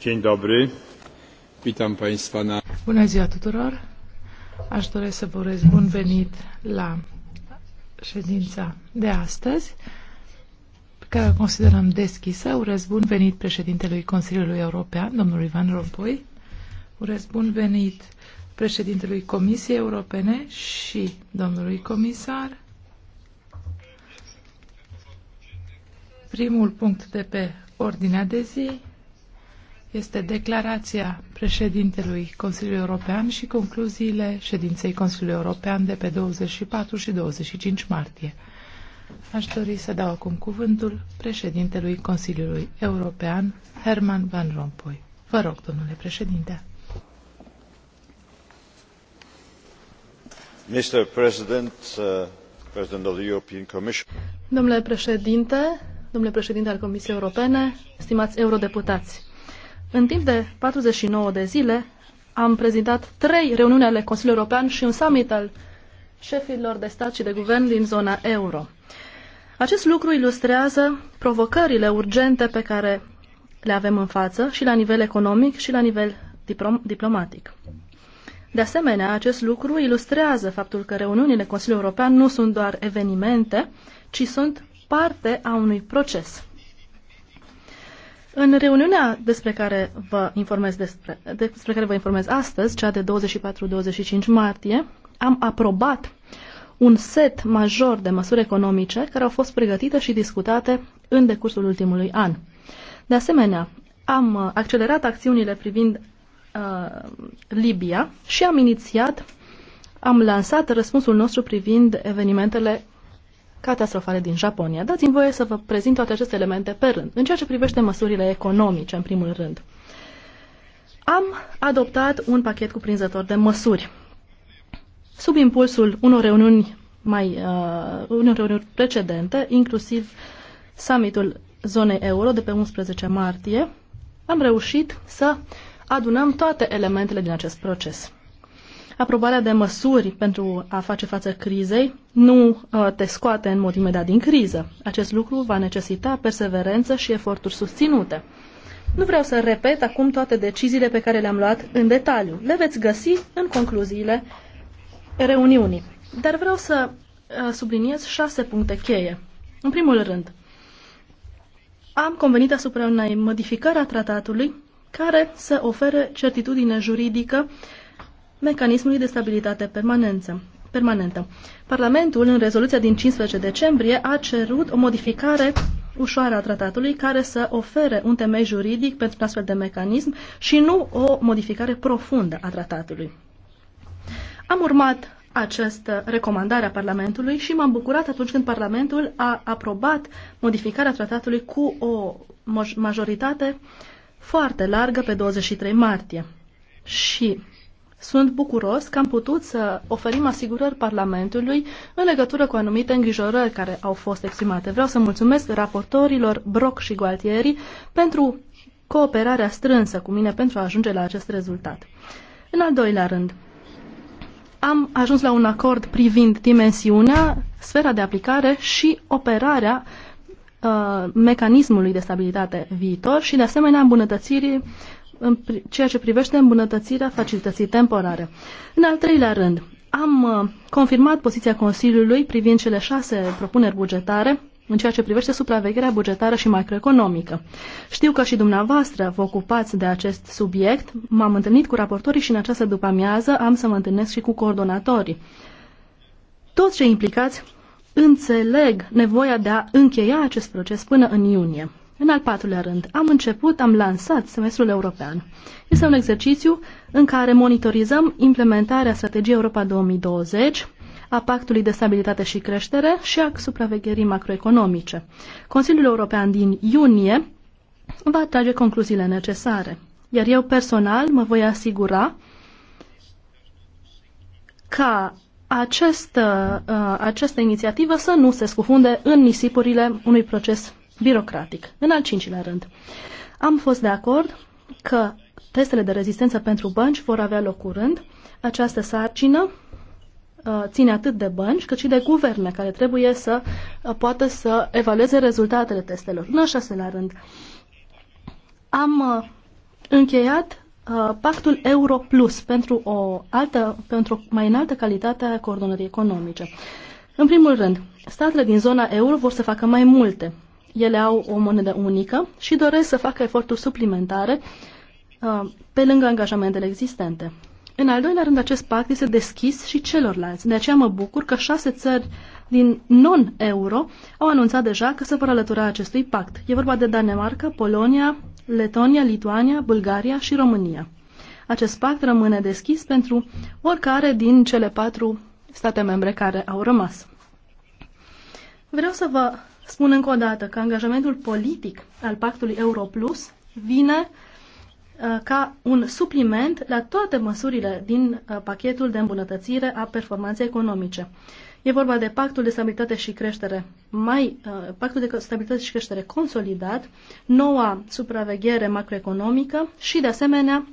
Dzień dobry. Witam Państwa na... Bună ziua tuturor. Aș dori să vă urez bun venit la ședința de astăzi, pe care o considerăm deschisă. Urez bun venit președintelui Consiliului European, domnul Ivan Rompuy. Urez bun venit președintelui Comisiei Europene și domnului comisar Primul punct de pe ordinea de zi este declarația președintelui Consiliului European și concluziile ședinței Consiliului European de pe 24 și 25 martie. Aș dori să dau acum cuvântul președintelui Consiliului European, Herman Van Rompuy. Vă rog, domnule președinte. Mr. President, uh, President of the European Commission. Domnule președinte, domnule președinte al Comisiei Europene, stimați eurodeputați. În timp de 49 de zile am prezentat trei reuniuni ale Consiliului European și un summit al șefilor de stat și de guvern din zona euro. Acest lucru ilustrează provocările urgente pe care le avem în față și la nivel economic și la nivel diplomatic. De asemenea, acest lucru ilustrează faptul că reuniunile Consiliului European nu sunt doar evenimente, ci sunt parte a unui proces. În reuniunea despre care vă informez, despre, despre care vă informez astăzi, cea de 24-25 martie, am aprobat un set major de măsuri economice care au fost pregătite și discutate în decursul ultimului an. De asemenea, am accelerat acțiunile privind uh, Libia și am inițiat, am lansat răspunsul nostru privind evenimentele catastrofale din Japonia. Dați-mi voie să vă prezint toate aceste elemente pe rând. În ceea ce privește măsurile economice, în primul rând, am adoptat un pachet cuprinzător de măsuri. Sub impulsul unor reuniuni mai uh, unor reuniuni precedente, inclusiv summitul zonei euro de pe 11 martie, am reușit să adunăm toate elementele din acest proces aprobarea de măsuri pentru a face față crizei nu uh, te scoate în mod imediat din criză. Acest lucru va necesita perseverență și eforturi susținute. Nu vreau să repet acum toate deciziile pe care le-am luat în detaliu. Le veți găsi în concluziile reuniunii. Dar vreau să uh, subliniez șase puncte cheie. În primul rând, am convenit asupra unei modificări a tratatului care să ofere certitudine juridică mecanismului de stabilitate permanență, permanentă. Parlamentul, în rezoluția din 15 decembrie, a cerut o modificare ușoară a tratatului care să ofere un temei juridic pentru un astfel de mecanism și nu o modificare profundă a tratatului. Am urmat această recomandare a Parlamentului și m-am bucurat atunci când Parlamentul a aprobat modificarea tratatului cu o majoritate foarte largă pe 23 martie. Și sunt bucuros că am putut să oferim asigurări Parlamentului în legătură cu anumite îngrijorări care au fost exprimate. Vreau să mulțumesc raportorilor Broc și Gualtieri pentru cooperarea strânsă cu mine pentru a ajunge la acest rezultat. În al doilea rând, am ajuns la un acord privind dimensiunea, sfera de aplicare și operarea uh, mecanismului de stabilitate viitor și, de asemenea, îmbunătățirii în ceea ce privește îmbunătățirea facilității temporare. În al treilea rând, am uh, confirmat poziția Consiliului privind cele șase propuneri bugetare în ceea ce privește supravegherea bugetară și macroeconomică. Știu că și dumneavoastră vă ocupați de acest subiect, m-am întâlnit cu raportorii și în această după-amiază am să mă întâlnesc și cu coordonatorii. Toți cei implicați înțeleg nevoia de a încheia acest proces până în iunie. În al patrulea rând, am început, am lansat semestrul european. Este un exercițiu în care monitorizăm implementarea strategiei Europa 2020 a Pactului de Stabilitate și Creștere și a supravegherii macroeconomice. Consiliul European din iunie va trage concluziile necesare, iar eu personal mă voi asigura ca această, uh, această inițiativă să nu se scufunde în nisipurile unui proces birocratic. În al cincilea rând, am fost de acord că testele de rezistență pentru bănci vor avea loc curând. Această sarcină uh, ține atât de bănci cât și de guverne care trebuie să uh, poată să evalueze rezultatele testelor. În al șaselea rând, am uh, încheiat pactul Euro Plus pentru o altă, pentru o mai înaltă calitate a coordonării economice. În primul rând, statele din zona euro vor să facă mai multe. Ele au o monedă unică și doresc să facă eforturi suplimentare uh, pe lângă angajamentele existente. În al doilea rând, acest pact este deschis și celorlalți. De aceea mă bucur că șase țări din non-euro au anunțat deja că se vor alătura acestui pact. E vorba de Danemarca, Polonia, Letonia, Lituania, Bulgaria și România. Acest pact rămâne deschis pentru oricare din cele patru state membre care au rămas. Vreau să vă Spun încă o dată că angajamentul politic al pactului Europlus vine uh, ca un supliment la toate măsurile din uh, pachetul de îmbunătățire a performanței economice. E vorba de pactul de stabilitate și creștere mai, uh, pactul de stabilitate și creștere consolidat, noua supraveghere macroeconomică și, de asemenea,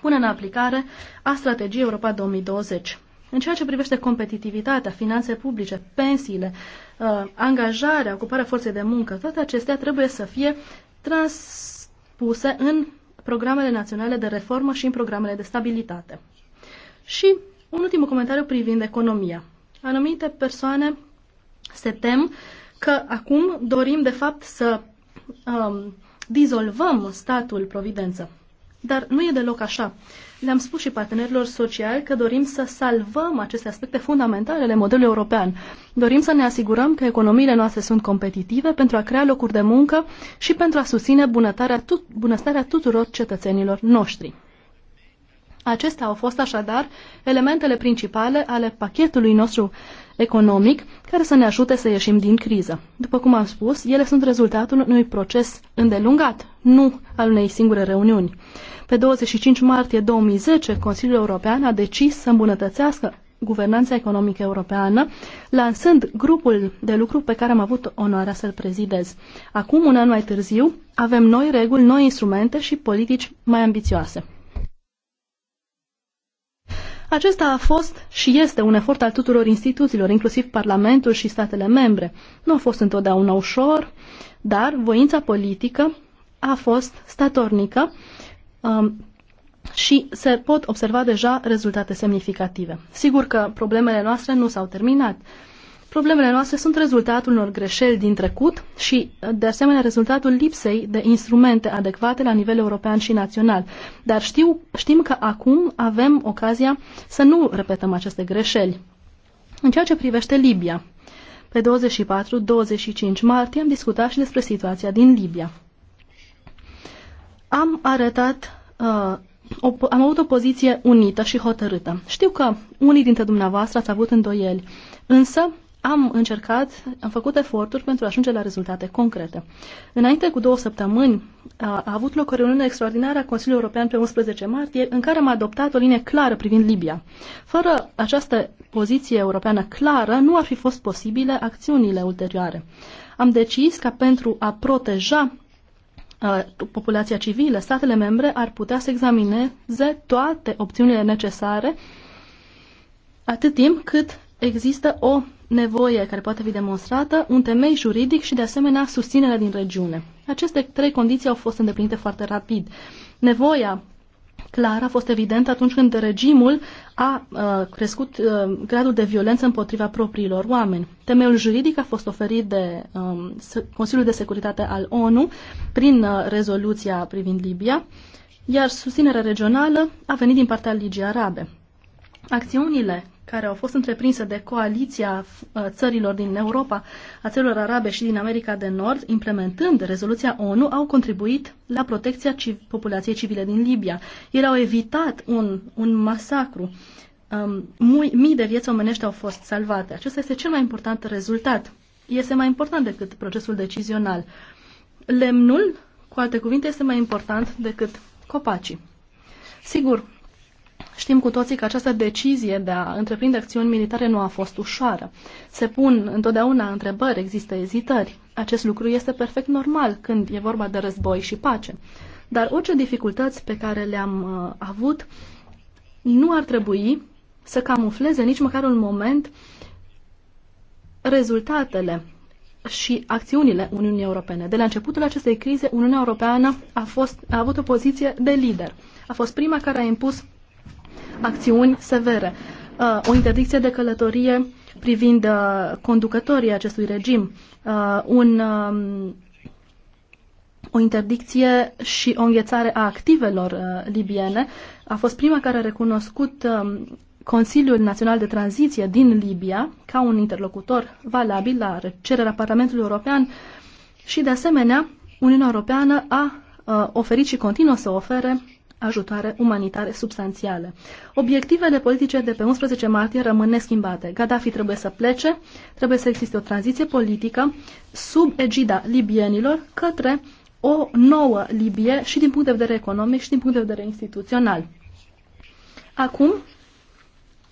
pune în aplicare a strategiei Europa 2020. În ceea ce privește competitivitatea, finanțe publice, pensiile, Uh, angajarea, ocuparea forței de muncă, toate acestea trebuie să fie transpuse în programele naționale de reformă și în programele de stabilitate. Și un ultim comentariu privind economia. Anumite persoane se tem că acum dorim, de fapt, să um, dizolvăm statul providență. Dar nu e deloc așa. Le-am spus și partenerilor sociali că dorim să salvăm aceste aspecte fundamentale ale modelului european. Dorim să ne asigurăm că economiile noastre sunt competitive pentru a crea locuri de muncă și pentru a susține bunătarea tut- bunăstarea tuturor cetățenilor noștri. Acestea au fost așadar elementele principale ale pachetului nostru economic care să ne ajute să ieșim din criză. După cum am spus, ele sunt rezultatul unui proces îndelungat, nu al unei singure reuniuni. Pe 25 martie 2010, Consiliul European a decis să îmbunătățească guvernanța economică europeană, lansând grupul de lucru pe care am avut onoarea să-l prezidez. Acum, un an mai târziu, avem noi reguli, noi instrumente și politici mai ambițioase. Acesta a fost și este un efort al tuturor instituțiilor, inclusiv Parlamentul și statele membre. Nu a fost întotdeauna ușor, dar voința politică a fost statornică um, și se pot observa deja rezultate semnificative. Sigur că problemele noastre nu s-au terminat. Uh, Problemele noastre sunt rezultatul unor greșeli din trecut și, de asemenea, rezultatul lipsei de instrumente adecvate la nivel european și național. Dar știu, știm că acum avem ocazia să nu repetăm aceste greșeli. În ceea ce privește Libia, pe 24-25 martie am discutat și despre situația din Libia. Am arătat uh, o, am avut o poziție unită și hotărâtă. Știu că unii dintre dumneavoastră ați avut îndoieli, însă am încercat, am făcut eforturi pentru a ajunge la rezultate concrete. Înainte cu două săptămâni a, a avut loc o reuniune extraordinară a Consiliului European pe 11 martie, în care am adoptat o linie clară privind Libia. Fără această poziție europeană clară, nu ar fi fost posibile acțiunile ulterioare. Am decis că pentru a proteja populația civilă, statele membre ar putea să examineze toate opțiunile necesare atât timp cât există o nevoie care poate fi demonstrată, un temei juridic și, de asemenea, susținerea din regiune. Aceste trei condiții au fost îndeplinite foarte rapid. Nevoia clar a fost evidentă atunci când regimul a uh, crescut uh, gradul de violență împotriva propriilor oameni. Temeiul juridic a fost oferit de um, Consiliul de Securitate al ONU prin uh, rezoluția privind Libia, iar susținerea regională a venit din partea Ligii Arabe. Acțiunile care au fost întreprinse de coaliția uh, țărilor din Europa, a țărilor arabe și din America de Nord, implementând rezoluția ONU, au contribuit la protecția populației civile din Libia. Ele au evitat un, un masacru. Um, mii de vieți omenești au fost salvate. Acesta este cel mai important rezultat. Este mai important decât procesul decizional. Lemnul, cu alte cuvinte, este mai important decât copacii. Sigur, Știm cu toții că această decizie de a întreprinde acțiuni militare nu a fost ușoară. Se pun întotdeauna întrebări, există ezitări. Acest lucru este perfect normal când e vorba de război și pace. Dar orice dificultăți pe care le-am uh, avut nu ar trebui să camufleze nici măcar un moment rezultatele și acțiunile Uniunii Europene. De la începutul acestei crize, Uniunea Europeană a, fost, a avut o poziție de lider. A fost prima care a impus acțiuni severe. Uh, o interdicție de călătorie privind uh, conducătorii acestui regim, uh, un, um, o interdicție și o înghețare a activelor libiene. A fost prima care a recunoscut um, Consiliul Național de Tranziție din Libia ca un interlocutor valabil la cererea Parlamentului European și, de asemenea, Uniunea Europeană a oferit și continuă să ofere ajutoare umanitare substanțiale. Obiectivele politice de pe 11 martie rămân neschimbate. Gaddafi trebuie să plece, trebuie să existe o tranziție politică sub egida libienilor către o nouă Libie și din punct de vedere economic și din punct de vedere instituțional. Acum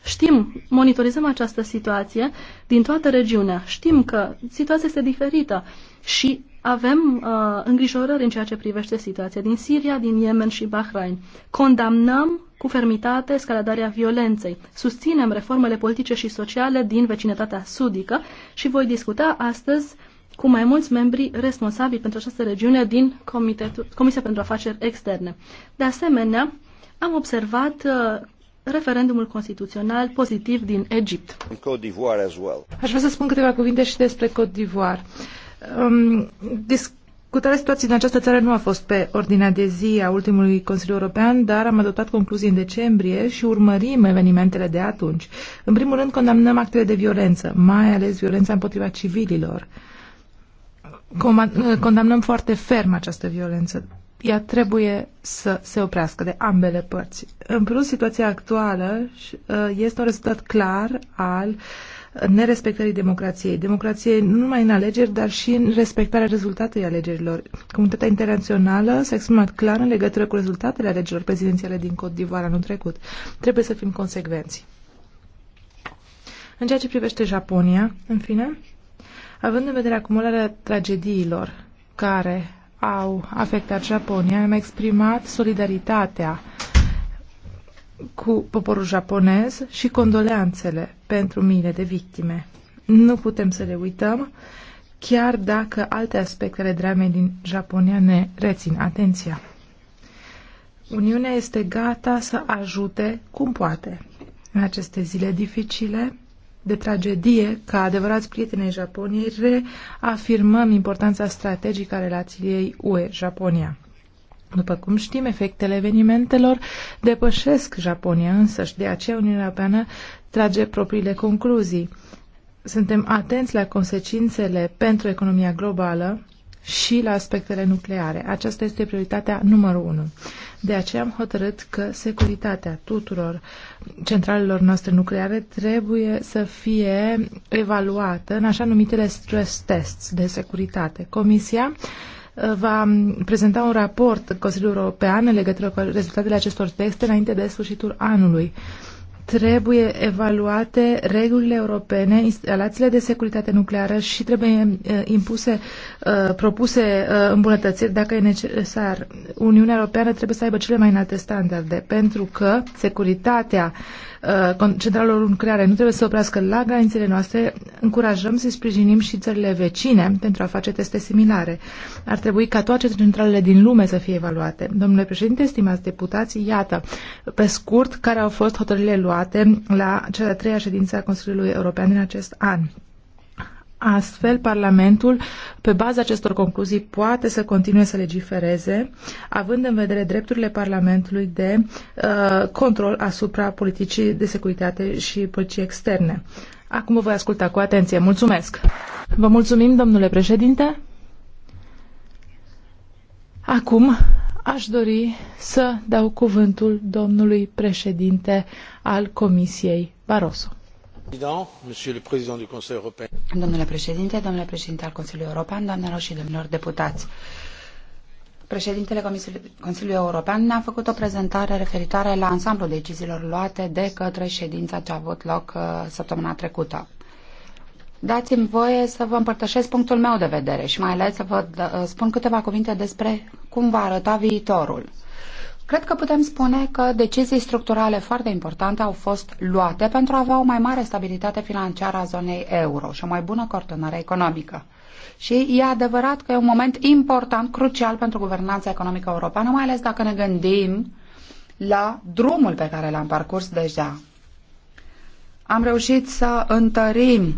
știm, monitorizăm această situație din toată regiunea. Știm că situația este diferită și avem uh, îngrijorări în ceea ce privește situația din Siria, din Yemen și Bahrain. Condamnăm cu fermitate escaladarea violenței. Susținem reformele politice și sociale din vecinătatea sudică și voi discuta astăzi cu mai mulți membri responsabili pentru această regiune din Comitetul, Comisia pentru Afaceri Externe. De asemenea, am observat uh, referendumul constituțional pozitiv din Egipt. Aș vrea să spun câteva cuvinte și despre Côte d'Ivoire. Um, Discutarea situației în această țară nu a fost pe ordinea de zi a ultimului Consiliu European, dar am adoptat concluzii în decembrie și urmărim evenimentele de atunci. În primul rând, condamnăm actele de violență, mai ales violența împotriva civililor. Condamnăm foarte ferm această violență. Ea trebuie să se oprească de ambele părți. În plus, situația actuală uh, este un rezultat clar al uh, nerespectării democrației. Democrației nu numai în alegeri, dar și în respectarea rezultatului alegerilor. Comunitatea internațională s-a exprimat clar în legătură cu rezultatele alegerilor prezidențiale din Côte d'Ivoire anul trecut. Trebuie să fim consecvenți. În ceea ce privește Japonia, în fine, având în vedere acumularea tragediilor care au afectat Japonia, am exprimat solidaritatea cu poporul japonez și condoleanțele pentru miile de victime. Nu putem să le uităm, chiar dacă alte aspecte ale dramei din Japonia ne rețin atenția. Uniunea este gata să ajute cum poate în aceste zile dificile de tragedie, ca adevărați prieteni ai Japoniei, reafirmăm importanța strategică a relației UE-Japonia. După cum știm, efectele evenimentelor depășesc Japonia însăși, de aceea Uniunea Europeană trage propriile concluzii. Suntem atenți la consecințele pentru economia globală și la aspectele nucleare. Aceasta este prioritatea numărul unu. De aceea am hotărât că securitatea tuturor centralelor noastre nucleare trebuie să fie evaluată în așa numitele stress tests de securitate. Comisia va prezenta un raport Consiliul European în legătură cu rezultatele acestor teste înainte de sfârșitul anului. Trebuie evaluate regulile europene, instalațiile de securitate nucleară și trebuie eh, impuse, eh, propuse eh, îmbunătățiri dacă e necesar. Uniunea Europeană trebuie să aibă cele mai înalte standarde, pentru că securitatea uh, Uh, centralelor nucleare nu trebuie să oprească la granițele noastre, încurajăm să sprijinim și țările vecine pentru a face teste similare. Ar trebui ca toate centralele din lume să fie evaluate. Domnule președinte, stimați deputați, iată, pe scurt, care au fost hotărârile luate la cea de-a treia ședință a Consiliului European din acest an. Astfel, Parlamentul, pe baza acestor concluzii, poate să continue să legifereze, având în vedere drepturile Parlamentului de uh, control asupra politicii de securitate și politicii externe. Acum vă voi asculta cu atenție. Mulțumesc! Vă mulțumim, domnule președinte! Acum aș dori să dau cuvântul domnului președinte al Comisiei Barroso. Domnule președinte, domnule președinte al Consiliului European, doamnelor și domnilor deputați, președintele Consiliului European ne-a făcut o prezentare referitoare la ansamblul deciziilor luate de către ședința ce a avut loc uh, săptămâna trecută. Dați-mi voie să vă împărtășesc punctul meu de vedere și mai ales să vă uh, spun câteva cuvinte despre cum va arăta viitorul. Cred că putem spune că decizii structurale foarte importante au fost luate pentru a avea o mai mare stabilitate financiară a zonei euro și o mai bună coordonare economică. Și e adevărat că e un moment important, crucial pentru guvernanța economică europeană, mai ales dacă ne gândim la drumul pe care l-am parcurs deja. Am reușit să întărim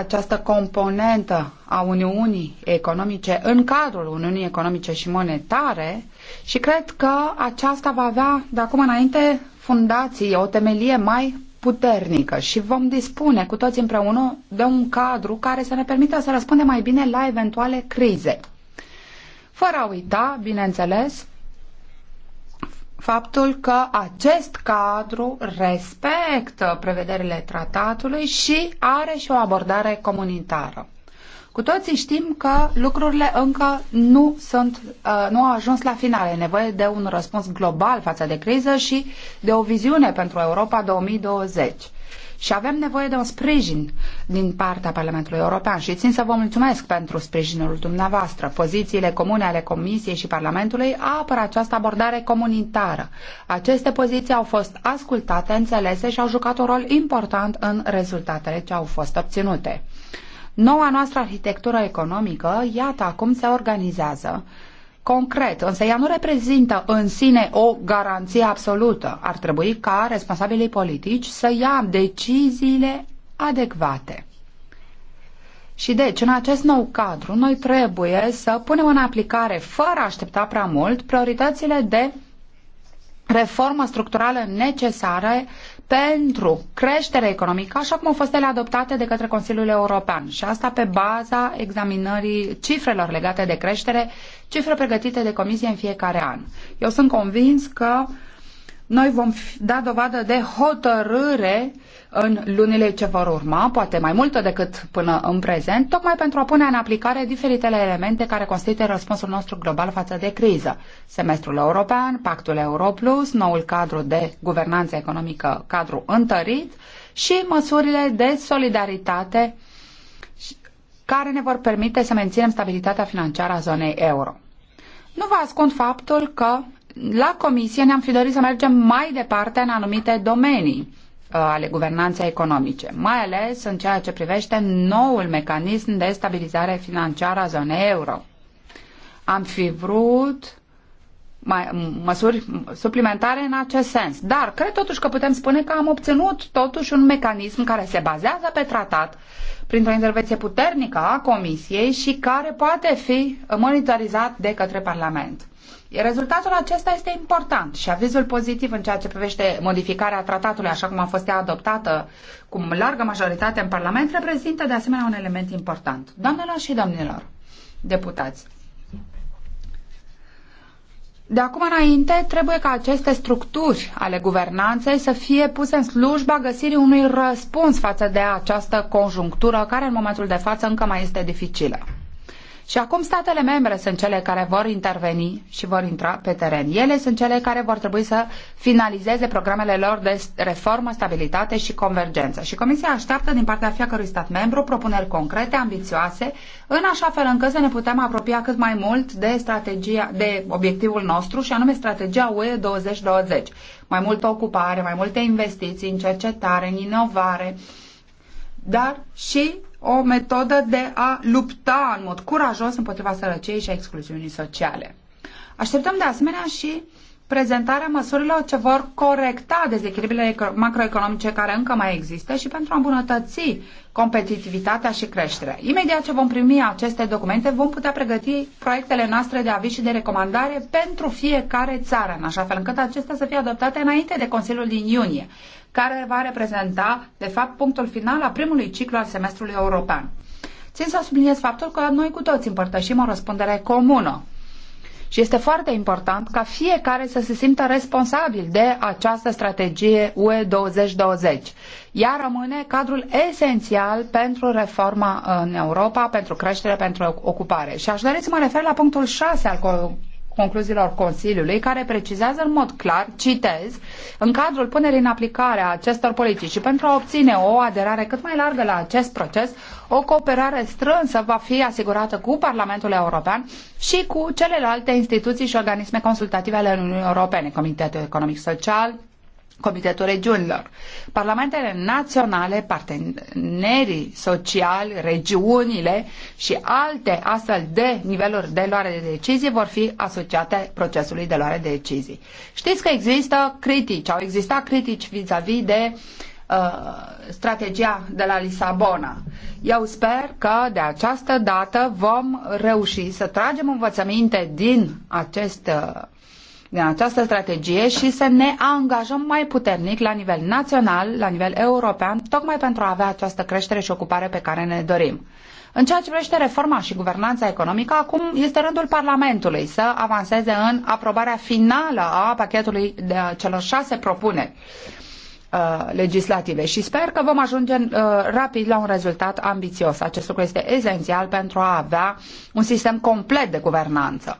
această componentă a Uniunii Economice în cadrul Uniunii Economice și Monetare și cred că aceasta va avea de acum înainte fundații, o temelie mai puternică și vom dispune cu toți împreună de un cadru care să ne permită să răspundem mai bine la eventuale crize. Fără a uita, bineînțeles, faptul că acest cadru respectă prevederile tratatului și are și o abordare comunitară. Cu toții știm că lucrurile încă nu, sunt, uh, nu au ajuns la final. E nevoie de un răspuns global față de criză și de o viziune pentru Europa 2020 și avem nevoie de un sprijin din partea Parlamentului European și țin să vă mulțumesc pentru sprijinul dumneavoastră. Pozițiile comune ale Comisiei și Parlamentului apără această abordare comunitară. Aceste poziții au fost ascultate, înțelese și au jucat un rol important în rezultatele ce au fost obținute. Noua noastră arhitectură economică, iată acum se organizează concret, însă ea nu reprezintă în sine o garanție absolută. Ar trebui ca responsabilii politici să ia deciziile adecvate. Și deci, în acest nou cadru, noi trebuie să punem în aplicare, fără a aștepta prea mult, prioritățile de reformă structurală necesare pentru creștere economică, așa cum au fost ele adoptate de către Consiliul European. Și asta pe baza examinării cifrelor legate de creștere, cifre pregătite de comisie în fiecare an. Eu sunt convins că uh, noi vom da dovadă de hotărâre în lunile ce vor urma, poate mai multă decât până în prezent, tocmai pentru a pune în aplicare diferitele elemente care constituie răspunsul nostru global față de criză. Semestrul european, pactul Euro Plus, noul cadru de guvernanță economică, cadru întărit și măsurile de solidaritate care ne vor permite să menținem stabilitatea financiară a zonei euro. Nu vă ascund faptul că la Comisie ne-am fi dorit să mergem mai departe în anumite domenii uh, ale guvernanței economice, mai ales în ceea ce privește noul mecanism de stabilizare financiară a zonei euro. Am fi vrut mai, măsuri suplimentare în acest sens. Dar cred totuși că putem spune că am obținut totuși un mecanism care se bazează pe tratat, printr-o intervenție puternică a Comisiei și care poate fi monitorizat de către Parlament. Rezultatul acesta este important și avizul pozitiv în ceea ce privește modificarea tratatului, așa cum a fost ea adoptată cu largă majoritate în Parlament, reprezintă de asemenea un element important. Doamnelor și domnilor deputați, de acum înainte, trebuie ca aceste structuri ale guvernanței să fie puse în slujba găsirii unui răspuns față de această conjunctură care în momentul de față încă mai este dificilă. Și acum statele membre sunt cele care vor interveni și vor intra pe teren. Ele sunt cele care vor trebui să finalizeze programele lor de reformă, stabilitate și convergență. Și Comisia așteaptă din partea fiecărui stat membru propuneri concrete, ambițioase, în așa fel încât să ne putem apropia cât mai mult de strategia, de obiectivul nostru și anume strategia UE 2020. Mai multă ocupare, mai multe investiții în cercetare, în inovare, dar și o metodă de a lupta în mod curajos împotriva sărăciei și a excluziunii sociale. Așteptăm de asemenea și prezentarea măsurilor ce vor corecta dezechilibrile macroeconomice care încă mai există și pentru a îmbunătăți competitivitatea și creșterea. Imediat ce vom primi aceste documente, vom putea pregăti proiectele noastre de aviz și de recomandare pentru fiecare țară, în așa fel încât acestea să fie adoptate înainte de Consiliul din iunie, care va reprezenta, de fapt, punctul final al primului ciclu al semestrului european. Țin să subliniez faptul că noi cu toți împărtășim o răspundere comună și este foarte important ca fiecare să se simtă responsabil de această strategie UE 2020. Ea rămâne cadrul esențial pentru reforma în Europa, pentru creștere, pentru ocupare. Și aș dori să mă refer la punctul 6 al concluziilor Consiliului, care precizează în mod clar, citez, în cadrul punerii în aplicare a acestor politici și pentru a obține o aderare cât mai largă la acest proces, o cooperare strânsă va fi asigurată cu Parlamentul European și cu celelalte instituții și organisme consultative ale Uniunii Europene, Comitetul Economic Social, Comitetul Regiunilor. Parlamentele naționale, partenerii sociali, regiunile și alte astfel de niveluri de luare de decizii vor fi asociate procesului de luare de decizii. Știți că există critici, au existat critici vis-a-vis -vis de uh, strategia de la Lisabona. Eu sper că de această dată vom reuși să tragem învățăminte din acest uh, din această strategie și să ne angajăm mai puternic la nivel național, la nivel european, tocmai pentru a avea această creștere și ocupare pe care ne dorim. În ceea ce privește reforma și guvernanța economică, acum este rândul Parlamentului să avanseze în aprobarea finală a pachetului de celor șase propuneri legislative și sper că vom ajunge uh, rapid la un rezultat ambițios. Acest lucru este esențial pentru a avea un sistem complet de guvernanță.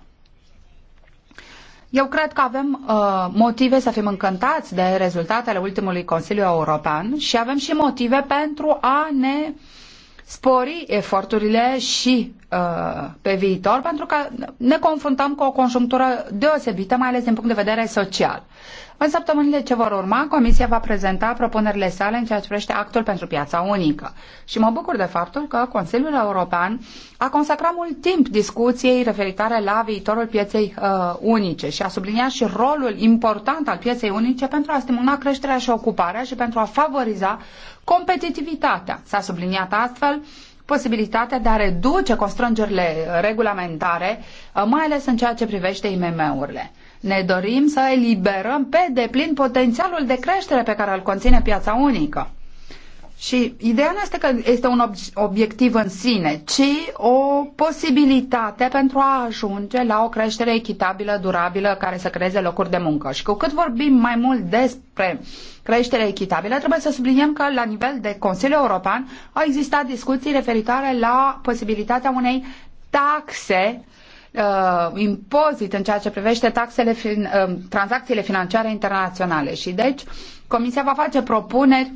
Eu cred că avem uh, motive să fim încântați de rezultatele ultimului Consiliu European și avem și motive pentru a ne spori eforturile și uh, pe viitor, pentru că ne confruntăm cu o conjunctură deosebită, mai ales din punct de vedere social. În săptămânile ce vor urma, Comisia va prezenta propunerile sale în ceea ce privește actul pentru piața unică. Și mă bucur de faptul că Consiliul European a consacrat mult timp discuției referitoare la viitorul pieței uh, unice și a subliniat și rolul important al pieței unice pentru a stimula creșterea și ocuparea și pentru a favoriza competitivitatea. S-a subliniat astfel posibilitatea de a reduce constrângerile regulamentare, uh, mai ales în ceea ce privește IMM-urile. Ne dorim să eliberăm pe deplin potențialul de creștere pe care îl conține piața unică. Și ideea nu este că este un obiectiv în sine, ci o posibilitate pentru a ajunge la o creștere echitabilă, durabilă, care să creeze locuri de muncă. Și cu cât vorbim mai mult despre creștere echitabilă, trebuie să subliniem că la nivel de Consiliu European au existat discuții referitoare la posibilitatea unei taxe uh, uh, impozit în ceea ce privește taxele fin, uh, tranzacțiile financiare internaționale. Și deci Comisia va face propuneri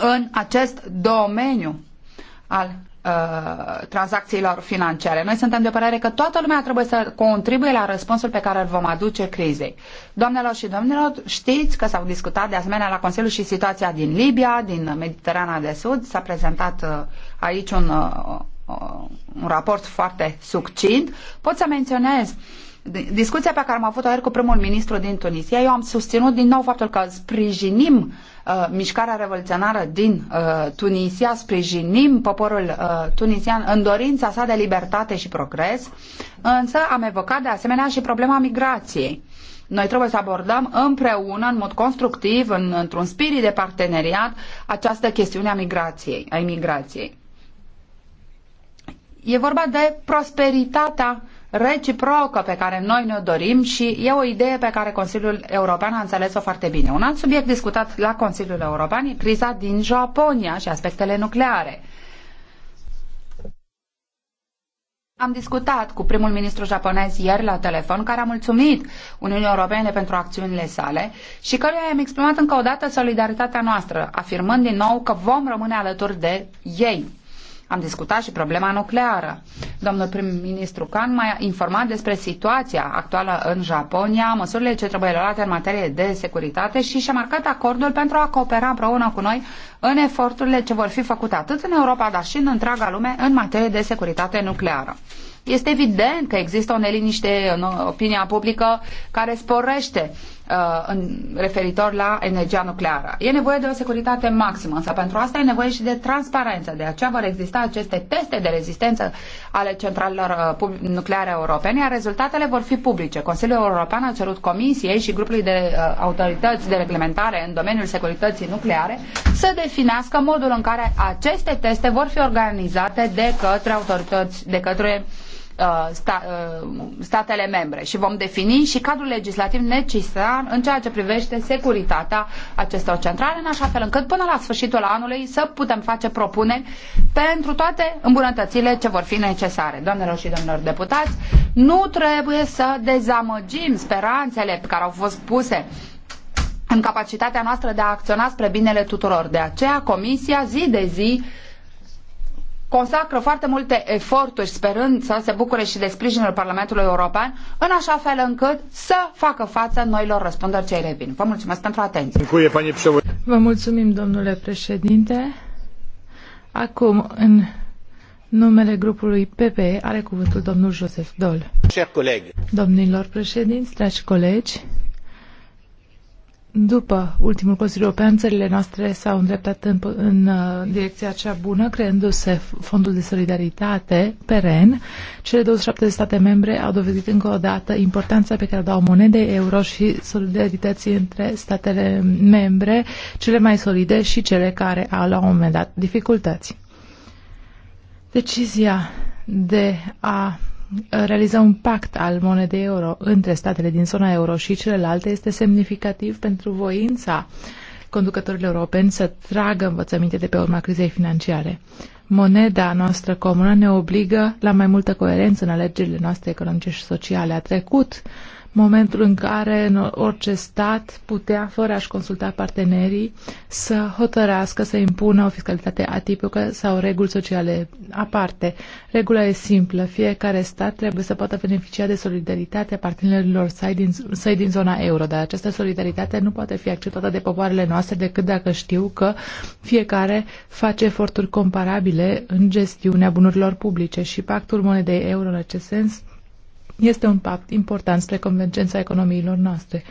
în acest domeniu al uh, tranzacțiilor financiare. Noi suntem de părere că toată lumea trebuie să contribuie la răspunsul pe care îl vom aduce crizei. Doamnelor și domnilor, știți că s-au discutat de asemenea la Consiliu și situația din Libia, din Mediterana de Sud. S-a prezentat uh, aici un, uh, Uh, un raport foarte succint, pot să menționez discuția pe care am avut-o ieri cu primul ministru din Tunisia. Eu am susținut din nou faptul că sprijinim uh, mișcarea revoluționară din uh, Tunisia, sprijinim poporul uh, tunisian în dorința sa de libertate și progres, însă am evocat de asemenea și problema migrației. Noi trebuie să abordăm împreună, în mod constructiv, în, într-un spirit de parteneriat, această chestiune a migrației, a imigrației. E vorba de prosperitatea reciprocă pe care noi ne-o dorim și e o idee pe care Consiliul European a înțeles-o foarte bine. Un alt subiect discutat la Consiliul European e criza din Japonia și aspectele nucleare. Am discutat cu primul ministru japonez ieri la telefon, care a mulțumit Uniunii Europene pentru acțiunile sale și căruia i-am exprimat încă o dată solidaritatea noastră, afirmând din nou că vom rămâne alături de ei. Am discutat și problema nucleară. Domnul prim-ministru Khan m-a informat despre situația actuală în Japonia, măsurile ce trebuie luate în materie de securitate și și-a marcat acordul pentru a coopera împreună cu noi în eforturile ce vor fi făcute atât în Europa, dar și în întreaga lume în materie de securitate nucleară. Este evident că există o neliniște în opinia publică care sporește uh, în, referitor la energia nucleară. E nevoie de o securitate maximă, însă pentru asta e nevoie și de transparență. De aceea vor exista aceste teste de rezistență ale centralelor uh, nucleare europene, iar rezultatele vor fi publice. Consiliul European a cerut Comisiei și grupului de uh, autorități de reglementare în domeniul securității nucleare să definească modul în care aceste teste vor fi organizate de către autorități, de către uh, Uh, sta, uh, statele membre și vom defini și cadrul legislativ necesar în ceea ce privește securitatea acestor centrale, în așa fel încât până la sfârșitul anului să putem face propuneri pentru toate îmbunătățile ce vor fi necesare. Doamnelor și domnilor deputați, nu trebuie să dezamăgim speranțele care au fost puse în capacitatea noastră de a acționa spre binele tuturor. De aceea, Comisia zi de zi consacră foarte multe eforturi sperând să se bucure și de sprijinul Parlamentului European, în așa fel încât să facă față noilor răspunderi ce revin. Vă mulțumesc pentru atenție. Vă mulțumim, domnule președinte. Acum, în numele grupului PPE, are cuvântul domnul Joseph Dol. Domnilor președinți, dragi colegi, după ultimul Consiliu European, țările noastre s-au îndreptat în, în uh, direcția cea bună, creându-se Fondul de Solidaritate peren. Cele 27 de state membre au dovedit încă o dată importanța pe care o dau monedei euro și solidarității între statele membre, cele mai solide și cele care au la un moment dat dificultăți. Decizia de a realiza un pact al monedei euro între statele din zona euro și celelalte este semnificativ pentru voința conducătorilor europeni să tragă învățăminte de pe urma crizei financiare. Moneda noastră comună ne obligă la mai multă coerență în alegerile noastre economice și sociale. A trecut momentul în care în orice stat putea, fără a-și consulta partenerii, să hotărească să impună o fiscalitate atipică sau reguli sociale aparte. Regula e simplă. Fiecare stat trebuie să poată beneficia de solidaritatea partenerilor săi din, săi din zona euro, dar această solidaritate nu poate fi acceptată de popoarele noastre decât dacă știu că fiecare face eforturi comparabile în gestiunea bunurilor publice și pactul monedei euro în acest sens este un pact important spre convergența economiilor noastre.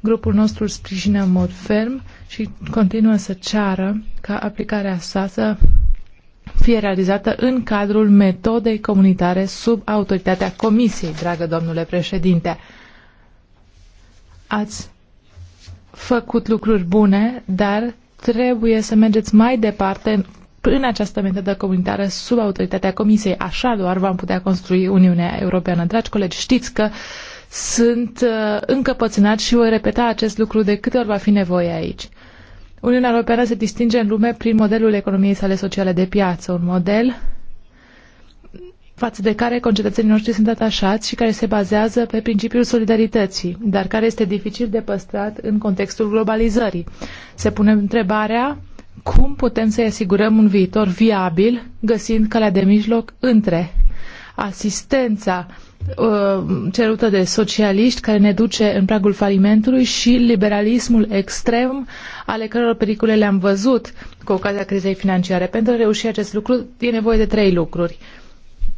Grupul nostru îl sprijină în mod ferm și continuă să ceară ca aplicarea sa să fie realizată în cadrul metodei comunitare sub autoritatea Comisiei, dragă domnule președinte. Ați făcut lucruri bune, dar trebuie să mergeți mai departe prin această metodă comunitară sub autoritatea Comisiei. Așa doar vom putea construi Uniunea Europeană. Dragi colegi, știți că sunt uh, încăpățânat și voi repeta acest lucru de câte ori va fi nevoie aici. Uniunea Europeană se distinge în lume prin modelul economiei sale sociale de piață, un model față de care concetățenii noștri sunt atașați și care se bazează pe principiul solidarității, dar care este dificil de păstrat în contextul globalizării. Se pune întrebarea cum putem să-i asigurăm un viitor viabil, găsind calea de mijloc între asistența uh, cerută de socialiști care ne duce în pragul falimentului și liberalismul extrem ale căror pericole le-am văzut cu ocazia crizei financiare. Pentru a reuși acest lucru e nevoie de trei lucruri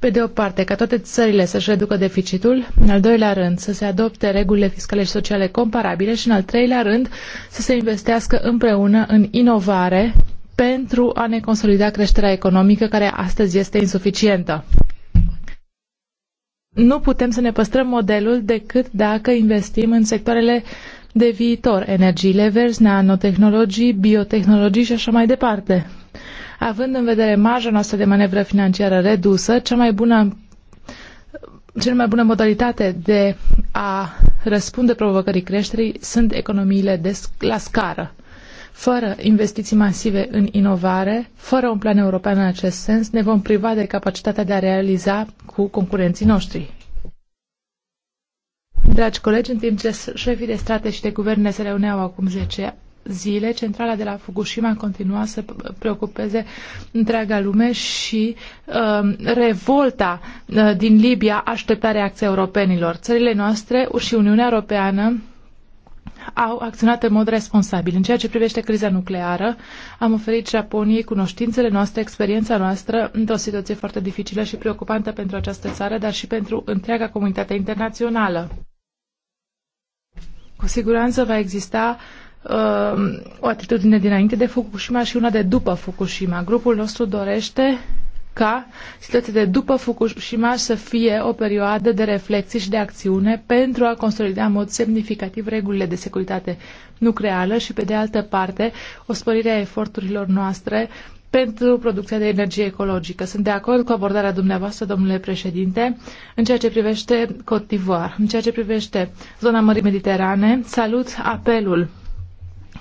pe de o parte, ca toate țările să-și reducă deficitul, în al doilea rând, să se adopte regulile fiscale și sociale comparabile și, în al treilea rând, să se investească împreună în inovare pentru a ne consolida creșterea economică, care astăzi este insuficientă. Nu putem să ne păstrăm modelul decât dacă investim în sectoarele de viitor, energiile verzi, nanotehnologii, biotehnologii și așa mai departe. Având în vedere marja noastră de manevră financiară redusă, cea mai bună cea mai bună modalitate de a răspunde provocării creșterii sunt economiile de, la scară. Fără investiții masive în inovare, fără un plan european în acest sens, ne vom priva de capacitatea de a realiza cu concurenții noștri. Dragi colegi, în timp ce șefii de state și de guverne se reuneau acum 10 zile, centrala de la Fukushima continua să preocupeze întreaga lume și uh, revolta uh, din Libia aștepta reacția europenilor. Țările noastre și Uniunea Europeană au acționat în mod responsabil. În ceea ce privește criza nucleară, am oferit Japoniei cunoștințele noastre, experiența noastră într-o situație foarte dificilă și preocupantă pentru această țară, dar și pentru întreaga comunitate internațională. Cu siguranță va exista uh, uh, o atitudine dinainte de Fukushima și una de după Fukushima. Grupul nostru dorește ca situația de după Fukushima să fie o perioadă de reflexie și de acțiune pentru a consolida în mod semnificativ regulile de securitate nucleară și, pe de altă parte, o sporire a eforturilor noastre pentru producția de energie ecologică. Sunt de acord cu abordarea dumneavoastră, domnule președinte, în ceea ce privește Cotivoar, în ceea ce privește zona Mării Mediterane. Salut apelul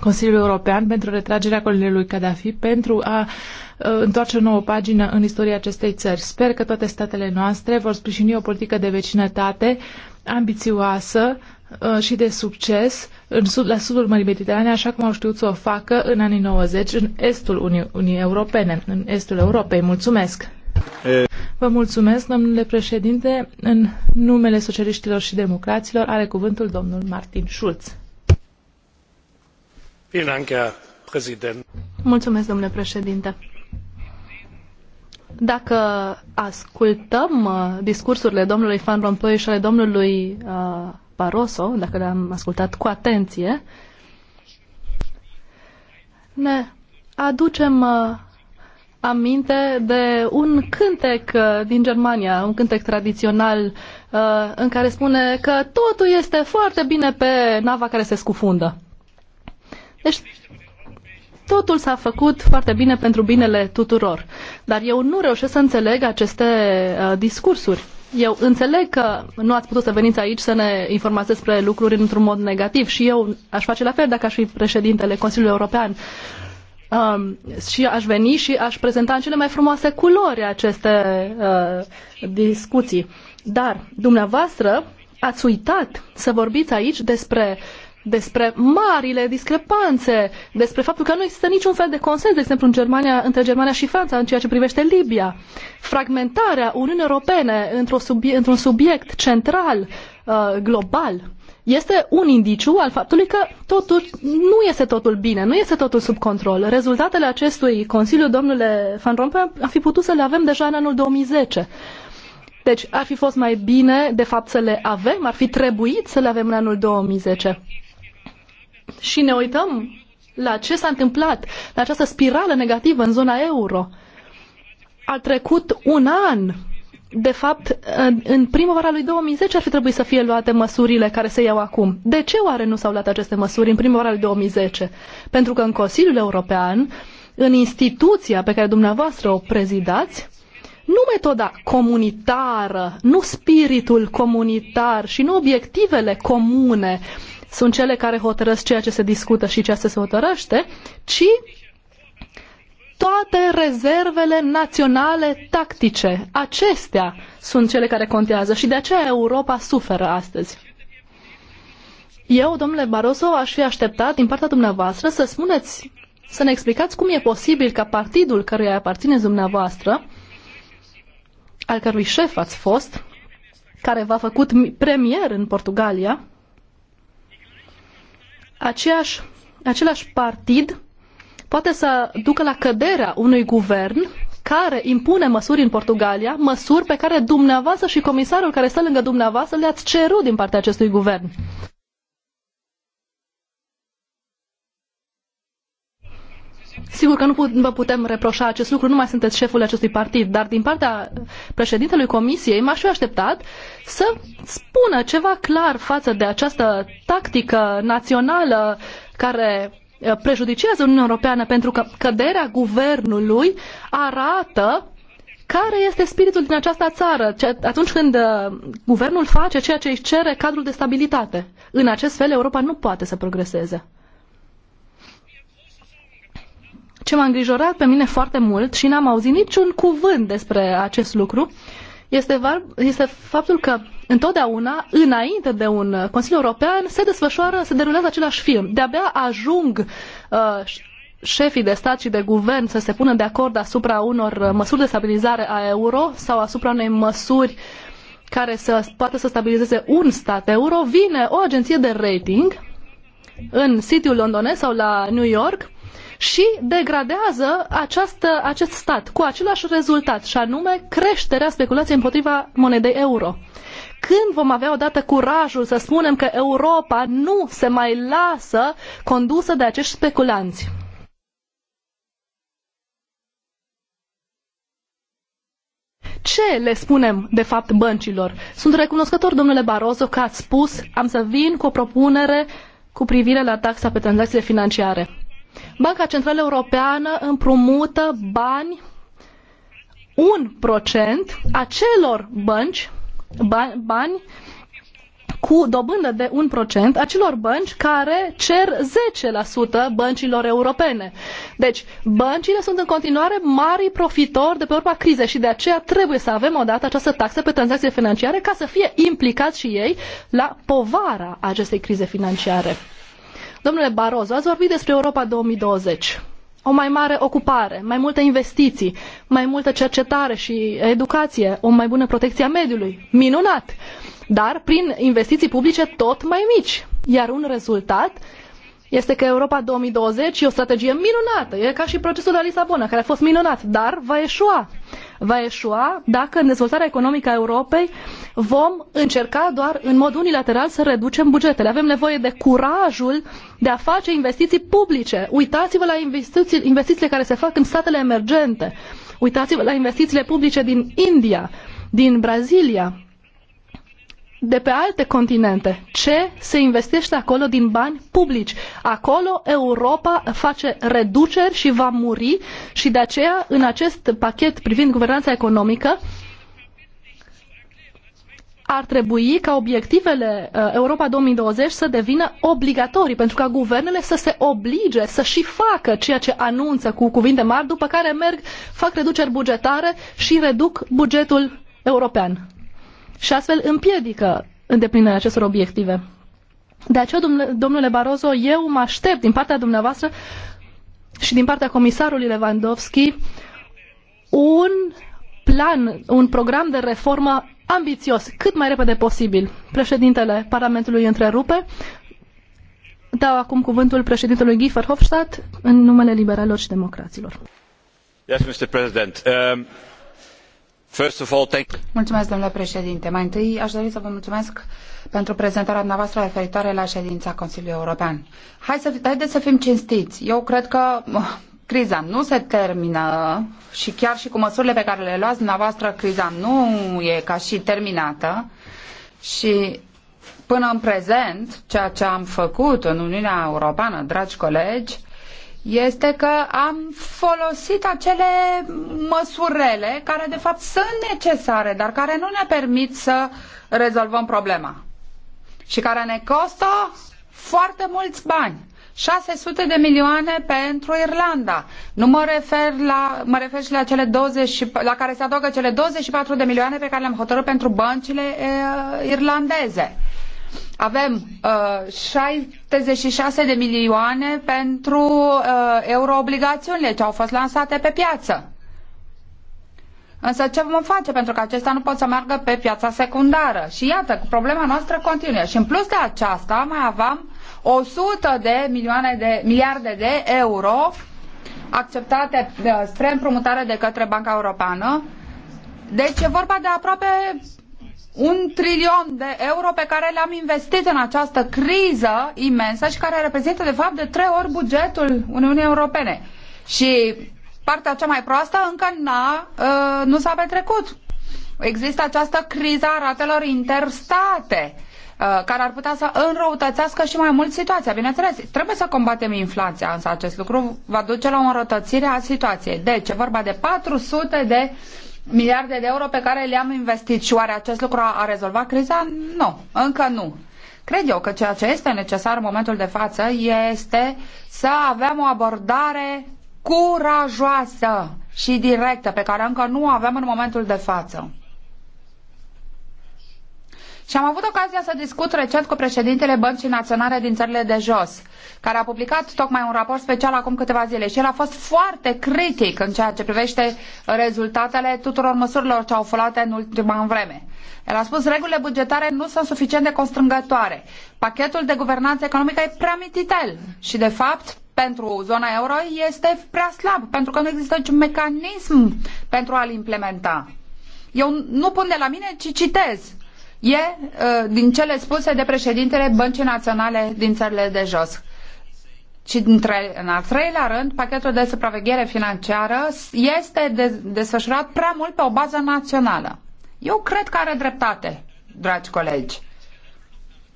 Consiliul European pentru retragerea lui Gaddafi pentru a uh, întoarce o nouă pagină în istoria acestei țări. Sper că toate statele noastre vor sprijini o politică de vecinătate ambițioasă uh, și de succes în sud, la sudul Mării Mediterane, așa cum au știut să o facă în anii 90 în estul Uniunii Europene, în estul Europei. Mulțumesc! Vă mulțumesc, domnule președinte. În numele socialiștilor și democraților are cuvântul domnul Martin Schulz. Mulțumesc, domnule președinte. Dacă ascultăm uh, discursurile domnului Van Rompuy și ale domnului uh, Barroso, dacă le-am ascultat cu atenție, ne aducem uh, aminte de un cântec din Germania, un cântec tradițional în care spune că totul este foarte bine pe nava care se scufundă. Deci totul s-a făcut foarte bine pentru binele tuturor. Dar eu nu reușesc să înțeleg aceste uh, discursuri. Eu înțeleg că nu ați putut să veniți aici să ne informați despre lucruri într-un mod negativ și eu aș face la fel dacă aș fi președintele Consiliului European. Um, și aș veni și aș prezenta în cele mai frumoase culori aceste uh, discuții. Dar dumneavoastră ați uitat să vorbiți aici despre uh, despre marile discrepanțe, despre faptul că nu există niciun fel de consens, de exemplu, în Germania, între Germania și Franța, în ceea ce privește Libia. Fragmentarea Uniunii Europene într-un subie- într subiect central, uh, global, este un indiciu al faptului că totul nu este totul bine, nu este totul sub control. Rezultatele acestui Consiliu, domnule Van Rompuy, ar fi putut să le avem deja în anul 2010. Deci ar fi fost mai bine, de fapt, să le avem, ar fi trebuit să le avem în anul 2010 și ne uităm la ce s-a întâmplat, la această spirală negativă în zona euro. A trecut un an. De fapt, în primăvara lui 2010 ar fi trebuit să fie luate măsurile care se iau acum. De ce oare nu s-au luat aceste măsuri în primăvara lui 2010? Pentru că în Consiliul European, în instituția pe care dumneavoastră o prezidați, nu metoda comunitară, nu spiritul comunitar și nu obiectivele comune uh, sunt cele care hotărăsc ceea ce se discută și ceea ce se hotărăște, ci toate rezervele naționale tactice. Acestea sunt cele care contează și de aceea Europa suferă astăzi. Eu, domnule Barroso, aș fi așteptat din partea dumneavoastră să spuneți, să ne explicați cum e posibil ca partidul căruia aparține dumneavoastră, al cărui șef ați fost, care v-a făcut premier în Portugalia, aceeași, același partid poate să ducă la căderea unui guvern care impune măsuri în Portugalia, măsuri pe care dumneavoastră și comisarul care stă lângă dumneavoastră le-ați cerut din partea acestui guvern. Sigur că nu put, vă putem reproșa acest lucru, nu mai sunteți șeful acestui partid, dar din partea președintelui Comisiei m-aș fi așteptat să spună ceva clar față de această tactică națională care eh, prejudicează Uniunea Europeană pentru că căderea guvernului arată care este spiritul din această țară atunci când eh, guvernul face ceea ce îi cere cadrul de stabilitate. În acest fel Europa nu poate să progreseze. Ce m-a îngrijorat pe mine foarte mult și n-am auzit niciun cuvânt despre acest lucru este, este faptul că întotdeauna, înainte de un Consiliu European, se desfășoară, se derulează același film. De-abia ajung uh, șefii de stat și de guvern să se pună de acord asupra unor măsuri de stabilizare a euro sau asupra unei măsuri care să poată să stabilizeze un stat euro, vine o agenție de rating în sitiul londonez sau la New York și degradează această, acest stat cu același rezultat, și anume creșterea speculației împotriva monedei euro. Când vom avea odată curajul să spunem că Europa nu se mai lasă condusă de acești speculanți? ce le spunem de fapt băncilor? Sunt recunoscător, domnule Barroso, că ați spus am să vin cu o propunere cu privire la taxa pe tranzacțiile financiare. Banca Centrală Europeană împrumută bani un procent acelor bănci, bani, bani cu dobândă de 1% acelor bănci care cer 10% băncilor europene. Deci, băncile sunt în continuare mari profitori de pe urma crizei și de aceea trebuie să avem odată această taxă pe tranzacție financiare ca să fie implicați și ei la povara acestei crize financiare. Domnule Barroso, ați vorbit despre Europa 2020 o mai mare ocupare, mai multe investiții, mai multă cercetare și educație, o mai bună protecție a mediului. Minunat! Dar prin investiții publice tot mai mici. Iar un rezultat este că Europa 2020 e o strategie minunată. E ca și procesul de la Lisabona, care a fost minunat, dar va eșua. Va eșua dacă în dezvoltarea economică a Europei vom încerca doar în mod unilateral să reducem bugetele. Avem nevoie de curajul de a face investiții publice. Uitați-vă la investiții, investițiile care se fac în statele emergente. Uitați-vă la investițiile publice din India, din Brazilia, de pe alte continente. Ce se investește acolo din bani publici? Acolo Europa face reduceri și va muri și de aceea în acest pachet privind guvernanța economică ar trebui ca obiectivele uh, Europa 2020 să devină obligatorii, pentru ca guvernele să se oblige să și facă ceea ce anunță cu cuvinte mari, după care merg, fac reduceri bugetare și reduc bugetul european și astfel împiedică îndeplinirea acestor obiective. De aceea, domnule Barozo, eu mă aștept din partea dumneavoastră și din partea comisarului Lewandowski un plan, un program de reformă ambițios, cât mai repede posibil. Președintele Parlamentului întrerupe. Dau acum cuvântul președintelui Guy Verhofstadt în numele liberalilor și democraților. Yes, Mr. President. Um domnule președinte. Mai întâi aș dori să vă mulțumesc pentru prezentarea dumneavoastră referitoare la ședința Consiliului European. Hai să, haideți să fim cinstiți. Eu cred că criza nu se termină și chiar și cu măsurile pe care le luați dumneavoastră, criza nu e ca și terminată și până în prezent, ceea ce am făcut în Uniunea Europeană, dragi colegi, este că am folosit acele măsurele care de fapt sunt necesare, dar care nu ne permit să rezolvăm problema și care ne costă foarte mulți bani. 600 de milioane pentru Irlanda. Nu mă refer, la, mă refer și la, cele 20, la care se adaugă cele 24 de milioane pe care le-am hotărât pentru băncile e, irlandeze. Avem uh, 66 de milioane pentru uh, euroobligațiunile ce au fost lansate pe piață. Însă ce vom face pentru că acestea nu pot să meargă pe piața secundară? Și iată, problema noastră continuă. Și în plus de aceasta mai aveam 100 de milioane de miliarde de euro acceptate uh, spre împrumutare de către Banca Europeană. Deci e vorba de aproape un trilion de euro pe care le-am investit în această criză imensă și care reprezintă de fapt de trei ori bugetul Uniunii Europene. Și partea cea mai proastă încă n-a, uh, nu s-a petrecut. Există această criză a ratelor interstate uh, care ar putea să înrăutățească și mai mult situația. Bineînțeles, trebuie să combatem inflația, însă acest lucru va duce la o înrăutățire a situației. Deci, e vorba de 400 de miliarde de euro pe care le-am investit și oare acest lucru a, a rezolvat criza? Nu, încă nu. Cred eu că ceea ce este necesar în momentul de față este să avem o abordare curajoasă și directă pe care încă nu o avem în momentul de față. Și am avut ocazia să discut recent cu președintele Băncii Naționale din țările de jos, care a publicat tocmai un raport special acum câteva zile și el a fost foarte critic în ceea ce privește rezultatele tuturor măsurilor ce au folate în ultima vreme. El a spus regulile bugetare nu sunt suficient de constrângătoare. Pachetul de guvernanță economică e prea mititel și, de fapt, pentru zona euro este prea slab, pentru că nu există niciun mecanism pentru a-l implementa. Eu nu pun de la mine, ci citez e din cele spuse de președintele Băncii Naționale din țările de jos. Și dintre, în al treilea rând, pachetul de supraveghere financiară este de, desfășurat prea mult pe o bază națională. Eu cred că are dreptate, dragi colegi.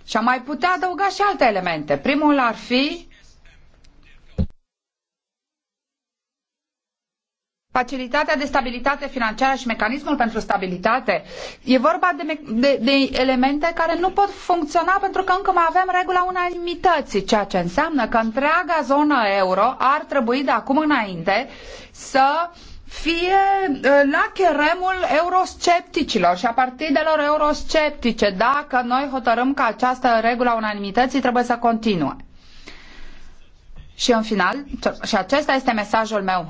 Și am mai putea adăuga și alte elemente. Primul ar fi facilitatea de stabilitate financiară și mecanismul pentru stabilitate, e vorba de, de, de elemente care nu pot funcționa pentru că încă mai avem regula unanimității, ceea ce înseamnă că întreaga zonă euro ar trebui de acum înainte să fie ă, la cheremul euroscepticilor și a partidelor eurosceptice dacă noi hotărâm că această regulă a unanimității trebuie să continue. Și în final, și acesta este mesajul meu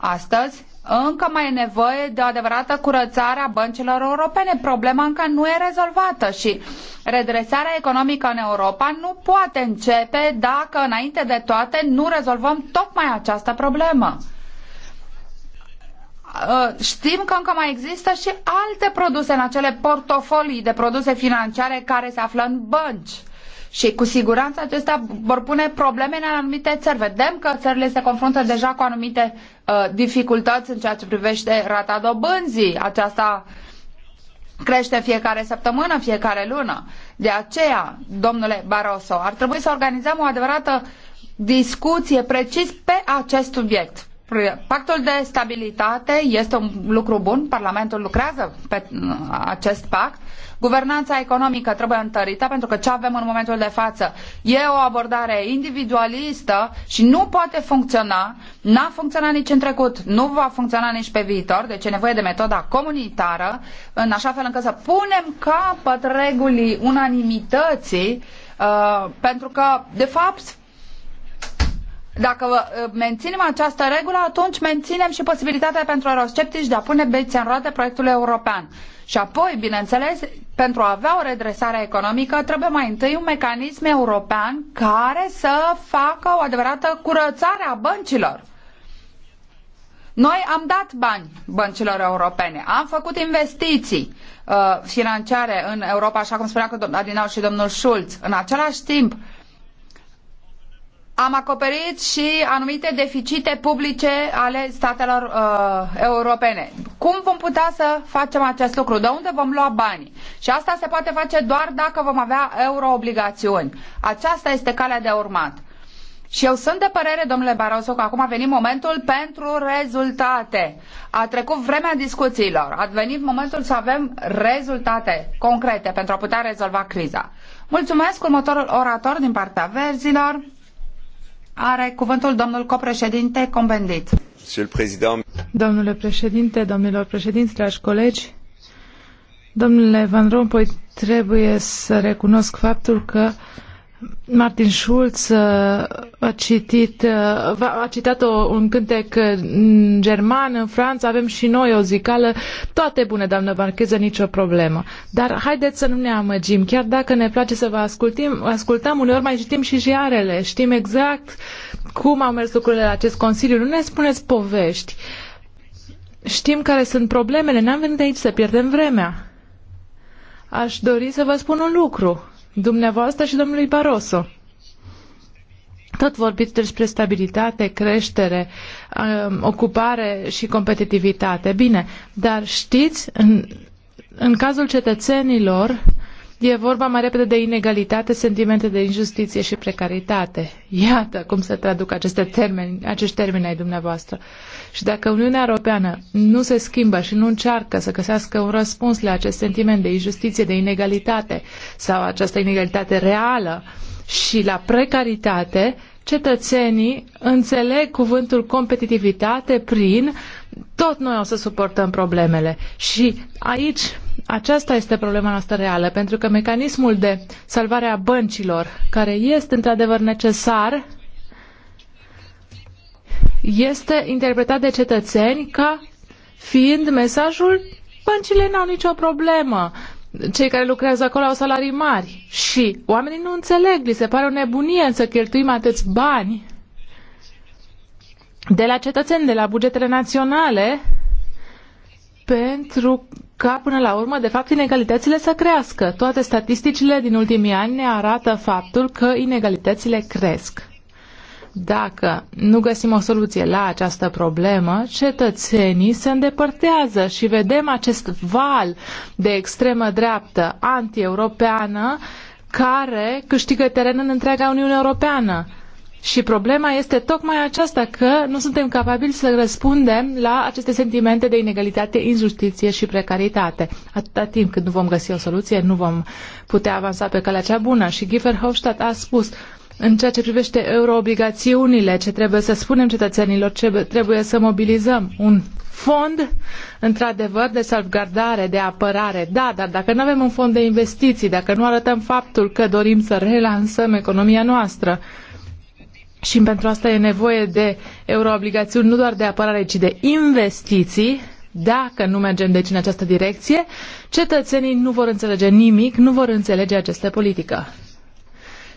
Astăzi, încă mai e nevoie de o adevărată curățare a băncilor europene. Problema încă nu e rezolvată și redresarea economică în Europa nu poate începe dacă, înainte de toate, nu rezolvăm tocmai această problemă. Uh, știm că încă mai există și alte produse în acele portofolii de produse financiare care se află în bănci și cu siguranță acestea vor pune probleme în anumite țări. Vedem că țările se confruntă deja cu anumite uh, dificultăți în ceea ce privește rata dobânzii. Aceasta crește fiecare săptămână, fiecare lună. De aceea, domnule Barroso, ar trebui să organizăm o adevărată discuție precis pe acest subiect. Pactul de stabilitate este un lucru bun, Parlamentul lucrează pe acest pact. Guvernanța economică trebuie întărită pentru că ce avem în momentul de față e o abordare individualistă și nu poate funcționa, n-a funcționat nici în trecut, nu va funcționa nici pe viitor, deci e nevoie de metoda comunitară, în așa fel încât să punem capăt regulii unanimității, uh, pentru că, de fapt, dacă uh, menținem această regulă, atunci menținem și posibilitatea pentru eurosceptici de a pune bețe în roate proiectului european. Și apoi, bineînțeles, pentru a avea o redresare economică, trebuie mai întâi un mecanism european care să facă o adevărată curățare a băncilor. Noi am dat bani băncilor europene, am făcut investiții uh, financiare în Europa, așa cum spunea Adinau și domnul Schulz. În același timp, uh, am acoperit și anumite deficite publice ale statelor uh, europene. Cum vom putea să facem acest lucru? De unde vom lua banii? Și asta se poate face doar dacă vom avea euroobligațiuni. Aceasta este calea de urmat. Și eu sunt de părere, domnule Barroso, că acum a venit momentul pentru rezultate. A trecut vremea discuțiilor. A venit momentul să avem rezultate concrete pentru a putea rezolva criza. Mulțumesc următorul orator din partea verzilor. Are cuvântul domnul copreședinte Combendit. Domnule președinte, domnilor președinți, dragi colegi, domnule Van Rompuy, trebuie să recunosc faptul că uh, Martin Schulz uh, a, citit, uh, a citat o, un cântec german, în Franța, avem și noi o zicală, toate bune, doamnă Barcheză, nicio problemă. Dar haideți să nu ne amăgim, chiar dacă ne place să vă ascultim, ascultăm, uneori mai citim și ziarele, știm exact cum au mers lucrurile la acest Consiliu, nu ne spuneți povești. Știm care sunt problemele, n-am venit aici să pierdem vremea. Aș dori să vă spun un lucru dumneavoastră și domnului Barroso. Tot vorbiți despre stabilitate, creștere, um, ocupare și competitivitate. Bine, dar știți, în, în cazul cetățenilor, E vorba mai repede de inegalitate, sentimente de injustiție și precaritate. Iată cum se traduc aceste termeni, acești termeni ai dumneavoastră. Și dacă Uniunea Europeană nu se schimbă și nu încearcă să găsească un răspuns la acest sentiment de injustiție, de inegalitate sau această inegalitate reală și la precaritate, cetățenii înțeleg cuvântul competitivitate prin tot noi o să suportăm problemele. Și aici aceasta este problema noastră reală, pentru că mecanismul de salvare a băncilor, care este într-adevăr necesar, este interpretat de cetățeni ca fiind mesajul băncile n-au nicio problemă, cei care lucrează acolo au salarii mari și oamenii nu înțeleg, li se pare o nebunie să cheltuim atâți bani de la cetățeni, de la bugetele naționale pentru ca, până la urmă, de fapt, inegalitățile să crească. Toate statisticile din ultimii ani ne arată faptul că inegalitățile cresc. Dacă nu găsim o soluție la această problemă, cetățenii se îndepărtează și vedem acest val de extremă dreaptă anti-europeană care câștigă teren în întreaga Uniune Europeană și problema este tocmai aceasta că nu suntem capabili să răspundem la aceste sentimente de inegalitate, injustiție și precaritate. Atâta timp cât nu vom găsi o soluție, nu vom putea avansa pe calea cea bună. Și Giffer Hofstadt a spus, în ceea ce privește euroobligațiunile, ce trebuie să spunem cetățenilor, ce trebuie să mobilizăm? Un fond, într-adevăr, de salvgardare, de apărare. Da, dar dacă nu avem un fond de investiții, dacă nu arătăm faptul că dorim să relansăm economia noastră, și pentru asta e nevoie de euroobligațiuni, nu doar de apărare, ci de investiții. Dacă nu mergem deci în această direcție, cetățenii nu vor înțelege nimic, nu vor înțelege această politică.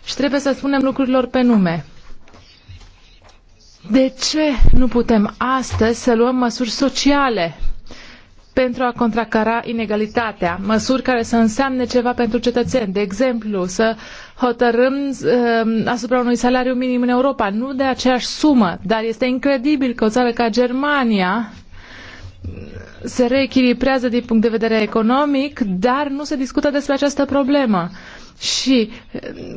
Și trebuie să spunem lucrurilor pe nume. De ce nu putem astăzi să luăm măsuri sociale pentru a contracara inegalitatea, măsuri care să însemne ceva pentru cetățeni, de exemplu, să hotărâm ehm, asupra unui salariu minim în Europa, nu de aceeași sumă, dar este incredibil că o țară ca Germania se reechilibrează din punct de vedere economic, dar nu se discută despre această problemă și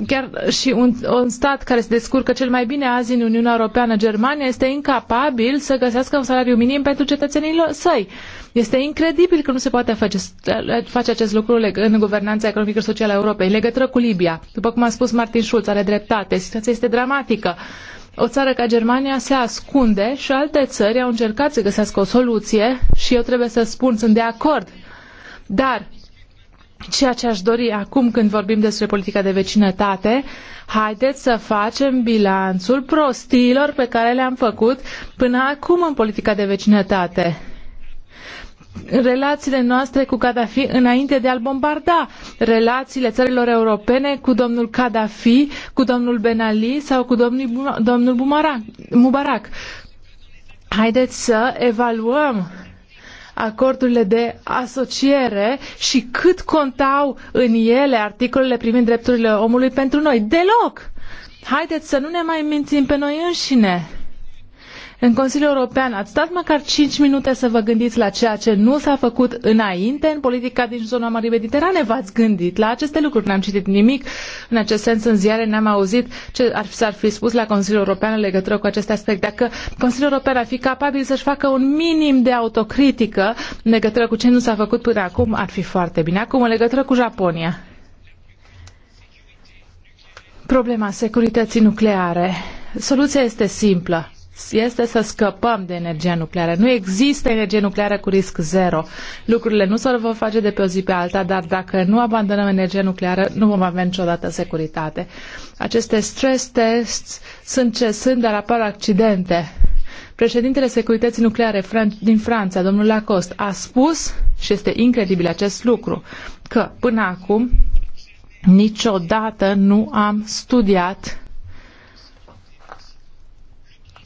chiar și un, un stat care se descurcă cel mai bine azi în Uniunea Europeană, Germania, este incapabil să găsească un salariu minim pentru cetățenii săi. Este incredibil că nu se poate face, face acest lucru în guvernanța economică și socială a Europei, legătură cu Libia. După cum a spus Martin Schulz, are dreptate, situația este dramatică. O țară ca Germania se ascunde și alte țări au încercat să găsească o soluție și eu trebuie să spun, sunt de acord. Dar ceea ce aș dori acum când vorbim despre politica de vecinătate, haideți să facem bilanțul prostiilor pe care le-am făcut până acum în politica de vecinătate. Relațiile noastre cu Gaddafi înainte de a-l bombarda, relațiile țărilor europene cu domnul Gaddafi, cu domnul Ben Ali sau cu domnul, domnul Mubarak. Haideți să evaluăm acordurile de asociere și cât contau în ele articolele privind drepturile omului pentru noi. Deloc! Haideți să nu ne mai mințim pe noi înșine! În Consiliul European ați stat măcar 5 minute să vă gândiți la ceea ce nu s-a făcut înainte în politica din zona Marii Mediterane. V-ați gândit la aceste lucruri. N-am citit nimic în acest sens în ziare, n-am auzit ce ar, s-ar fi spus la Consiliul European în legătură cu acest aspect. Dacă Consiliul European ar fi capabil să-și facă un minim de autocritică în legătură cu ce nu s-a făcut până acum, ar fi foarte bine. Acum, în legătură cu Japonia. Problema securității nucleare. Soluția este simplă este să scăpăm de energia nucleară. Nu există energie nucleară cu risc zero. Lucrurile nu se vor face de pe o zi pe alta, dar dacă nu abandonăm energia nucleară, nu vom avea niciodată securitate. Aceste stress tests sunt ce sunt, dar apar accidente. Președintele Securității Nucleare din Franța, domnul Lacoste, a spus, și este incredibil acest lucru, că până acum niciodată nu am studiat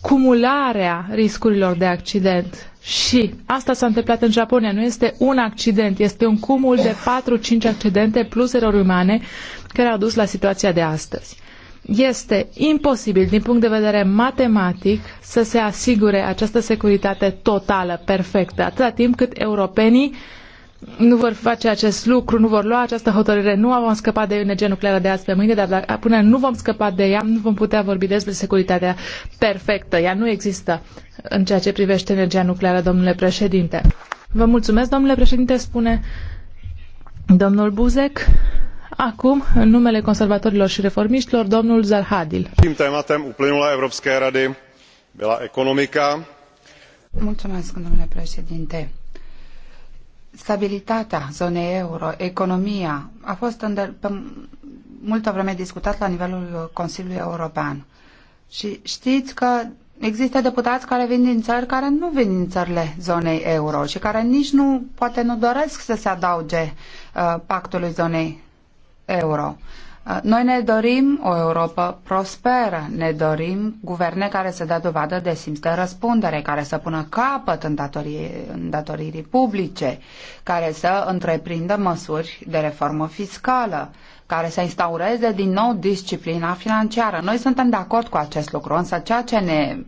cumularea riscurilor de accident. Și asta s-a întâmplat în Japonia. Nu este un accident, este un cumul de 4-5 accidente plus erori umane care au dus la situația de astăzi. Este imposibil din punct de vedere matematic să se asigure această securitate totală, perfectă, atâta timp cât europenii nu vor face acest lucru, nu vor lua această hotărâre, nu vom scăpa de energia nucleară de azi pe mâine, dar dacă, până nu vom scăpa de ea, nu vom putea vorbi despre securitatea perfectă. Ea nu există în ceea ce privește energia nucleară, domnule președinte. Vă mulțumesc, domnule președinte, spune domnul Buzek. Acum, în numele conservatorilor și reformiștilor, domnul Zarhadil. Tématem uplynulé Evropské rady byla economica. Mulțumesc, domnule președinte stabilitatea zonei euro, economia, a fost îndel- pe multă vreme discutat la nivelul Consiliului European. Și știți că există deputați care vin din țări care nu vin din țările zonei euro și care nici nu, poate nu doresc să se adauge uh, pactului zonei euro. Noi ne dorim o Europa prosperă, ne dorim guverne care să dea dovadă de simț de răspundere, care să pună capăt îndatoririi publice, care să întreprindă măsuri de reformă fiscală, care să instaureze din nou disciplina financiară. Noi suntem de acord cu acest lucru, însă ceea ce ne uh,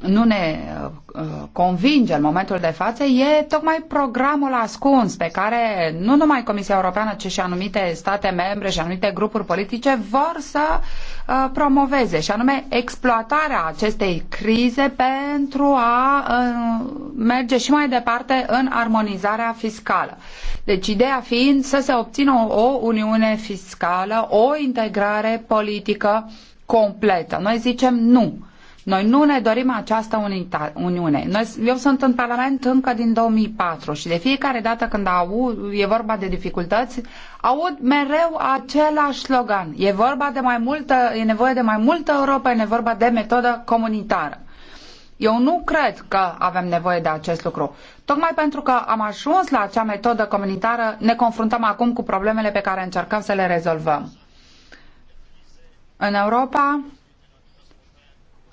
nu ne uh, uh, convinge în momentul de față e tocmai programul ascuns pe care nu numai Comisia Europeană, ci și anumite state membre și anumite grupuri politice vor să uh, promoveze, și anume exploatarea acestei crize pentru a merge și mai departe în armonizarea fiscală. Deci ideea fiind să se obțină o uniune fiscală, o integrare politică completă. Noi zicem nu noi nu ne dorim această unita, uniune. Noi, eu sunt în Parlament încă din 2004 și de fiecare dată când au, e vorba de dificultăți, aud mereu același slogan. E vorba de mai multă, e nevoie de mai multă Europa, e vorba de metodă comunitară. Eu nu cred că avem nevoie de acest lucru. Tocmai pentru că am ajuns la acea metodă comunitară, ne confruntăm acum cu problemele pe care încercăm să le rezolvăm. În Europa,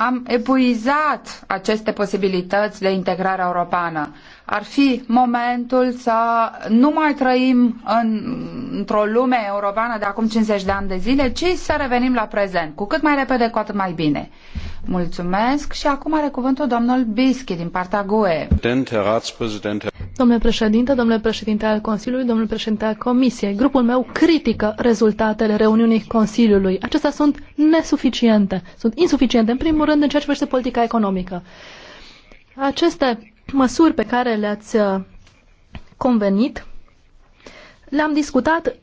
am epuizat aceste posibilități de integrare europeană. Ar fi momentul să nu mai trăim în, într-o lume europeană de acum 50 de ani de zile, ci să revenim la prezent. Cu cât mai repede, cu atât mai bine. Mulțumesc și acum are cuvântul domnul Bischi din partea GUE. Domnule președinte, domnule președinte al Consiliului, domnule președinte al Comisiei, grupul meu critică rezultatele reuniunii Consiliului. Acestea sunt nesuficiente, sunt insuficiente, în primul rând, în ceea ce privește politica economică. Aceste măsuri pe care le-ați uh, convenit le-am discutat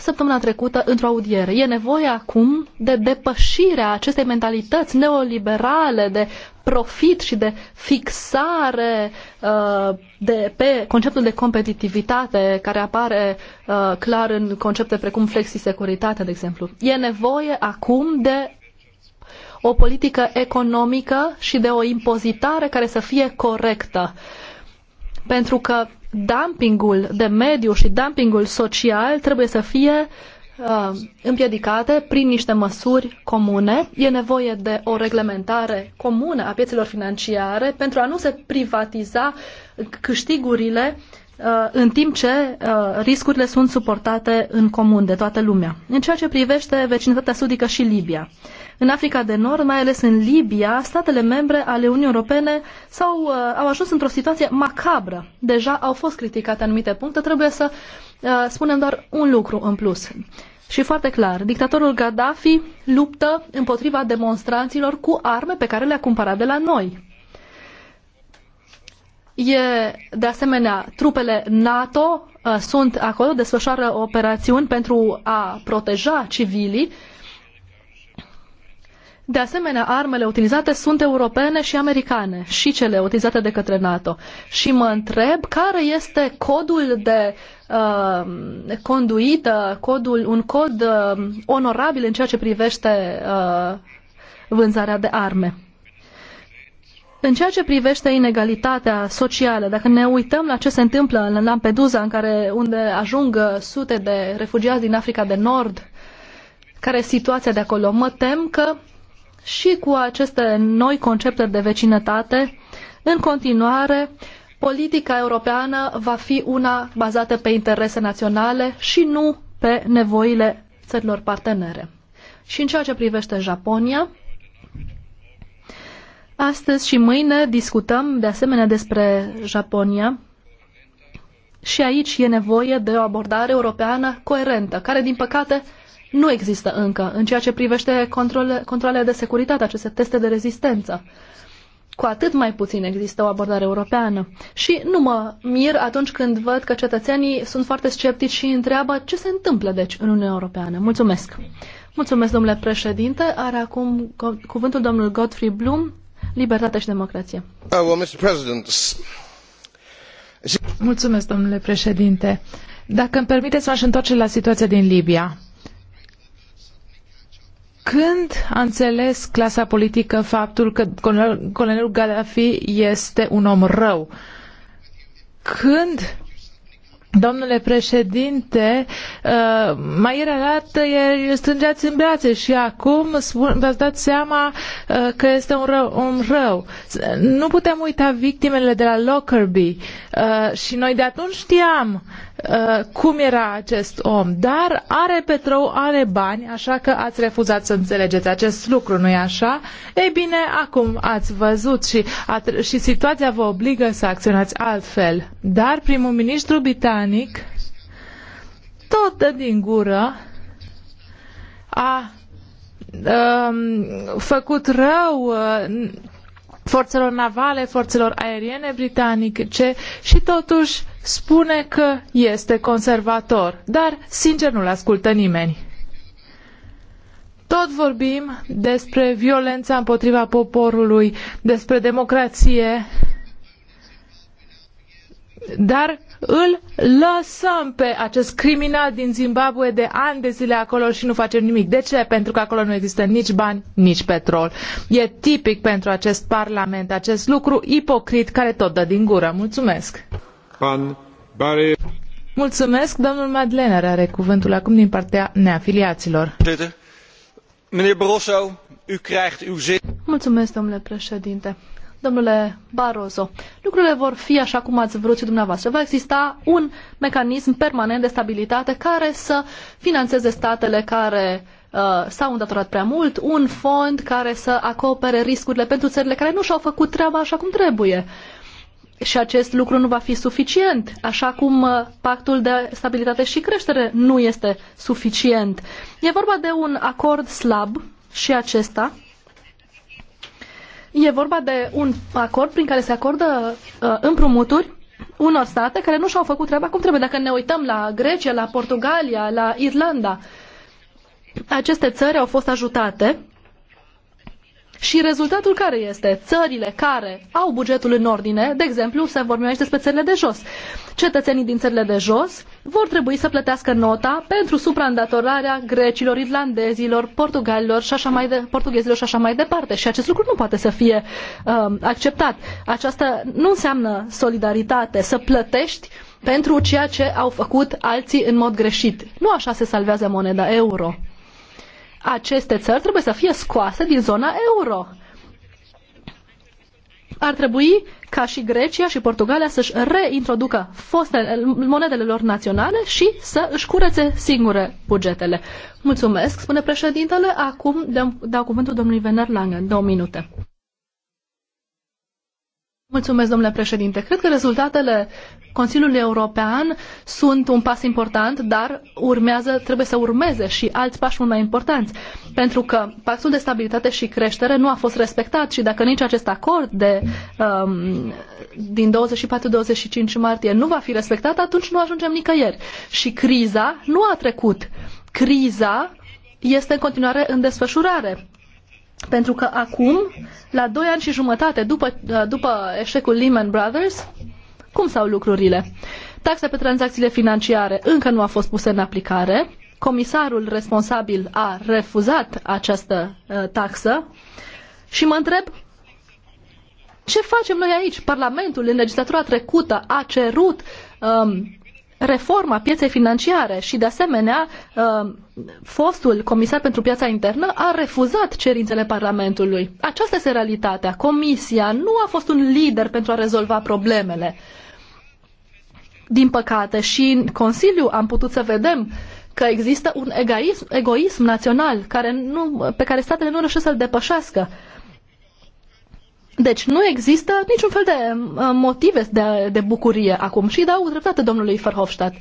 săptămâna trecută într-o audiere. E nevoie acum de depășirea acestei mentalități neoliberale de profit și de fixare uh, de, pe conceptul de competitivitate care apare uh, clar în concepte precum flexisecuritate, de exemplu. E nevoie acum de o politică economică și de o impozitare care să fie corectă. Pentru că dumpingul de mediu și dumpingul social trebuie să fie uh, împiedicate prin niște măsuri comune. E nevoie de o reglementare comună a piețelor financiare pentru a nu se privatiza câștigurile uh, în timp ce uh, riscurile sunt suportate în comun de toată lumea. În ceea ce privește vecinătatea sudică și Libia. În Africa de Nord, mai ales în Libia, statele membre ale Uniunii Europene s-au, uh, au ajuns într-o situație macabră. Deja au fost criticate anumite puncte, trebuie să uh, spunem doar un lucru în plus. Și foarte clar, dictatorul Gaddafi luptă împotriva demonstranților cu arme pe care le-a cumpărat de la noi. E, de asemenea, trupele NATO uh, sunt acolo, desfășoară operațiuni pentru a proteja civilii de asemenea, armele utilizate sunt europene și americane, și cele utilizate de către NATO. Și mă întreb care este codul de uh, conduită, uh, codul, un cod uh, onorabil în ceea ce privește uh, vânzarea de arme. În ceea ce privește inegalitatea socială, dacă ne uităm la ce se întâmplă în Lampedusa, în care, unde ajung sute de refugiați din Africa de Nord, care e situația de acolo, mă tem că și cu aceste noi concepte de vecinătate, în continuare, politica europeană va fi una bazată pe interese naționale și nu pe nevoile țărilor partenere. Și în ceea ce privește Japonia, astăzi și mâine discutăm de asemenea despre Japonia și aici e nevoie de o abordare europeană coerentă, care din păcate nu există încă în ceea ce privește controle, controlele de securitate, aceste teste de rezistență. Cu atât mai puțin există o abordare europeană. Și nu mă mir atunci când văd că cetățenii sunt foarte sceptici și întreabă ce se întâmplă deci în Uniunea Europeană. Mulțumesc! Mulțumesc, domnule președinte. Are acum cuvântul domnul Godfrey Bloom, Libertate și Democrație. Oh, well, Mr. President. Mulțumesc, domnule președinte. Dacă îmi permiteți, m-aș întoarce la situația din Libia când a înțeles clasa politică faptul că colonelul Gaddafi este un om rău? Când Domnule președinte, uh, mai era dată ieri strângeați în brațe și acum v-ați dat seama uh, că este un rău, un rău. Nu putem uita victimele de la Lockerbie uh, și noi de atunci știam cum era acest om, dar are petrou, are bani, așa că ați refuzat să înțelegeți acest lucru, nu-i așa? Ei bine, acum ați văzut și, și situația vă obligă să acționați altfel. Dar primul ministru Bitan britanic tot dă din gură a a um, făcut rău a, uh, forțelor navale, forțelor aeriene britanice și totuși spune că este conservator, dar sincer nu-l ascultă nimeni. Tot vorbim despre violența împotriva poporului, despre democrație, dar îl lăsăm pe acest criminal din Zimbabwe de ani de zile acolo și nu facem nimic. De ce? Pentru că acolo nu există nici bani, nici petrol. E tipic pentru acest parlament acest lucru ipocrit care tot dă din gură. Mulțumesc! Pan Bare... Mulțumesc, domnul Madlener are cuvântul acum din partea neafiliaților. Meneer Barroso, u krijgt uw Mulțumesc, domnule președinte domnule Barroso, lucrurile vor fi așa cum ați vrut și dumneavoastră. Va exista un mecanism permanent de stabilitate care să financeze statele care uh, s-au îndatorat prea mult, un fond care să acopere riscurile pentru țările care nu și-au făcut treaba așa cum trebuie. Și acest lucru nu va fi suficient, așa cum uh, pactul de stabilitate și creștere nu este suficient. E vorba de un acord slab și acesta E vorba de un acord prin care se acordă uh, împrumuturi unor state care nu și-au făcut treaba cum trebuie. Dacă ne uităm la Grecia, la Portugalia, la Irlanda, aceste țări au fost ajutate și rezultatul care este? Țările care au bugetul în ordine, de exemplu, se vorbim aici despre țările de jos. Cetățenii din țările de jos vor trebui să plătească nota pentru supraîndatorarea grecilor, irlandezilor, portugalilor și așa mai de, portughezilor și așa mai departe. Și acest lucru nu poate să fie um, acceptat. Aceasta nu înseamnă solidaritate, să plătești pentru ceea ce au făcut alții în mod greșit. Nu așa se salvează moneda euro aceste țări trebuie să fie scoase din zona euro. Ar trebui ca și Grecia și Portugalia să-și reintroducă fostele, monedele lor naționale și să își curețe singure bugetele. Mulțumesc, spune președintele. Acum dau cuvântul domnului Vener Lange. Două minute. Mulțumesc, domnule președinte. Cred că rezultatele Consiliului European sunt un pas important, dar urmează, trebuie să urmeze și alți pași mult mai importanți. Pentru că Pactul de Stabilitate și Creștere nu a fost respectat și dacă nici acest acord de, um, din 24-25 martie nu va fi respectat, atunci nu ajungem nicăieri. Și criza nu a trecut. Criza este în continuare în desfășurare. Pentru că acum, la doi ani și jumătate după, după eșecul Lehman Brothers, cum s-au lucrurile? Taxa pe tranzacțiile financiare încă nu a fost pusă în aplicare. Comisarul responsabil a refuzat această uh, taxă și mă întreb ce facem noi aici? Parlamentul în legislatura trecută a cerut um, reforma pieței financiare și, de asemenea, uh, fostul comisar pentru piața internă a refuzat cerințele Parlamentului. Aceasta este realitatea. Comisia nu a fost un lider pentru a rezolva problemele. Din păcate, și în Consiliu am putut să vedem că există un egoism, egoism național care nu, pe care statele nu reușesc să-l depășească. Deci nu există niciun fel de uh, motive de, de bucurie acum și dau dreptate domnului Verhofstadt.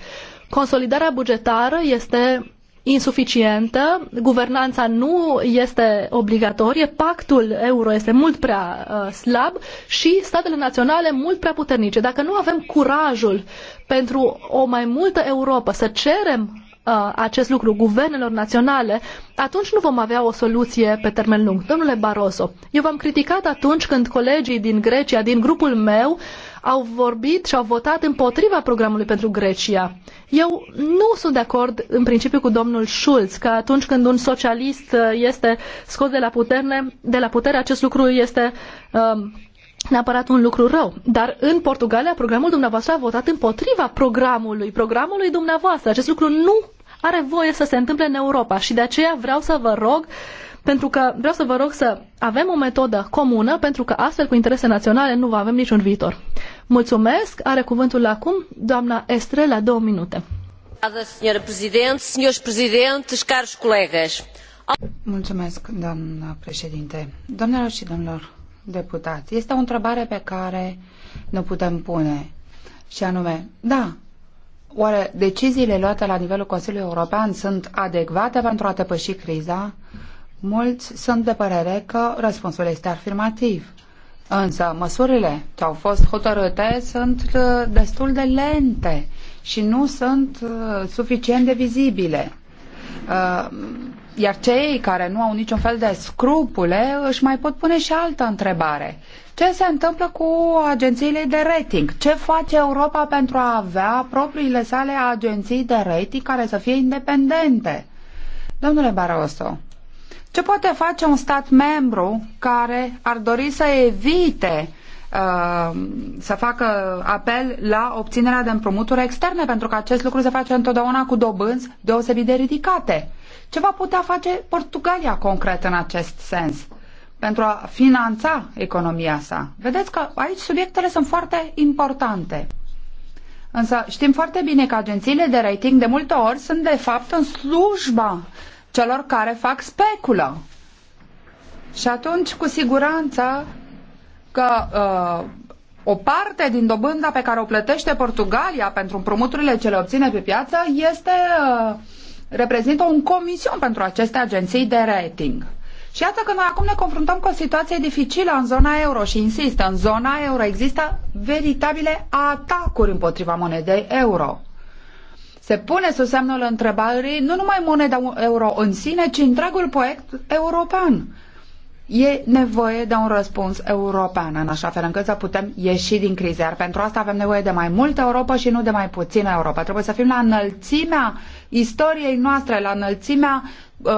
Consolidarea bugetară este insuficientă, guvernanța nu este obligatorie, pactul euro este mult prea uh, slab și statele naționale mult prea puternice. Dacă nu avem curajul pentru o mai multă Europa, să cerem Uh, acest lucru guvernelor naționale, atunci nu vom avea o soluție pe termen lung. Domnule Barroso, eu v-am criticat atunci când colegii din Grecia, din grupul meu, au vorbit și au votat împotriva programului pentru Grecia. Eu nu sunt de acord în principiu cu domnul Schulz că atunci când un socialist uh, este scos de la putere, de la putere acest lucru este um, neapărat un lucru rău. Dar în Portugalia programul dumneavoastră a votat împotriva programului, programului dumneavoastră. Acest lucru nu are voie să se întâmple în Europa și de aceea vreau să vă rog pentru că vreau să vă rog să avem o metodă comună, pentru că astfel cu interese naționale nu avem niciun viitor. Mulțumesc. Are cuvântul acum doamna Estrela, două minute. Mulțumesc, doamna președinte. Doamnelor și domnilor deputați, este o întrebare pe care ne putem pune și anume, da, Oare deciziile luate la nivelul Consiliului European sunt adecvate pentru a depăși criza? Mulți sunt de părere că răspunsul este afirmativ. Însă măsurile ce au fost hotărâte sunt uh, destul de lente și nu sunt uh, suficient de vizibile. Uh, iar cei care nu au niciun fel de scrupule își mai pot pune și altă întrebare. Ce se întâmplă cu agențiile de rating? Ce face Europa pentru a avea propriile sale agenții de rating care să fie independente? Domnule Barroso, ce poate face un stat membru care ar dori să evite Uh, să facă apel la obținerea de împrumuturi externe, pentru că acest lucru se face întotdeauna cu dobânzi deosebit de ridicate. Ce va putea face Portugalia concret în acest sens? pentru a finanța economia sa. Vedeți că aici subiectele sunt foarte importante. Însă știm foarte bine că agențiile de rating de multe ori sunt de fapt în slujba celor care fac speculă. Și atunci, cu siguranță, că uh, o parte din dobânda pe care o plătește Portugalia pentru împrumuturile ce le obține pe piață este, uh, reprezintă un comision pentru aceste agenții de rating. Și iată că noi acum ne confruntăm cu o situație dificilă în zona euro și insist, în zona euro există veritabile atacuri împotriva monedei euro. Se pune sub semnul întrebării nu numai moneda euro în sine, ci întregul proiect european. E nevoie de un răspuns european, în așa fel încât să putem ieși din criză. Iar pentru asta avem nevoie de mai multă Europa și nu de mai puțină Europa. Trebuie să fim la înălțimea istoriei noastre, la înălțimea uh,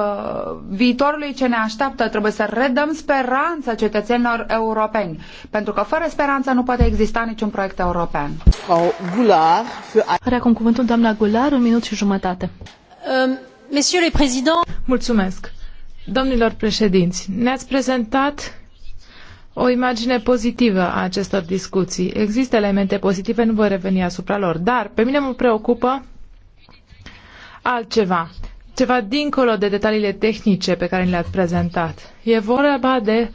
viitorului ce ne așteaptă. Trebuie să redăm speranță cetățenilor europeni. Pentru că fără speranță nu poate exista niciun proiect european. Are acum cuvântul doamna Gular, un minut și jumătate. Uh, Mulțumesc. Domnilor președinți, ne-ați prezentat o imagine pozitivă a acestor discuții. Există elemente pozitive, nu voi reveni asupra lor, dar pe mine mă preocupă altceva, ceva dincolo de detaliile tehnice pe care le-ați prezentat. E vorba de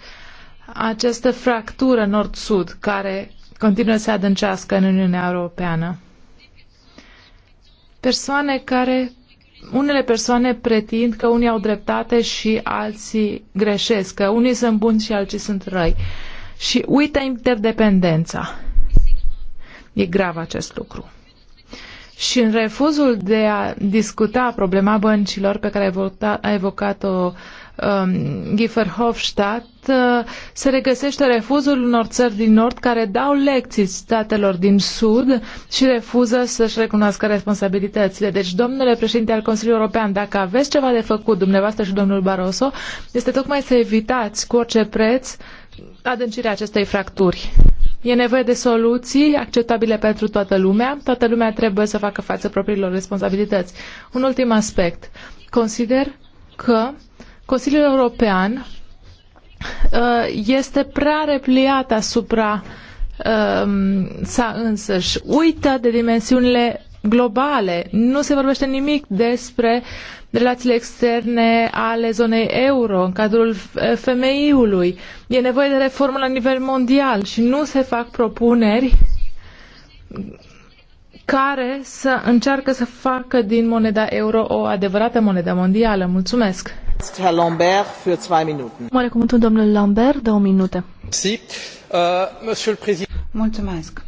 această fractură nord-sud care continuă să adâncească în Uniunea Europeană. Persoane care unele persoane pretind că unii au dreptate și alții greșesc, că unii sunt buni și alții sunt răi. Și uită interdependența. E grav acest lucru. Și în refuzul de a discuta problema băncilor pe care a evocat-o Um, Giefer Hofstadt uh, se regăsește refuzul unor țări din Nord care dau lecții statelor din Sud și refuză să-și recunoască responsabilitățile. Deci, domnule președinte al Consiliului European, dacă aveți ceva de făcut, dumneavoastră și domnul Barroso, este tocmai să evitați cu orice preț adâncirea acestei fracturi. E nevoie de soluții acceptabile pentru toată lumea. Toată lumea trebuie să facă față propriilor responsabilități. Un ultim aspect. Consider că Consiliul European uh, este prea repliat asupra um, sa însăși. Uită de dimensiunile globale. Nu se vorbește nimic despre relațiile externe ale zonei euro în cadrul femeiului. Eh, e nevoie de reformă la nivel mondial și nu se fac propuneri care să încearcă să facă din moneda euro o adevărată monedă mondială. Mulțumesc! Lambert, für zwei Minuten. Mă recomandă domnul Lambert, două minute. Si. Uh, Mulțumesc.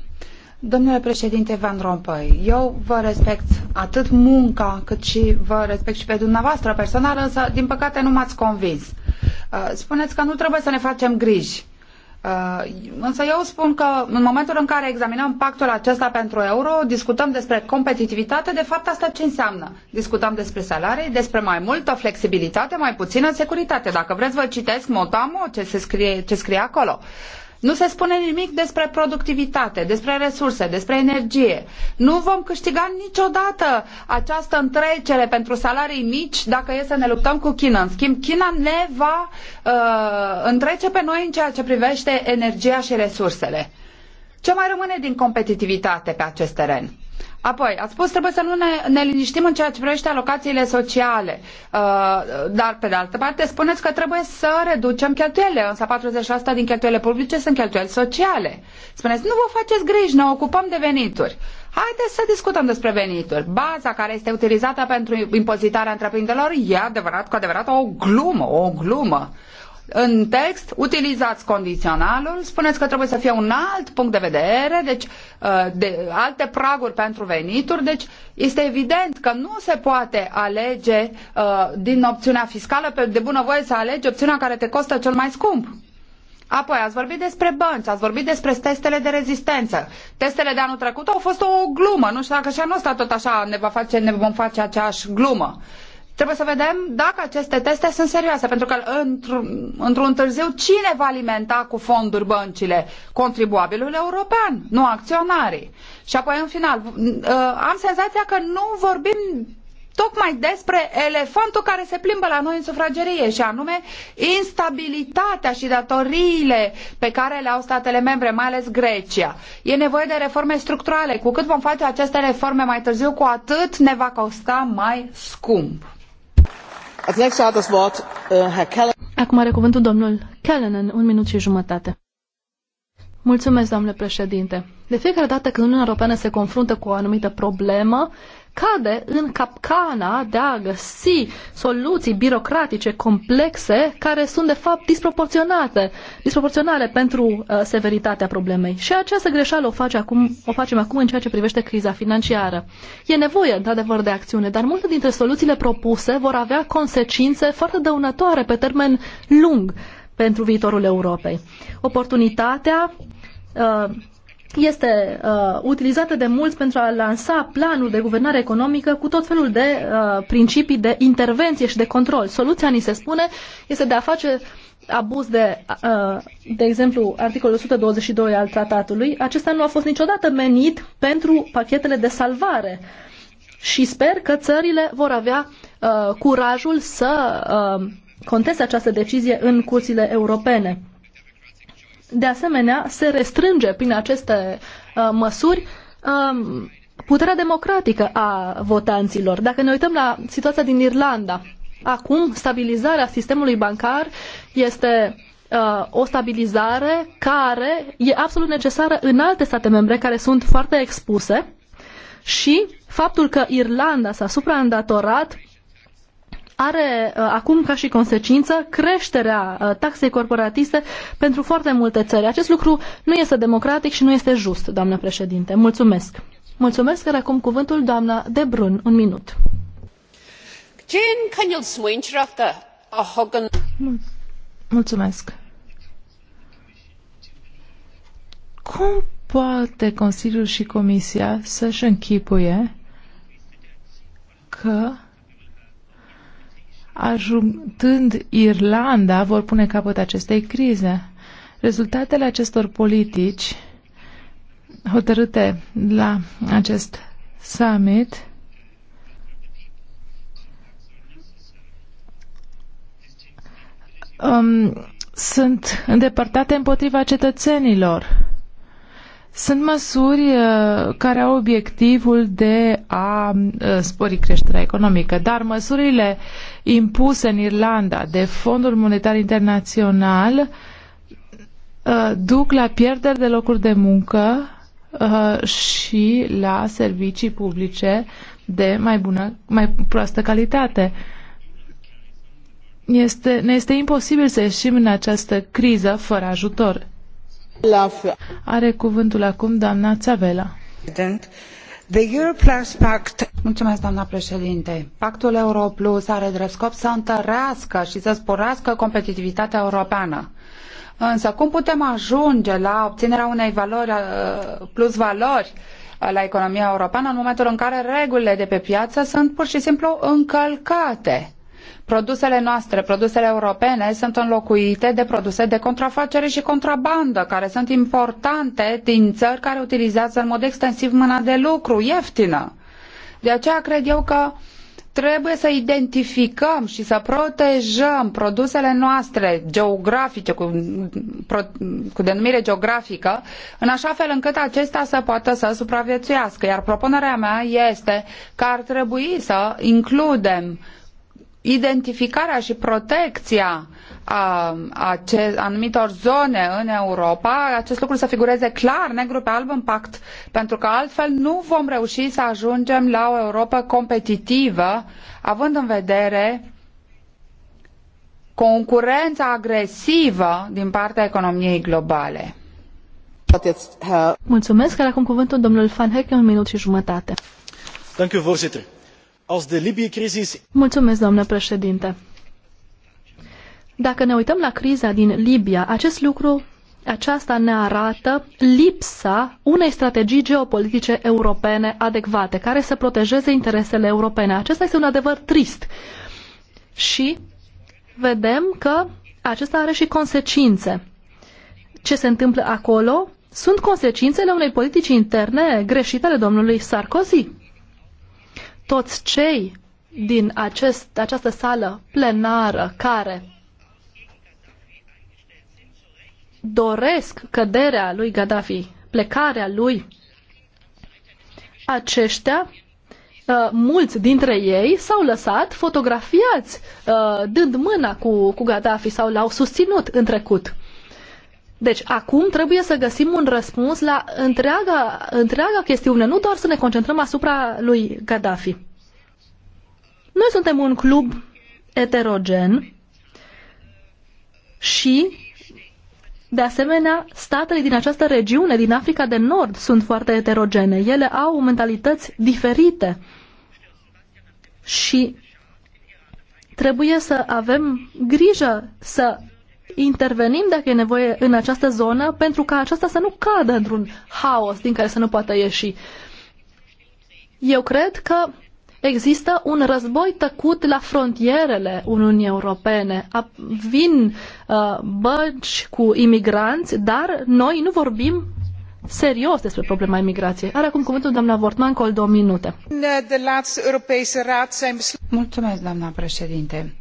Domnule președinte Van Rompuy, eu vă respect atât munca cât și vă respect și pe dumneavoastră personal, însă din păcate nu m-ați convins. Uh, spuneți că nu trebuie să ne facem griji Uh, însă eu spun că în momentul în care examinăm pactul acesta pentru euro, discutăm despre competitivitate, de fapt asta ce înseamnă? Discutăm despre salarii, despre mai multă flexibilitate, mai puțină securitate. Dacă vreți vă citesc motamo ce, se scrie, ce scrie acolo. Uh, nu se spune nimic despre productivitate, despre resurse, despre energie. Nu vom câștiga niciodată această întrecere pentru salarii mici dacă e să ne luptăm cu China. În schimb, China ne va uh, întrece pe noi în ceea ce privește energia și resursele. Ce mai rămâne din competitivitate pe acest teren? Apoi, ați spus trebuie să nu ne, ne liniștim în ceea ce privește alocațiile sociale, uh, dar pe de altă parte spuneți că trebuie să reducem cheltuielile, însă 40% din cheltuielile publice sunt cheltuieli sociale. Spuneți, nu vă faceți griji, ne ocupăm de venituri. Haideți să discutăm despre venituri. Baza care este utilizată pentru impozitarea întreprinderilor e adevărat, cu adevărat o glumă, o glumă. Uh, în text, utilizați condiționalul, spuneți că trebuie să fie un alt punct de vedere, deci uh, de, alte praguri pentru venituri, deci este evident că nu se poate alege uh, din opțiunea fiscală, pe, de bunăvoie să alegi opțiunea care te costă cel mai scump. Apoi ați vorbit despre bănci, ați vorbit despre testele de rezistență. Testele de anul trecut au fost o glumă, nu știu dacă și anul ăsta tot așa ne, va face, ne vom face aceeași glumă. Uh, Trebuie să vedem dacă aceste teste sunt serioase, pentru că într-un într târziu cine va alimenta cu fonduri băncile? Contribuabilul european, nu acționarii. Și apoi, în final, uh, am senzația că nu vorbim tocmai despre elefantul care se plimbă la noi în sufragerie și anume instabilitatea și datoriile pe care le au statele membre, mai ales Grecia. E nevoie de reforme structurale. Cu cât vom face aceste reforme mai târziu, cu atât ne va costa mai scump. Äh, Acum are cuvântul domnul Callanan, un minut și jumătate. Mulțumesc, domnule președinte. De fiecare dată când Uniunea Europeană se confruntă cu o anumită problemă, cade în capcana de a găsi soluții birocratice complexe care sunt de fapt disproporționate, disproporționale pentru uh, severitatea problemei. Și această greșeală o, face acum, o facem acum în ceea ce privește criza financiară. E nevoie, într-adevăr, de acțiune, dar multe dintre soluțiile propuse vor avea consecințe foarte dăunătoare pe termen lung pentru viitorul Europei. Oportunitatea uh, este uh, utilizată de mulți pentru a lansa planul de guvernare economică cu tot felul de uh, principii de intervenție și de control. Soluția, ni se spune, este de a face abuz de, uh, de exemplu, articolul 122 al tratatului. Acesta nu a fost niciodată menit pentru pachetele de salvare și sper că țările vor avea uh, curajul să uh, conteste această decizie în curțile europene de asemenea, se restrânge prin aceste uh, măsuri um, puterea democratică a votanților. Dacă ne uităm la situația din Irlanda, acum stabilizarea sistemului bancar este uh, o stabilizare care e absolut necesară în alte state membre care sunt foarte expuse și faptul că Irlanda s-a supraîndatorat are uh, acum ca și consecință creșterea uh, taxei corporatiste pentru foarte multe țări. Acest lucru nu este democratic și nu este just, doamnă președinte. Mulțumesc. Mulțumesc, că acum cuvântul doamna De Brun, un minut. Uh, Mulțumesc. Cum poate Consiliul și Comisia să-și închipuie că ajutând Irlanda, vor pune capăt acestei crize. Rezultatele acestor politici hotărâte la acest summit um, sunt îndepărtate împotriva cetățenilor. Sunt măsuri uh, care au obiectivul de a uh, spori creșterea economică, dar măsurile impuse în Irlanda de Fondul Monetar Internațional uh, duc la pierderi de locuri de muncă și la servicii publice de mai bună, mai proastă calitate. Este, ne este imposibil să ieșim în această criză fără ajutor. Are cuvântul acum doamna Țavela. Mulțumesc, doamna președinte. Pactul Euro Plus are drept scop să întărească și să sporească competitivitatea europeană. Însă cum putem ajunge la obținerea unei valori uh, plus valori uh, la economia europeană în momentul în care regulile de pe piață sunt pur și simplu încălcate? produsele noastre, produsele europene, sunt înlocuite de produse de contrafacere și contrabandă, care sunt importante din țări care utilizează în mod extensiv mâna de lucru ieftină. De aceea cred eu că trebuie să identificăm și să protejăm produsele noastre geografice, cu, cu denumire geografică, în așa fel încât acestea să poată să supraviețuiască. Iar propunerea mea este că ar trebui să includem uh, identificarea și protecția a, anumitor zone în Europa, acest lucru să figureze clar, negru pe alb în pact, pentru că altfel nu vom reuși să ajungem la o Europa competitivă, având în vedere concurența agresivă din partea economiei globale. Mulțumesc, acum cuvântul domnul Van Heck, un minut și jumătate. Thank you, președinte. Dacă ne uităm la criza din Libia, acest lucru, aceasta ne arată lipsa unei strategii geopolitice europene adecvate, care să protejeze interesele europene. Acesta este un adevăr trist. Și vedem că acesta are și consecințe. Ce se întâmplă acolo sunt consecințele unei politici interne greșite ale domnului Sarkozy toți cei din acest, această sală plenară care doresc căderea lui Gaddafi, plecarea lui, aceștia, uh, mulți dintre ei s-au lăsat fotografiați uh, dând mâna cu, cu Gaddafi sau l-au susținut în trecut. Deci, acum trebuie să găsim un răspuns la întreaga, întreaga chestiune, nu doar să ne concentrăm asupra lui Gaddafi. Noi suntem un club eterogen și, de asemenea, statele din această regiune, din Africa de Nord, sunt foarte eterogene. Ele au mentalități diferite și trebuie să avem grijă să intervenim dacă e nevoie în această zonă pentru ca aceasta să nu cadă într-un haos din care să nu poată ieși. Eu cred că există un război tăcut la frontierele Uniunii Europene. Vin uh, bănci cu imigranți, dar noi nu vorbim serios despre problema imigrației. Are acum cuvântul doamna Vortman, cu două minute. Mulțumesc, doamna președinte.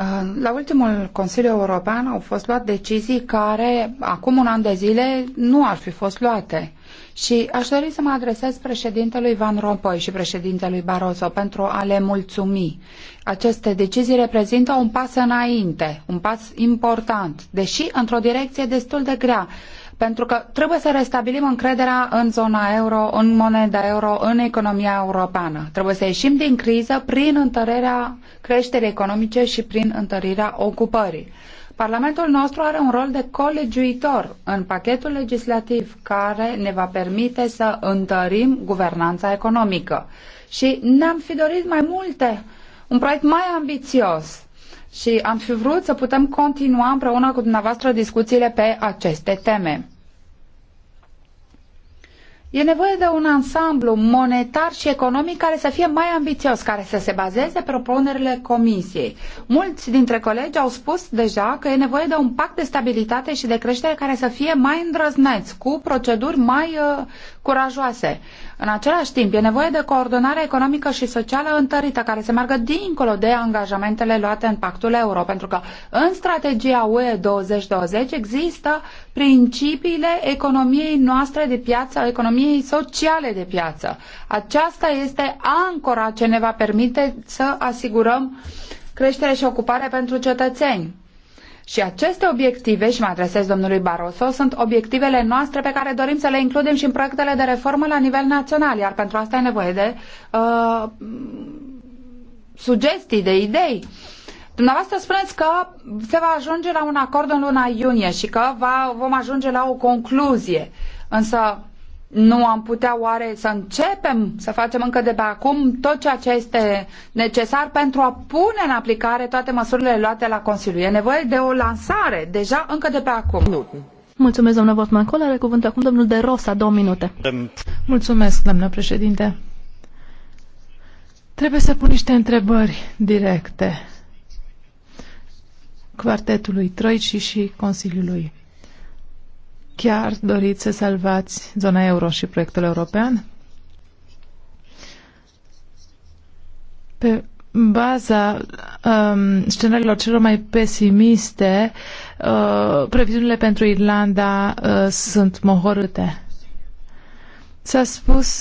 Uh, la ultimul Consiliu European au fost luate decizii care acum un an de zile nu ar fi fost luate. Și aș dori să mă adresez președintelui Van Rompuy și președintelui Barroso pentru a le mulțumi. Aceste decizii reprezintă un pas înainte, un pas important, deși într-o direcție destul de grea, pentru că trebuie să restabilim încrederea în zona euro, în moneda euro, în economia europeană. Trebuie să ieșim din criză prin întărirea creșterii economice și prin întărirea ocupării. Parlamentul nostru are un rol de colegiuitor în pachetul legislativ care ne va permite să întărim guvernanța economică. Și ne-am fi dorit mai multe, un proiect mai ambițios și am fi vrut să putem continua împreună cu dumneavoastră discuțiile pe aceste teme. E nevoie de un ansamblu monetar și economic care să fie mai ambițios, care să se bazeze pe propunerile Comisiei. Mulți dintre colegi au spus deja că e nevoie de un pact de stabilitate și de creștere care să fie mai îndrăzneț, cu proceduri mai uh, curajoase. În același timp, e nevoie de coordonare economică și socială întărită, care să meargă dincolo de angajamentele luate în pactul euro, pentru că în strategia UE 2020 există principiile economiei noastre de piață, economiei sociale de piață. Aceasta este ancora ce ne va permite să asigurăm creștere și ocupare pentru cetățeni. Și aceste obiective, și mă adresez domnului Barroso, sunt obiectivele noastre pe care dorim să le includem și în proiectele de reformă la nivel național, iar pentru asta e nevoie de uh, sugestii, de idei. Dumneavoastră spuneți că se va ajunge la un acord în luna iunie și că va, vom ajunge la o concluzie. Însă nu am putea oare să începem să facem încă de pe acum tot ceea ce este necesar pentru a pune în aplicare toate măsurile luate la Consiliu? E nevoie de o lansare deja încă de pe acum. Nu. Mulțumesc, doamnă Votman. Col are cuvântul acum domnul De Rosa, două minute. Mulțumesc, doamnă președinte. Trebuie să pun niște întrebări directe. Quartetului Troici și Consiliului Chiar doriți să salvați zona euro și proiectul european? Pe baza um, scenariilor celor mai pesimiste, uh, previziunile pentru Irlanda uh, sunt mohorâte. S-a spus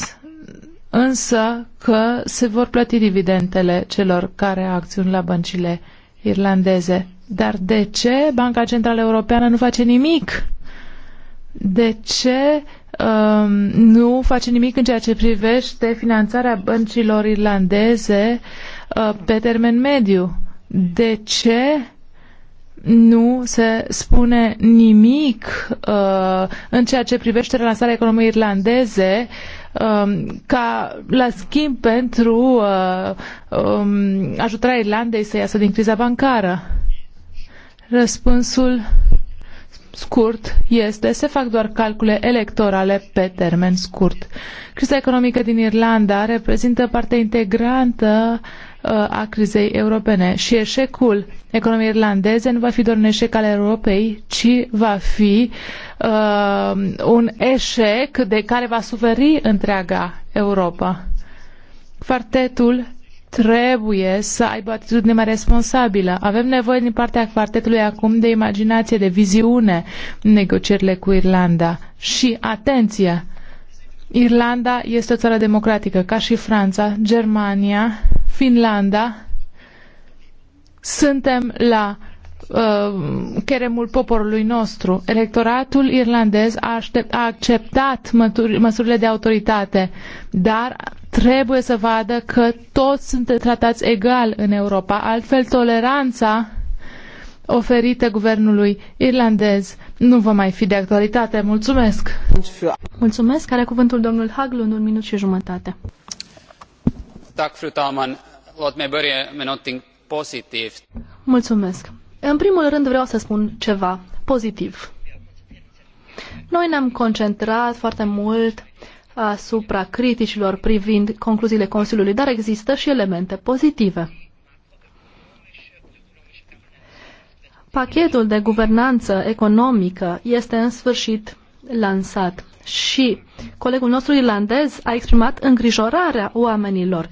însă că se vor plăti dividendele celor care au acțiuni la băncile irlandeze. Dar de ce Banca Centrală Europeană nu face nimic? de ce um, nu face nimic în ceea ce privește finanțarea băncilor irlandeze uh, pe termen mediu? De ce nu se spune nimic uh, în ceea ce privește relansarea economiei irlandeze um, ca la schimb pentru uh, um, ajutarea Irlandei să iasă din criza bancară? Răspunsul scurt este, se fac doar calcule electorale pe termen scurt. Criza economică din Irlanda reprezintă parte integrantă uh, a crizei europene și eșecul economiei irlandeze nu va fi doar un eșec al Europei, ci va fi uh, un eșec de care va suferi întreaga Europa. Quartetul trebuie să aibă o atitudine mai responsabilă. Avem nevoie din partea quartetului acum de imaginație, de viziune în negocierile cu Irlanda. Și, atenție, Irlanda este o țară democratică, ca și Franța, Germania, Finlanda. Suntem la Uh, cheremul poporului nostru. Electoratul irlandez a, aștept, a acceptat mături, măsurile de autoritate, dar trebuie să vadă că toți sunt tratați egal în Europa. Altfel, toleranța oferită guvernului irlandez nu va mai fi de actualitate. Mulțumesc! Mulțumesc! Are cuvântul domnul Haglund, un minut și jumătate. Mulțumesc! În primul rând vreau să spun ceva pozitiv. Noi ne-am concentrat foarte mult asupra criticilor privind concluziile Consiliului, dar există și elemente pozitive. Pachetul de guvernanță economică este în sfârșit lansat și colegul nostru irlandez a exprimat îngrijorarea oamenilor.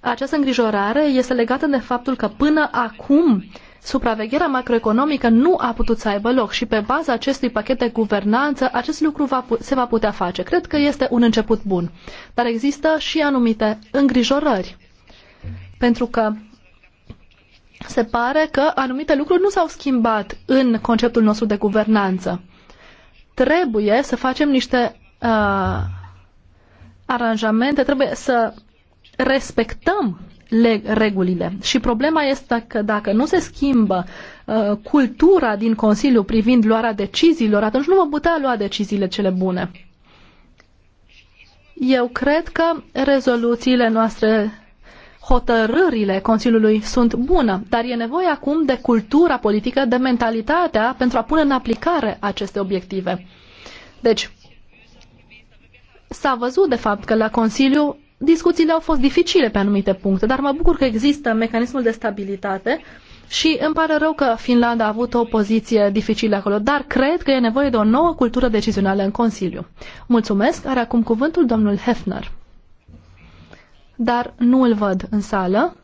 Această îngrijorare este legată de faptul că până acum uh, supravegherea macroeconomică nu a putut să aibă loc și pe baza acestui pachet de guvernanță acest lucru va, se va putea face. Cred că este un început bun. Dar există și anumite îngrijorări. Pentru că se pare că anumite lucruri nu s-au schimbat în conceptul nostru de guvernanță. Trebuie să facem niște uh, aranjamente, trebuie să respectăm regulile. Și problema este că dacă nu se schimbă uh, cultura din Consiliu privind luarea deciziilor, atunci nu mă putea lua deciziile cele bune. Eu cred că rezoluțiile noastre, hotărârile Consiliului sunt bune, dar e nevoie acum de cultura politică, de mentalitatea pentru a pune în aplicare aceste obiective. Deci, s-a văzut de fapt că la Consiliu discuțiile au fost dificile pe anumite puncte, dar mă bucur că există mecanismul de stabilitate și îmi pare rău că Finlanda a avut o poziție dificilă acolo, dar cred că e nevoie de o nouă cultură decizională în Consiliu. Mulțumesc, are acum cuvântul domnul Hefner. Dar nu îl văd în sală.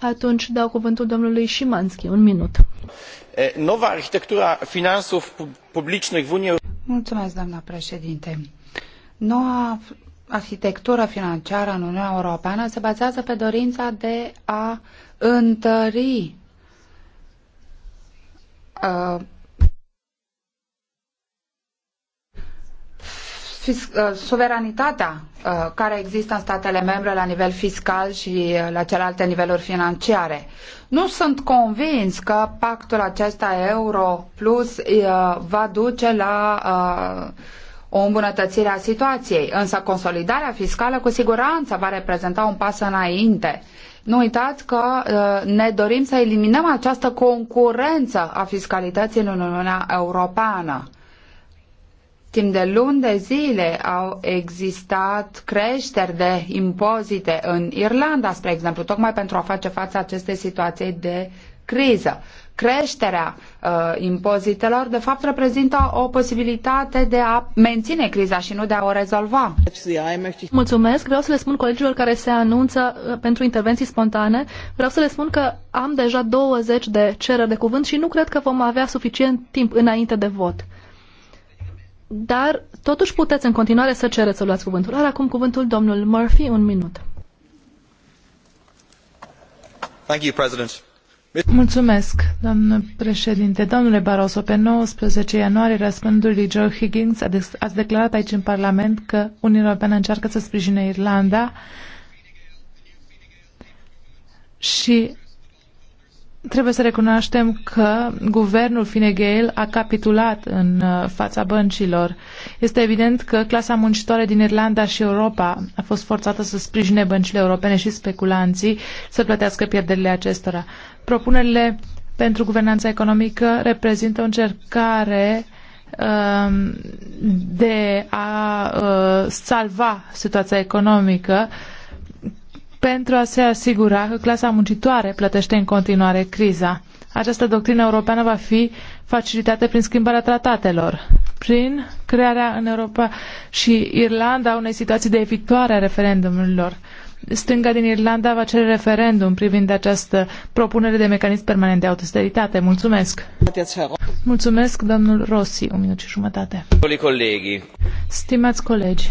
Atunci dau cuvântul domnului Șimanski. Un minut. Nova arhitectura finanțelor publice în Uniunea Mulțumesc, doamna președinte. Noua arhitectură financiară în Uniunea Europeană se bazează pe dorința de a întări uh, uh suveranitatea uh, care există în statele membre la nivel fiscal și uh, la celelalte niveluri financiare. Nu sunt convins că pactul acesta euro plus va duce la o îmbunătățire a situației, însă consolidarea fiscală cu siguranță va reprezenta un pas înainte. Nu uitați că uh, ne dorim să eliminăm această concurență a fiscalității în Uniunea Europeană. Timp de luni de zile au existat creșteri de impozite în Irlanda, spre exemplu, tocmai pentru a face față acestei situații de criză creșterea uh, impozitelor, de fapt, reprezintă o posibilitate de a menține criza și nu de a o rezolva. Mulțumesc. Vreau să le spun colegilor care se anunță uh, pentru intervenții spontane, vreau să le spun că am deja 20 de cereri de cuvânt și nu cred că vom avea suficient timp înainte de vot. Dar, totuși, puteți în continuare să cereți să luați cuvântul. Are acum cuvântul domnul Murphy, un minut. Thank you, President Mulțumesc, doamnă președinte. Domnule Barroso, pe 19 ianuarie, răspândul lui Joe Higgins a ați declarat aici în Parlament că Uniunea Europeană încearcă să sprijine Irlanda și trebuie să recunoaștem că guvernul Fine Gael a capitulat în uh, fața băncilor. Este evident că clasa muncitoare din Irlanda și Europa a fost forțată să sprijine băncile europene și speculanții să plătească pierderile acestora. Propunerile pentru guvernanța economică reprezintă o încercare um, de a uh, salva situația economică pentru a se asigura că clasa muncitoare plătește în continuare criza. Această doctrină europeană va fi facilitată prin schimbarea tratatelor, prin crearea în Europa și Irlanda unei situații de evitare a referendumurilor. Uh, stânga din Irlanda va cere referendum privind această propunere de mecanism permanent de austeritate. Mulțumesc! Mulțumesc, domnul Rossi, un minut și jumătate. Stimați colegi,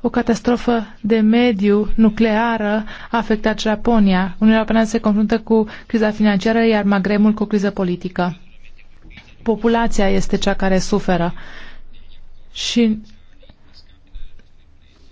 o catastrofă de mediu nucleară a afectat Japonia. Uniunea Europeană se confruntă cu criza financiară, iar Magremul cu o criză politică. Populația este cea care suferă. Și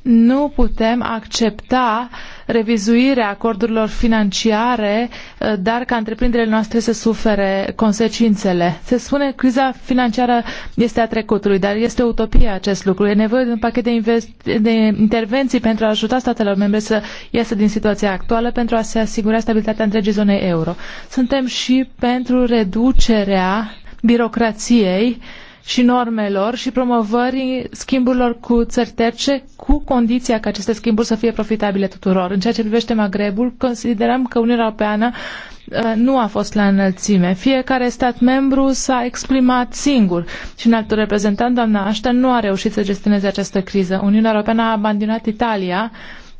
nu putem accepta revizuirea acordurilor financiare, eh, dar ca întreprinderile noastre să sufere consecințele. Se spune că criza financiară este a trecutului, dar este o utopie acest lucru. E nevoie de un pachet de, de intervenții pentru a ajuta statelor membre să iasă din situația actuală pentru a se asigura stabilitatea întregii zone euro. Suntem și pentru reducerea birocrației uh, și normelor și promovării schimburilor cu țări terce cu condiția ca aceste schimburi să fie profitabile tuturor. În ceea ce privește Magrebul, considerăm că Uniunea Europeană uh, nu a fost la înălțime. Fiecare stat membru s-a exprimat singur și un alt reprezentant, doamna Ashton, nu a reușit să gestioneze această criză. Uniunea Europeană a abandonat Italia,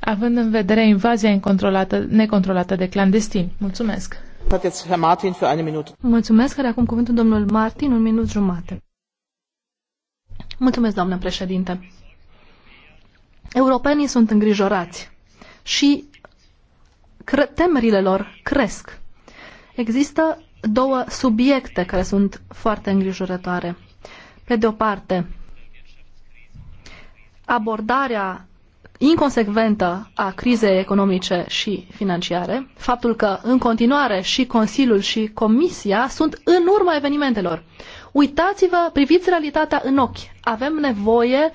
având în vedere invazia necontrolată de clandestini. Mulțumesc! Mulțumesc, are acum cuvântul domnul Martin, un minut jumate. Mulțumesc, doamnă președinte. Europenii sunt îngrijorați și temerile lor cresc. Există două subiecte care sunt foarte îngrijorătoare. Pe de o parte, abordarea inconsecventă a crizei economice și financiare, faptul că în continuare și Consiliul și Comisia sunt în urma evenimentelor. Uitați-vă, priviți realitatea în ochi. Avem nevoie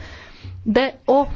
de o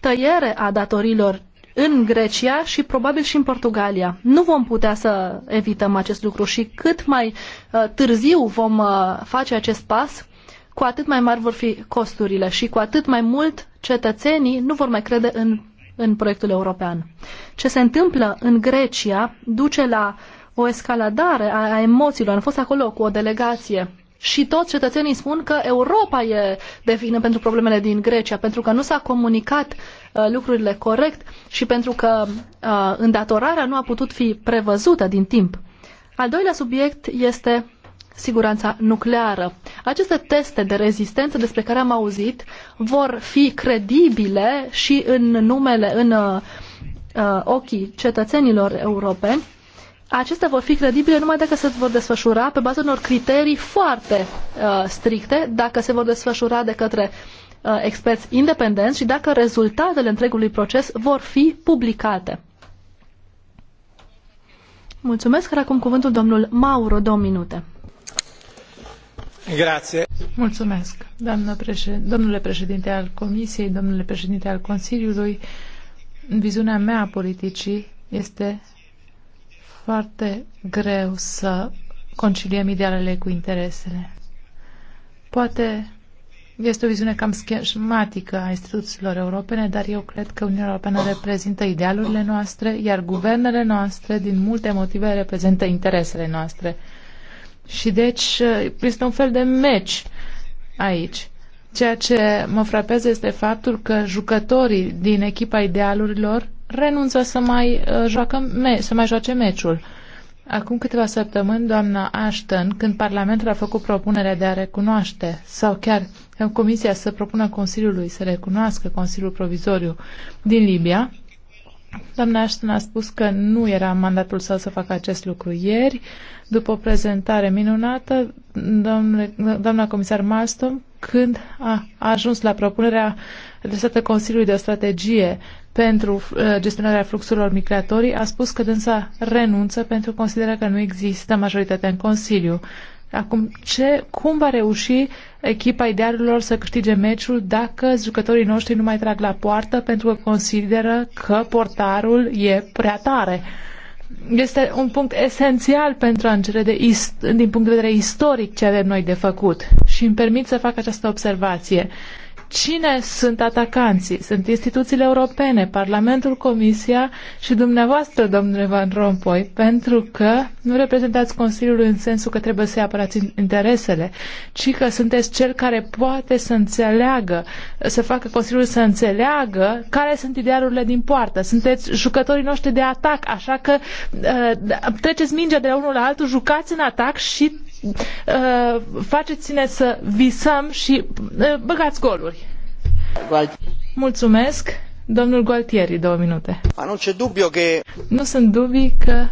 tăiere a datorilor în Grecia și probabil și în Portugalia. Nu vom putea să evităm acest lucru și cât mai uh, târziu vom uh, face acest pas, cu atât mai mari vor fi costurile și cu atât mai mult cetățenii nu vor mai crede în, în proiectul european. Ce se întâmplă în Grecia duce la o escaladare a, a emoțiilor. Am fost acolo cu o delegație și toți cetățenii spun că Europa e de vină pentru problemele din Grecia, pentru că nu s-a comunicat uh, lucrurile corect și pentru că uh, îndatorarea nu a putut fi prevăzută din timp. Al doilea subiect este siguranța nucleară. Aceste teste de rezistență despre care am auzit vor fi credibile și în numele, în uh, uh ochii cetățenilor europeni acestea vor fi credibile numai dacă se vor desfășura pe baza unor criterii foarte uh, stricte, dacă se vor desfășura de către uh, experți independenți și dacă rezultatele întregului proces vor fi publicate. Mulțumesc, iar acum cuvântul domnul Mauro, două minute. Grație. Mulțumesc, președ... domnule președinte al Comisiei, domnule președinte al Consiliului. Viziunea mea a politicii este foarte greu să conciliem idealele cu interesele. Poate este o viziune cam schematică a instituțiilor europene, dar eu cred că Uniunea Europeană reprezintă idealurile noastre, iar guvernele noastre, din multe motive, reprezintă interesele noastre. Și deci este un fel de meci aici. Ceea ce mă frapează este faptul că jucătorii din echipa idealurilor renunță să mai, uh, joacă, să mai joace meciul. Acum câteva săptămâni, doamna Ashton, când Parlamentul a făcut propunerea de a recunoaște, sau chiar Comisia să propună Consiliului să recunoască Consiliul Provizoriu din Libia, doamna Ashton a spus că nu era mandatul său să facă acest lucru ieri. După o prezentare minunată, doamne, doamna comisar Malmström când a ajuns la propunerea adresată Consiliului de o strategie pentru uh, gestionarea fluxurilor migratorii, a spus că dânsa renunță pentru considera că nu există majoritatea în Consiliu. Acum, ce, cum va reuși echipa idealurilor să câștige meciul dacă jucătorii noștri nu mai trag la poartă pentru că consideră că portarul e prea tare? Este un punct esențial pentru a înțelege de din punct de vedere istoric ce avem noi de făcut. Și îmi permit să fac această observație. Cine sunt atacanții? Sunt instituțiile europene, Parlamentul, Comisia și dumneavoastră, domnule Van Rompuy, pentru că nu reprezentați Consiliul în sensul că trebuie să-i apărați interesele, ci că sunteți cel care poate să înțeleagă, să facă Consiliul să înțeleagă care sunt idealurile din poartă. Sunteți jucătorii noștri de atac, așa că uh, da, treceți mingea de la unul la altul, jucați în atac și Uh, faceți-ne să visăm și uh, băgați goluri. Gualtieri. Mulțumesc. Domnul Gualtieri, două minute. Nu sunt dubii că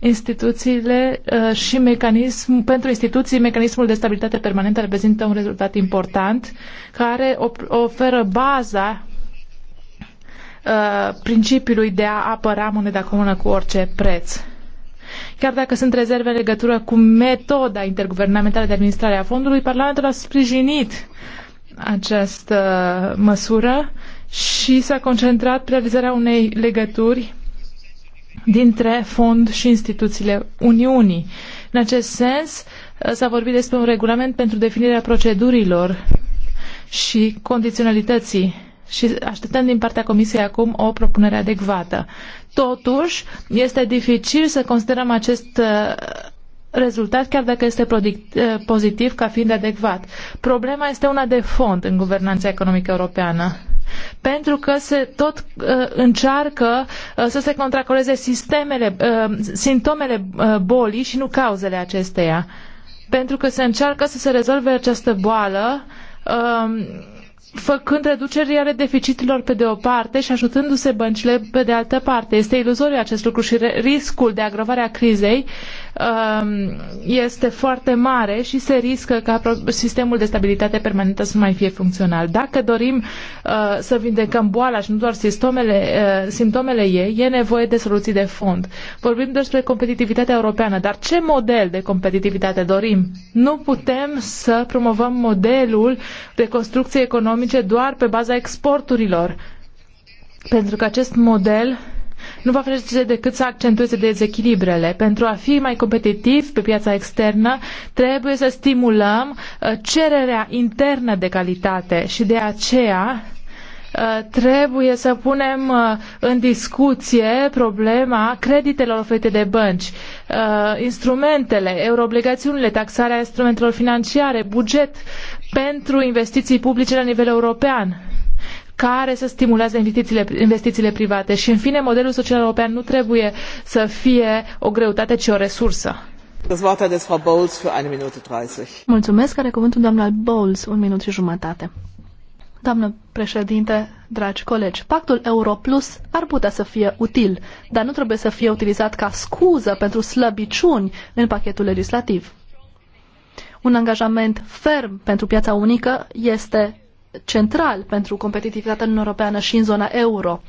instituțiile uh, și mecanism, pentru instituții, mecanismul de stabilitate permanentă reprezintă un rezultat important care oferă baza uh, principiului de a apăra moneda comună cu orice preț. Chiar dacă sunt rezerve în legătură cu metoda interguvernamentală de administrare a fondului, Parlamentul a sprijinit această măsură și s-a concentrat pe realizarea unei legături dintre fond și instituțiile Uniunii. În acest sens, s-a vorbit despre un regulament pentru definirea procedurilor și condiționalității și așteptăm din partea Comisiei acum o propunere adecvată. Totuși, este dificil să considerăm acest uh, rezultat, chiar dacă este uh, pozitiv, ca fiind adecvat. Problema este una de fond în guvernanța economică europeană pentru că se tot uh, încearcă uh, să se contracoleze sistemele, uh, simptomele uh, bolii și nu cauzele acesteia. Pentru că se încearcă să se rezolve această boală uh, făcând reduceri ale deficitelor pe de o parte și ajutându-se băncile pe de altă parte. Este iluzoriu acest lucru și riscul de agravare a crizei Um, este foarte mare și se riscă ca sistemul de stabilitate permanentă să nu mai fie funcțional. Dacă dorim uh, să vindecăm boala și nu doar simptomele, uh, simptomele ei, e nevoie de soluții de fond. Vorbim despre competitivitatea europeană, dar ce model de competitivitate dorim? Nu putem să promovăm modelul de construcție economice doar pe baza exporturilor, pentru că acest model nu va face decât să accentueze dezechilibrele. Pentru a fi mai competitiv pe piața externă, trebuie să stimulăm uh, cererea internă de calitate și de aceea uh, trebuie să punem uh, în discuție problema creditelor oferite de bănci, instrumentele, euroobligațiunile, taxarea instrumentelor financiare, buget pentru investiții publice la nivel european care să stimuleze investițiile, investițiile private. Și, în fine, modelul social european nu trebuie să fie o greutate, ci o resursă. Mulțumesc, are cuvântul doamna Bowles, un minut și jumătate. Doamnă președinte, dragi colegi, pactul Europlus ar putea să fie util, dar nu trebuie să fie utilizat ca scuză pentru slăbiciuni în pachetul legislativ. Un angajament ferm pentru piața unică este central pentru competitivitatea în europeană și în zona euro.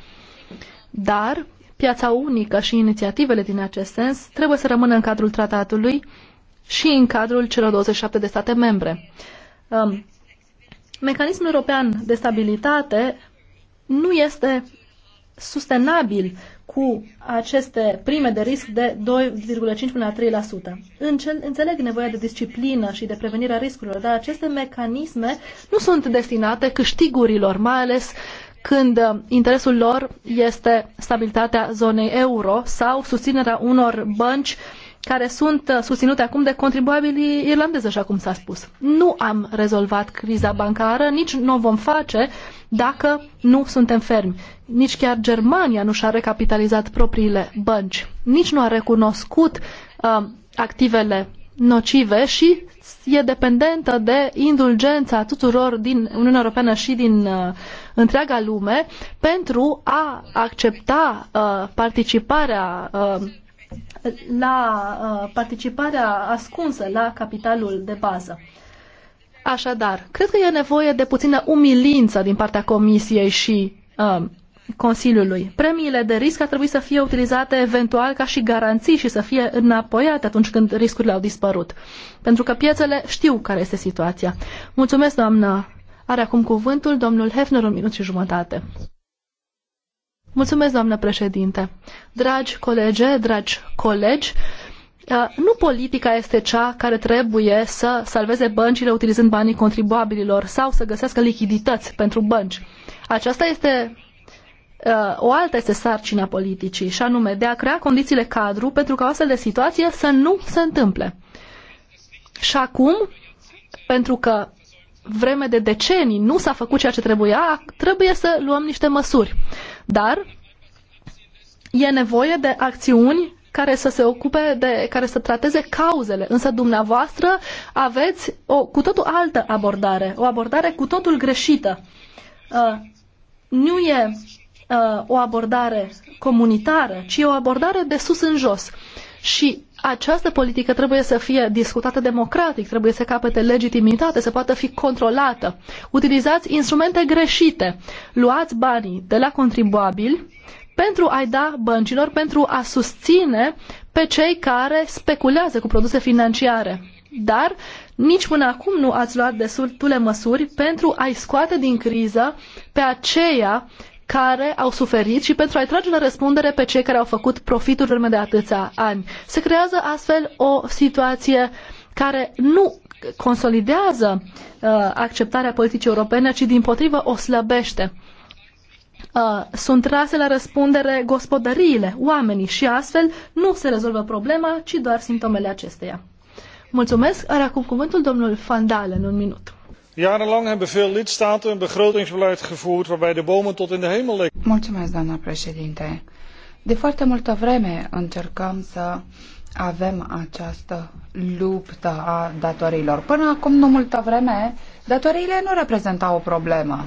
Dar piața unică și inițiativele din acest sens trebuie să rămână în cadrul tratatului și în cadrul celor 27 de state membre. Um, mecanismul european de stabilitate nu este sustenabil cu aceste prime de risc de 2,5 până la 3%. Înțeleg nevoia de disciplină și de prevenirea riscurilor, dar aceste mecanisme nu sunt destinate câștigurilor, mai ales când interesul lor este stabilitatea zonei euro sau susținerea unor bănci uh, care sunt uh, susținute acum de contribuabilii irlandezi, așa cum s-a spus. Nu am rezolvat criza bancară, nici nu o vom face dacă nu suntem fermi. Nici chiar Germania nu și-a recapitalizat propriile bănci, nici nu a recunoscut uh, activele nocive și e dependentă de indulgența tuturor din Uniunea Europeană și din uh, întreaga lume pentru a accepta uh, participarea uh, la uh, participarea ascunsă la capitalul de bază. Așadar, cred că e nevoie de puțină umilință din partea Comisiei și uh, Consiliului. Premiile de risc ar trebui să fie utilizate eventual ca și garanții și să fie înapoiate atunci când riscurile au dispărut. Pentru că piețele știu care este situația. Mulțumesc, doamnă. Are acum cuvântul domnul Hefner un minut și jumătate. Mulțumesc, doamnă președinte. Dragi colege, dragi colegi, nu politica este cea care trebuie să salveze băncile utilizând banii contribuabililor sau să găsească lichidități pentru bănci. Aceasta este o altă este sarcina politicii, și anume de a crea condițiile cadru pentru ca o astfel de situație să nu se întâmple. Și acum, pentru că vreme de decenii nu s-a făcut ceea ce trebuia, trebuie să luăm niște măsuri. Dar e nevoie de acțiuni care să se ocupe de, care să trateze cauzele. Însă dumneavoastră aveți o cu totul altă abordare, o abordare cu totul greșită. Uh, nu e uh, o abordare comunitară, ci e o abordare de sus în jos. Și această politică trebuie să fie discutată democratic, trebuie să capete legitimitate, să poată fi controlată. Utilizați instrumente greșite, luați banii de la contribuabili pentru a-i da băncilor, pentru a susține pe cei care speculează cu produse financiare. Dar nici până acum nu ați luat destule măsuri pentru a-i scoate din criză pe aceia care au suferit și pentru a-i trage la răspundere pe cei care au făcut profituri vreme de atâția ani. Se creează astfel o situație care nu consolidează uh, acceptarea politicii europene, ci din potrivă o slăbește. Uh, sunt trase la răspundere gospodăriile, oamenii și astfel nu se rezolvă problema, ci doar simptomele acesteia. Mulțumesc. Are acum cuvântul domnul Fandale în un minut jarenlang hebben veel lidstaten een begrotingsbeleid gevoerd waarbij de bomen tot in de hemel leken. De foarte multă vreme încercăm să avem această luptă a datoriilor. Până acum nu multă vreme, datoriile nu reprezentau o problemă.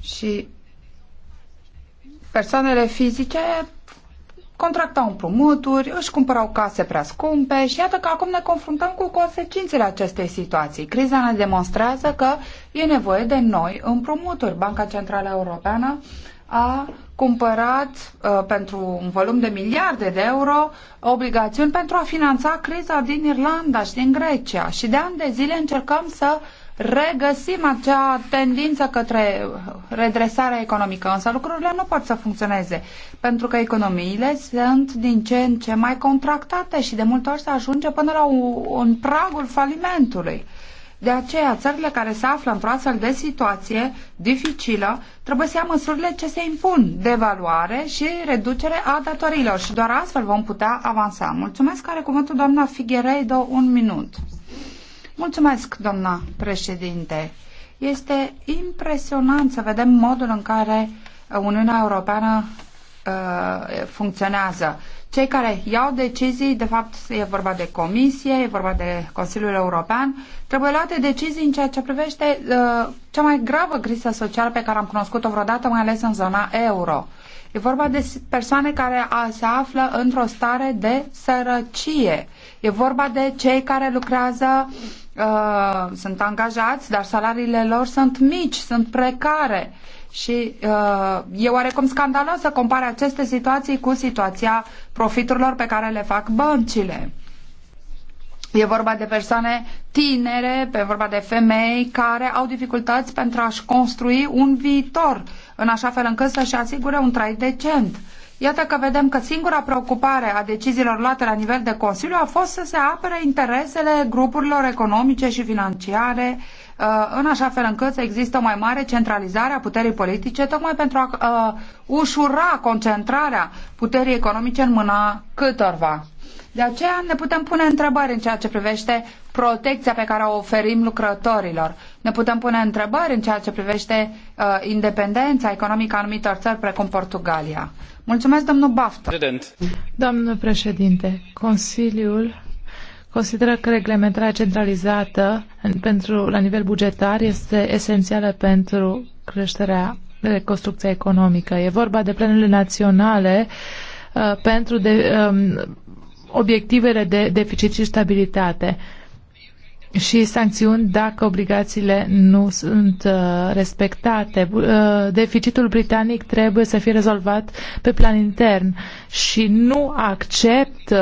Și persoanele fizice contractau împrumuturi, își cumpărau case prea scumpe și iată că acum ne confruntăm cu consecințele acestei situații. Criza ne demonstrează că e nevoie de noi împrumuturi. Banca Centrală Europeană a cumpărat uh, pentru un volum de miliarde de euro obligațiuni pentru a finanța criza din Irlanda și din Grecia. Și de ani de zile încercăm să uh, regăsim acea tendință către redresarea economică, însă lucrurile nu pot să funcționeze, pentru că economiile sunt din ce în ce mai contractate și de multe ori se ajunge până la un pragul falimentului. De aceea, țările care se află într-o astfel de situație dificilă trebuie să ia măsurile ce se impun, devaluare și reducere a datorilor și doar astfel vom putea avansa. Mulțumesc, care cuvântul doamna Figueiredo, un minut. Mulțumesc, doamna președinte. Este impresionant să vedem modul în care uh, Uniunea Europeană uh, funcționează. Cei care iau decizii, de fapt e vorba de Comisie, e vorba de Consiliul European, trebuie luate decizii în ceea ce privește uh, cea mai gravă criză socială pe care am cunoscut-o vreodată, mai ales în zona euro. E vorba de persoane care a, se află într-o stare de sărăcie E vorba de cei care lucrează, uh, sunt angajați, dar salariile lor sunt mici, sunt precare. Și uh, e oarecum scandalos să compare aceste situații cu situația profiturilor pe care le fac băncile. E vorba de persoane tinere, pe vorba de femei care au dificultăți pentru a-și construi un viitor, în așa fel încât să-și asigure un trai decent. Iată că vedem că singura preocupare a deciziilor luate la nivel de Consiliu a fost să se apere interesele grupurilor economice și financiare Uh, în așa fel încât să există o mai mare centralizare a puterii politice, tocmai pentru a uh, ușura concentrarea puterii economice în mâna câtorva. De aceea ne putem pune întrebări în ceea ce privește protecția pe care o oferim lucrătorilor. Ne putem pune întrebări în ceea ce privește uh, independența economică a anumitor țări precum Portugalia. Mulțumesc, domnul Baftă. Domnul președinte, Consiliul consideră că reglementarea centralizată pentru, la nivel bugetar este esențială pentru creșterea, reconstrucția economică. E vorba de planurile naționale uh, pentru de, um, obiectivele de deficit și stabilitate. Uh, și sancțiuni dacă obligațiile nu sunt uh, respectate. Uh, deficitul britanic trebuie să fie rezolvat pe plan intern și nu accept uh,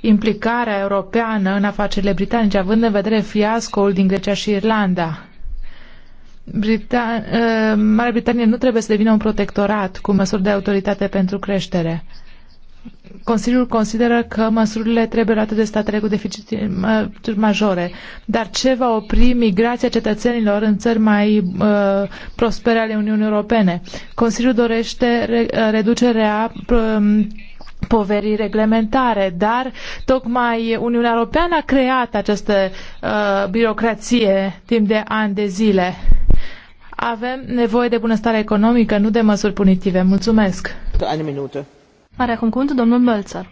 implicarea europeană în afacerile britanice, având în vedere fiascoul din Grecia și Irlanda. Britan- Marea Britanie nu trebuie să devină un protectorat cu măsuri de autoritate pentru creștere. Consiliul consideră că măsurile trebuie luate de statele cu deficit majore, dar ce va opri migrația cetățenilor în țări mai uh, prospere ale Uniunii Europene? Consiliul dorește re- uh, reducerea um, poverii reglementare, dar tocmai Uniunea Europeană a creat această uh, birocrație timp de ani de zile. Avem nevoie de bunăstare economică, nu de măsuri punitive. Mulțumesc! Un minut. Are acum cuvântul domnul Mölzer.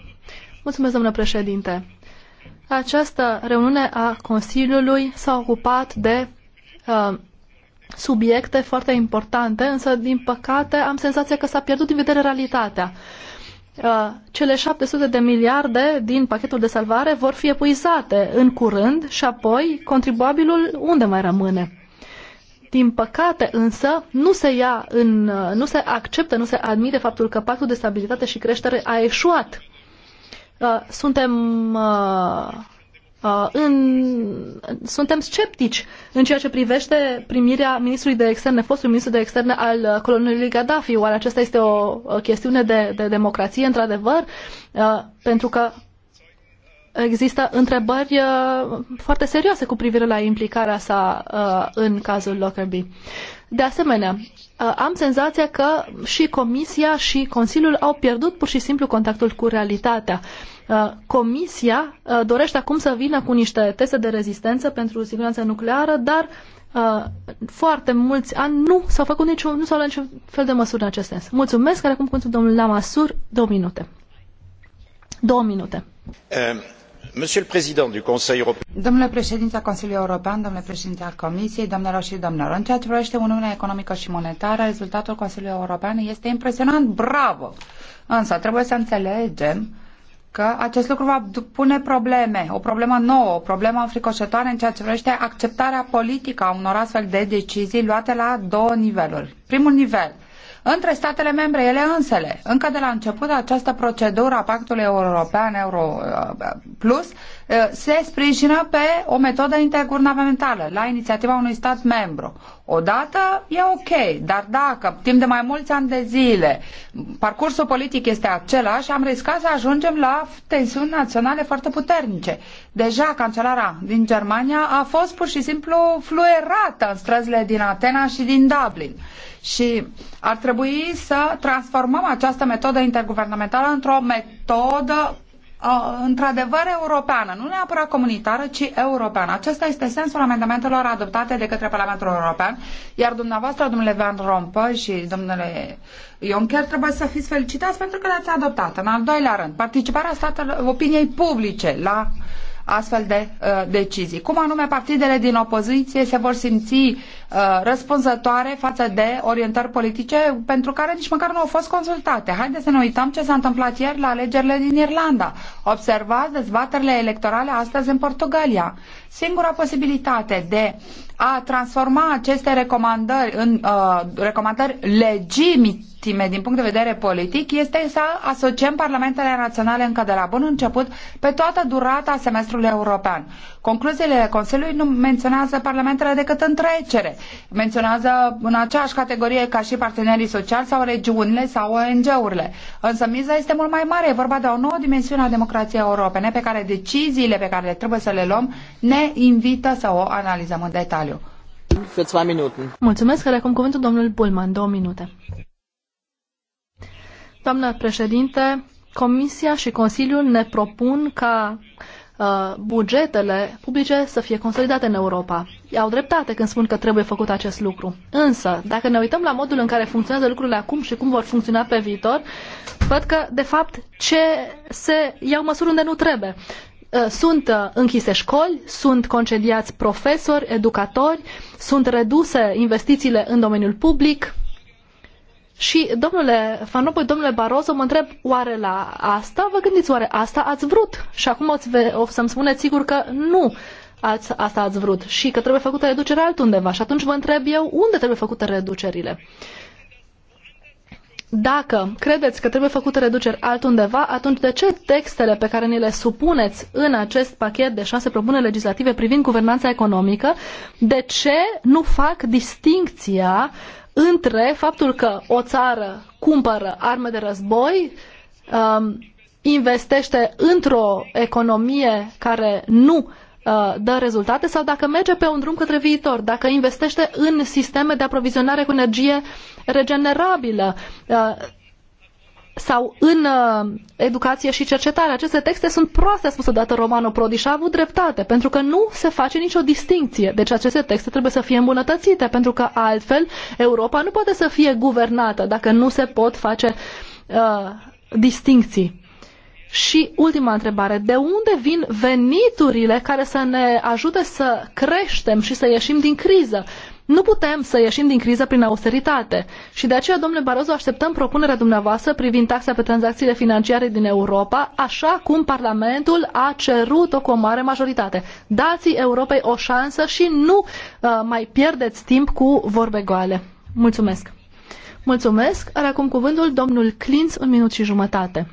Mulțumesc, domnule președinte. Această reuniune a Consiliului s-a ocupat de uh, subiecte foarte importante, însă, din păcate, am senzația că s-a pierdut din vedere realitatea. Uh, cele 700 de miliarde din pachetul de salvare vor fi epuizate în curând și apoi contribuabilul unde mai rămâne? Din păcate însă nu se ia în, nu se acceptă, nu se admite faptul că pactul de stabilitate și creștere a eșuat. Uh, suntem uh, uh, în, suntem sceptici în ceea ce privește primirea ministrului de externe, fostului ministru de externe al colonelului Gaddafi. Oare aceasta este o chestiune de, de democrație, într-adevăr? Pentru că există întrebări uh, foarte serioase cu privire la implicarea sa uh, în cazul Lockerbie. De asemenea, uh, am senzația că și Comisia și Consiliul au pierdut pur și simplu contactul cu realitatea. Comisia dorește acum să vină cu niște teste de rezistență pentru siguranța nucleară, dar foarte mulți ani nu s-au făcut niciun, nu s-au luat niciun fel de măsuri în acest sens. Mulțumesc, care acum cuvântul domnul Lamasur, două minute. Două minute. Um, Domnule președinte al Consiliului European, domnule președinte al Comisiei, domnilor și domnilor, în ceea ce privește Uniunea Economică și Monetară, rezultatul Consiliului European este impresionant, bravo! Însă trebuie să înțelegem că acest lucru va pune probleme, o problemă nouă, o problemă înfricoșătoare în ceea ce privește acceptarea politică a unor astfel de decizii luate la două niveluri. Primul nivel, între statele membre ele însele. Încă de la început această procedură a Pactului European Euro uh, Plus uh, se sprijină pe o metodă interguvernamentală la inițiativa unui stat membru odată e ok, dar dacă timp de mai mulți ani de zile parcursul politic este același, am riscat să ajungem la tensiuni naționale foarte puternice. Deja cancelara din Germania a fost pur și simplu fluierată în străzile din Atena și din Dublin. Și ar trebui să transformăm această metodă interguvernamentală într-o metodă într-adevăr europeană, nu neapărat comunitară, ci europeană. Acesta este sensul amendamentelor adoptate de către Parlamentul European, iar dumneavoastră, domnule Van Rompă și domnule Juncker, trebuie să fiți felicitați pentru că le-ați adoptat. În al doilea rând, participarea statelor, opiniei publice la uh, astfel de uh, decizii. Cum anume partidele din opoziție se vor simți uh, răspunzătoare față de orientări politice pentru care nici măcar nu au fost consultate. Haideți să ne uităm ce s-a întâmplat ieri la alegerile din Irlanda. Observați dezbaterile electorale astăzi în Portugalia. Singura posibilitate de a transforma aceste recomandări în uh, recomandări legitime legitime din punct de vedere politic este să asociem parlamentele naționale încă de la bun început pe toată durata semestrului european. Concluziile Consiliului nu menționează parlamentele decât în trecere. Menționează în aceeași categorie ca și partenerii sociali sau regiunile sau ONG-urile. Însă miza este mult mai mare. E vorba de o nouă dimensiune a democrației europene pe care deciziile pe care le trebuie să le luăm ne invită să o analizăm în detaliu. Mulțumesc, are acum cuvântul domnul Bulman, două minute. Doamnă președinte, Comisia și Consiliul ne propun ca uh, bugetele publice să fie consolidate în Europa. Au dreptate când spun că trebuie făcut acest lucru. Însă, dacă ne uităm la modul în care funcționează lucrurile acum și cum vor funcționa pe viitor, văd că, de fapt, ce se iau măsuri unde nu trebuie. Uh, sunt uh, închise școli, sunt concediați profesori, educatori, sunt reduse investițiile în domeniul public, și, domnule Fanopoi, domnule Barozo, mă întreb, oare la asta vă gândiți, oare asta ați vrut? Și acum o, o să-mi spuneți sigur că nu ați, asta ați vrut și că trebuie făcută reducerea altundeva. Și atunci vă întreb eu, unde trebuie făcute reducerile? Dacă credeți că trebuie făcute reduceri altundeva, atunci de ce textele pe care ni le supuneți în acest pachet de șase propuneri legislative privind guvernanța economică, de ce nu fac distincția uh, între faptul că o țară cumpără arme de război, um, investește într-o economie care nu uh, dă rezultate sau dacă merge pe un drum către viitor, dacă investește în sisteme de aprovizionare cu energie regenerabilă, uh, sau în uh, educație și cercetare. Aceste texte sunt proaste spus dată Romano Prodi și a avut dreptate, pentru că nu se face nicio distinție. Deci aceste texte trebuie să fie îmbunătățite, pentru că altfel Europa nu poate să fie guvernată dacă nu se pot face uh, distinții. Și ultima întrebare, de unde vin veniturile care să ne ajute să creștem și să ieșim din criză? Nu putem să ieșim din criză prin austeritate și de aceea, domnule Barroso, așteptăm propunerea dumneavoastră privind taxa pe tranzacțiile financiare din Europa, așa cum Parlamentul a cerut-o cu o mare majoritate. Dați Europei o șansă și nu uh, mai pierdeți timp cu vorbe goale. Mulțumesc! Mulțumesc! Are acum cuvântul domnul Clinț, un minut și jumătate.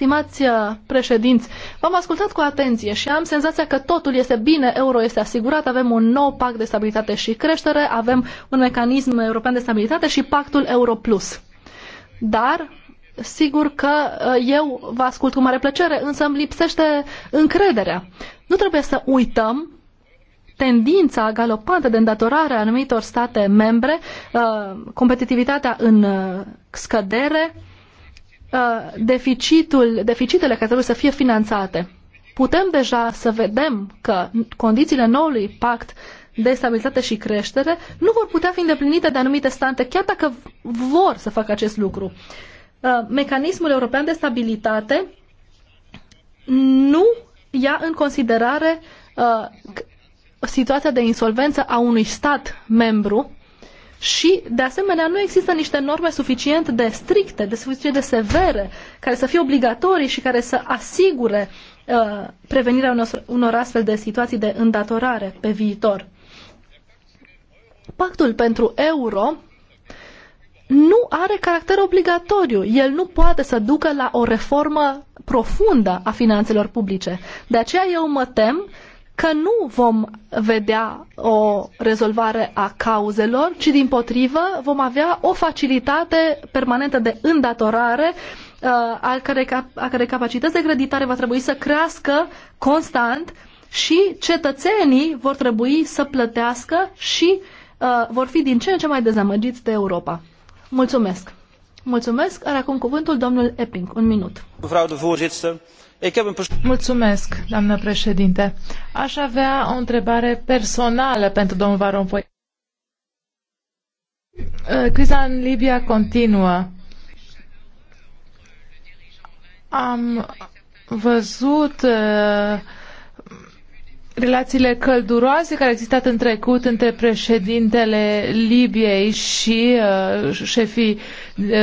Stimați uh, președinți, v-am ascultat cu atenție și am senzația că totul este bine, euro este asigurat, avem un nou pact de stabilitate și creștere, avem un mecanism european de stabilitate și pactul Euro Plus. Dar sigur că uh, eu vă ascult cu mare plăcere, însă îmi lipsește încrederea. Nu trebuie să uităm tendința galopantă de îndatorare a anumitor state membre, uh, competitivitatea în scădere, Uh, deficitul, deficitele care trebuie să fie finanțate. Putem deja să vedem că condițiile noului pact de stabilitate și creștere nu vor putea fi îndeplinite de anumite state, chiar dacă vor să facă acest lucru. Uh, mecanismul european de stabilitate nu ia în considerare uh, situația de insolvență a unui stat membru și, de asemenea, nu există niște norme suficient de stricte, de suficient de severe, care să fie obligatorii și care să asigure uh, prevenirea unor, unor astfel de situații de îndatorare pe viitor. Pactul pentru euro nu are caracter obligatoriu. El nu poate să ducă la o reformă profundă a finanțelor publice. De aceea eu mă tem că nu vom vedea o rezolvare a cauzelor, ci din potrivă vom avea o facilitate permanentă de îndatorare uh, a cărei, a cărei capacități de creditare va trebui să crească constant și cetățenii vor trebui să plătească și uh, vor fi din ce în ce mai dezamăgiți de Europa. Mulțumesc! Mulțumesc! Are acum cuvântul domnul Epping. Un minut. Vreau Mulțumesc, doamnă președinte. Aș avea o întrebare personală pentru domnul Van Rompuy. Uh, criza în Libia continuă. Am văzut uh, relațiile călduroase care au existat în trecut între președintele Libiei și uh, șefii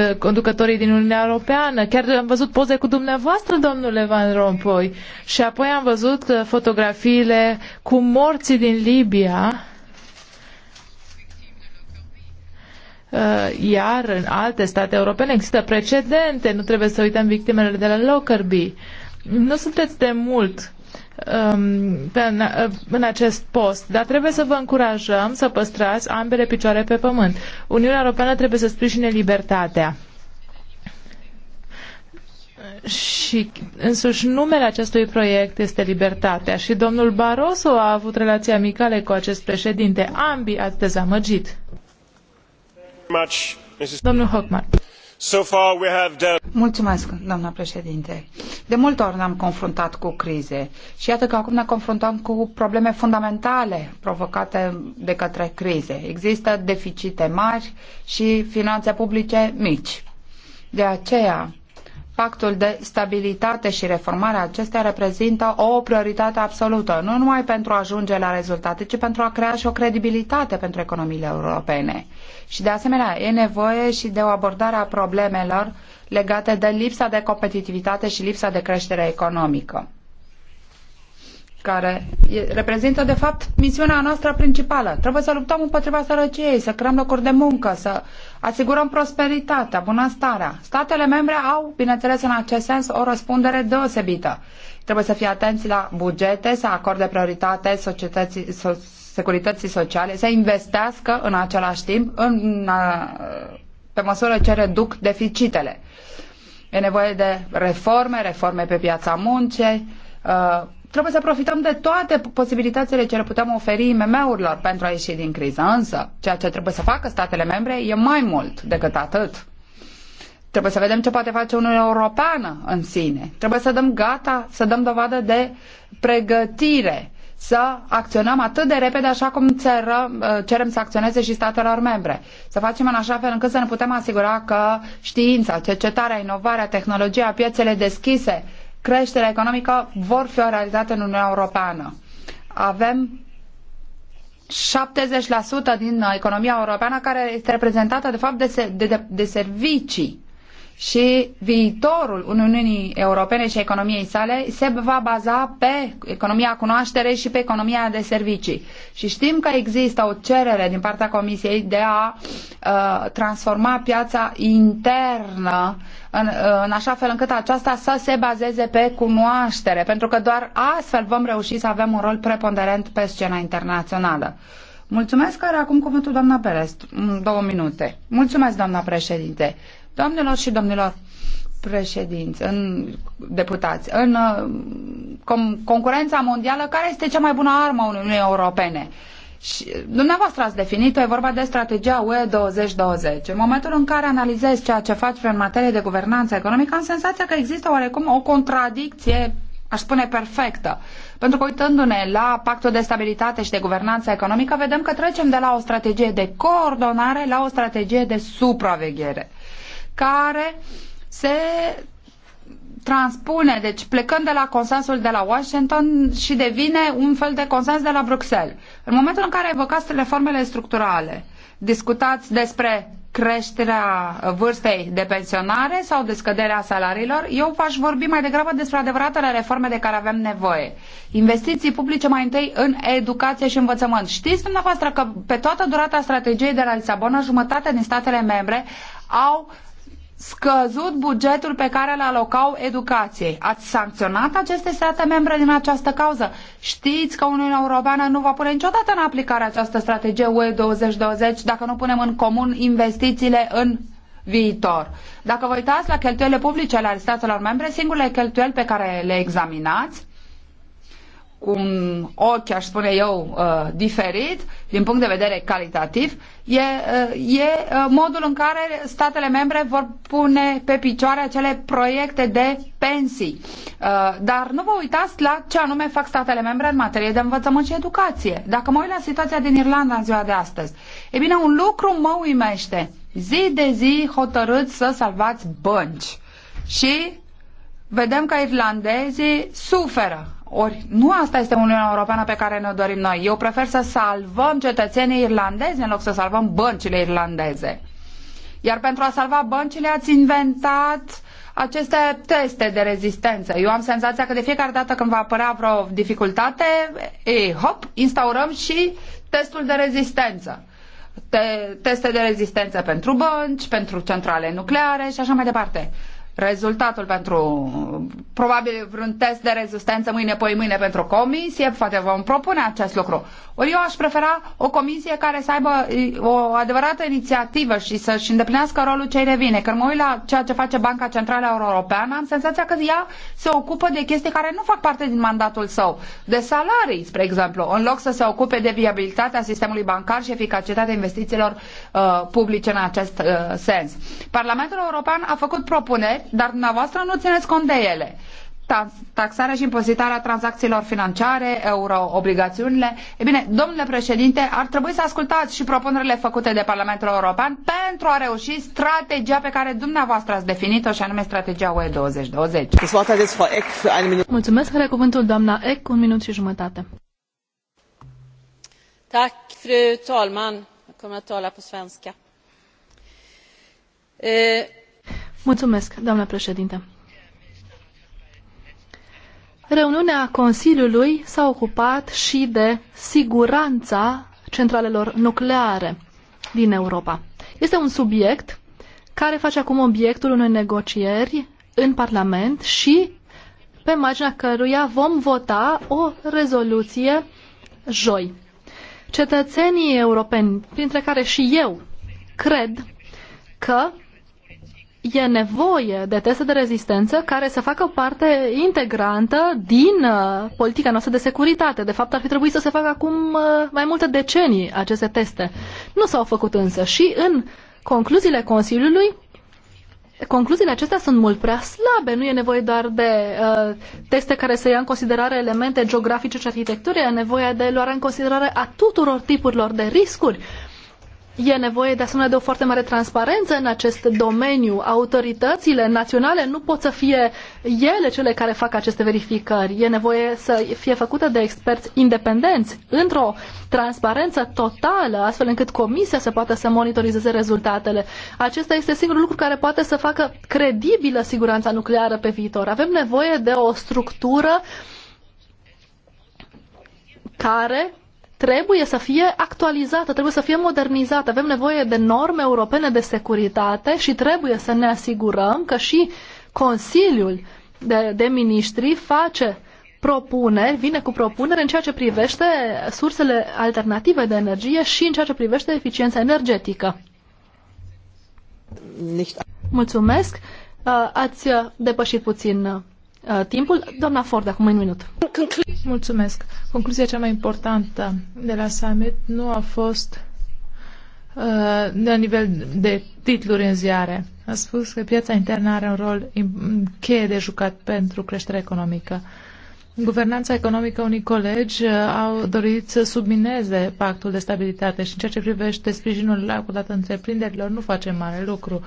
uh, conducătorii din Uniunea Europeană. Chiar am văzut poze cu dumneavoastră, domnule Van Rompuy, și apoi am văzut uh, fotografiile cu morții din Libia. Uh, iar în alte state europene există precedente, nu trebuie să uităm victimele de la Lockerbie. Nu sunteți de mult Um, pe, în, uh, în acest post, dar trebuie să vă încurajăm să păstrați ambele picioare pe pământ. Uniunea Europeană trebuie să sprijine libertatea. Și însuși numele acestui proiect este Libertatea și domnul Barroso a avut relații amicale cu acest președinte. Ambii ați dezamăgit. Domnul Hockmar. Mulțumesc, doamna președinte. De multe ori ne-am confruntat cu crize și iată că acum ne confruntăm cu probleme fundamentale provocate de către crize. Există deficite mari și finanțe publice mici. De aceea, Pactul de stabilitate și reformare acestea reprezintă o prioritate absolută, nu numai pentru a ajunge la rezultate, ci pentru a crea și o credibilitate pentru economiile europene. Și de asemenea, e nevoie și de o abordare a problemelor legate de lipsa de competitivitate și lipsa de creștere economică, care reprezintă, de fapt, misiunea noastră principală. Trebuie să luptăm împotriva sărăciei, să creăm locuri de muncă, să asigurăm prosperitatea, bunăstarea. Statele membre au, bineînțeles, în acest sens, o răspundere deosebită. Trebuie să fie atenți la bugete, să acorde prioritate societății, so- securității sociale să investească în același timp în, pe măsură ce reduc deficitele. E nevoie de reforme, reforme pe piața muncii. Uh, trebuie să profităm de toate posibilitățile ce le putem oferi IMM-urilor pentru a ieși din criză. Însă, ceea ce trebuie să facă statele membre e mai mult decât atât. Trebuie să vedem ce poate face Uniunea Europeană în sine. Trebuie să dăm gata, să dăm dovadă de pregătire să acționăm atât de repede așa cum țărăm, uh, cerem să acționeze și statelor membre. Să facem în așa fel încât să ne putem asigura că știința, cercetarea, inovarea, tehnologia, piețele deschise, creșterea economică vor fi o realitate în Uniunea Europeană. Avem 70% din economia europeană care este reprezentată de fapt de, de, de, de servicii și viitorul Uniunii Europene și economiei sale se va baza pe economia cunoaștere și pe economia de servicii. Și știm că există o cerere din partea Comisiei de a uh, transforma piața internă în, uh, în așa fel încât aceasta să se bazeze pe cunoaștere, pentru că doar astfel vom reuși să avem un rol preponderent pe scena internațională. Mulțumesc, care acum cuvântul doamna Perest. Mm, două minute. Mulțumesc, doamna președinte. Doamnelor și domnilor președinți, în deputați, în uh, com, concurența mondială, care este cea mai bună armă a Uniunii Europene? Și uh, dumneavoastră ați definit-o, e vorba de strategia UE 2020. În momentul în care analizez ceea ce faci în materie de guvernanță economică, am senzația că există oarecum o contradicție, aș spune, perfectă. Pentru că uitându-ne la pactul de stabilitate și de guvernanță economică, vedem că trecem de la o strategie de coordonare la o strategie de supraveghere care se transpune, deci plecând de la consensul de la Washington și devine un fel de consens de la Bruxelles. În momentul în care evocați reformele structurale, discutați despre creșterea vârstei de pensionare sau de scăderea salariilor, eu v-aș vorbi mai degrabă despre adevăratele reforme de care avem nevoie. Investiții publice mai întâi în educație și învățământ. Știți dumneavoastră că pe toată durata strategiei de la Lisabona, jumătate din statele membre au scăzut bugetul pe care îl alocau educației. Ați sancționat aceste state membre din această cauză? Știți că Uniunea Europeană nu va pune niciodată în aplicare această strategie UE 2020 dacă nu punem în comun investițiile în viitor. Dacă vă uitați la cheltuielile publice ale statelor membre, singurele cheltuieli pe care le examinați cu un ochi, aș spune eu, uh, diferit, din punct de vedere calitativ, e, uh, e uh, modul în care statele membre vor pune pe picioare acele proiecte de pensii. Dar nu vă uitați la ce anume fac statele membre în materie de învățământ și educație. Dacă mă uit la situația din Irlanda în ziua de astăzi, e bine, un lucru mă uimește. Zi de zi hotărât să salvați bănci. Și vedem că irlandezii suferă ori nu asta este Uniunea Europeană pe care ne-o dorim noi. Eu prefer să salvăm cetățenii irlandezi în loc să salvăm băncile irlandeze. Iar pentru a salva băncile ați inventat aceste teste de rezistență. Eu am senzația că de fiecare dată când va apărea vreo dificultate, e, hop, instaurăm și testul de rezistență. Te, teste de rezistență pentru bănci, pentru centrale nucleare și așa mai departe. Uh, rezultatul pentru, probabil vreun test de rezistență mâine, poi mâine pentru comisie, poate vom propune acest lucru. Ori eu aș prefera o comisie care să aibă o adevărată inițiativă și să-și îndeplinească rolul cei revine. Când mă uit la ceea ce face Banca Centrală Europeană, am senzația că ea se ocupă de chestii care nu fac parte din mandatul său. De salarii, spre exemplu, în loc să se ocupe de viabilitatea sistemului bancar și eficacitatea investițiilor uh, publice în acest uh, sens. Parlamentul European a făcut propuneri dar dumneavoastră nu țineți cont de ele taxarea și impozitarea tranzacțiilor financiare, euroobligațiunile. E bine, domnule președinte, ar trebui să ascultați și propunerile făcute de Parlamentul European pentru a reuși strategia pe care dumneavoastră ați definit-o și anume strategia UE 2020. Mulțumesc, are cuvântul doamna Eck, un minut și jumătate. Tack, fru talman. Jag kommer att tala på svenska. Eh, Mulțumesc, doamnă președinte. Reuniunea Consiliului s-a ocupat și de siguranța centralelor nucleare din Europa. Este un subiect care face acum obiectul unei negocieri în Parlament și pe marginea căruia vom vota o rezoluție joi. Cetățenii europeni, printre care și eu, cred că e nevoie de teste de rezistență care să facă parte integrantă din uh, politica noastră de securitate. De fapt, ar fi trebuit să se facă acum uh, mai multe decenii aceste teste. Nu s-au făcut însă și în concluziile Consiliului Concluziile acestea sunt mult prea slabe. Nu e nevoie doar de uh, teste care să ia în considerare elemente geografice și arhitecturii, e nevoie de luarea în considerare a tuturor tipurilor de riscuri. E nevoie de asemenea de o foarte mare transparență în acest domeniu. Autoritățile naționale nu pot să fie ele cele care fac aceste verificări. E nevoie să fie făcută de experți independenți, într-o transparență totală, astfel încât comisia să poată să monitorizeze rezultatele. Acesta este singurul lucru care poate să facă credibilă siguranța nucleară pe viitor. Avem nevoie de o structură care trebuie să fie actualizată, trebuie să fie modernizată. Avem nevoie de norme europene de securitate și trebuie să ne asigurăm că și Consiliul de, de Ministri face propuneri, vine cu propuneri în ceea ce privește sursele alternative de energie și în ceea ce privește eficiența energetică. Mulțumesc! Uh, ați depășit puțin uh, Uh, timpul. Doamna Ford, acum un minut. Mulțumesc. Concluzia cea mai importantă de la summit nu a fost uh, la nivel de titluri în ziare. A spus că piața internă are un rol cheie de jucat pentru creșterea economică. Guvernanța economică, unii colegi uh, au dorit să submineze pactul de stabilitate și în ceea ce privește sprijinul acordat întreprinderilor nu face mare lucru.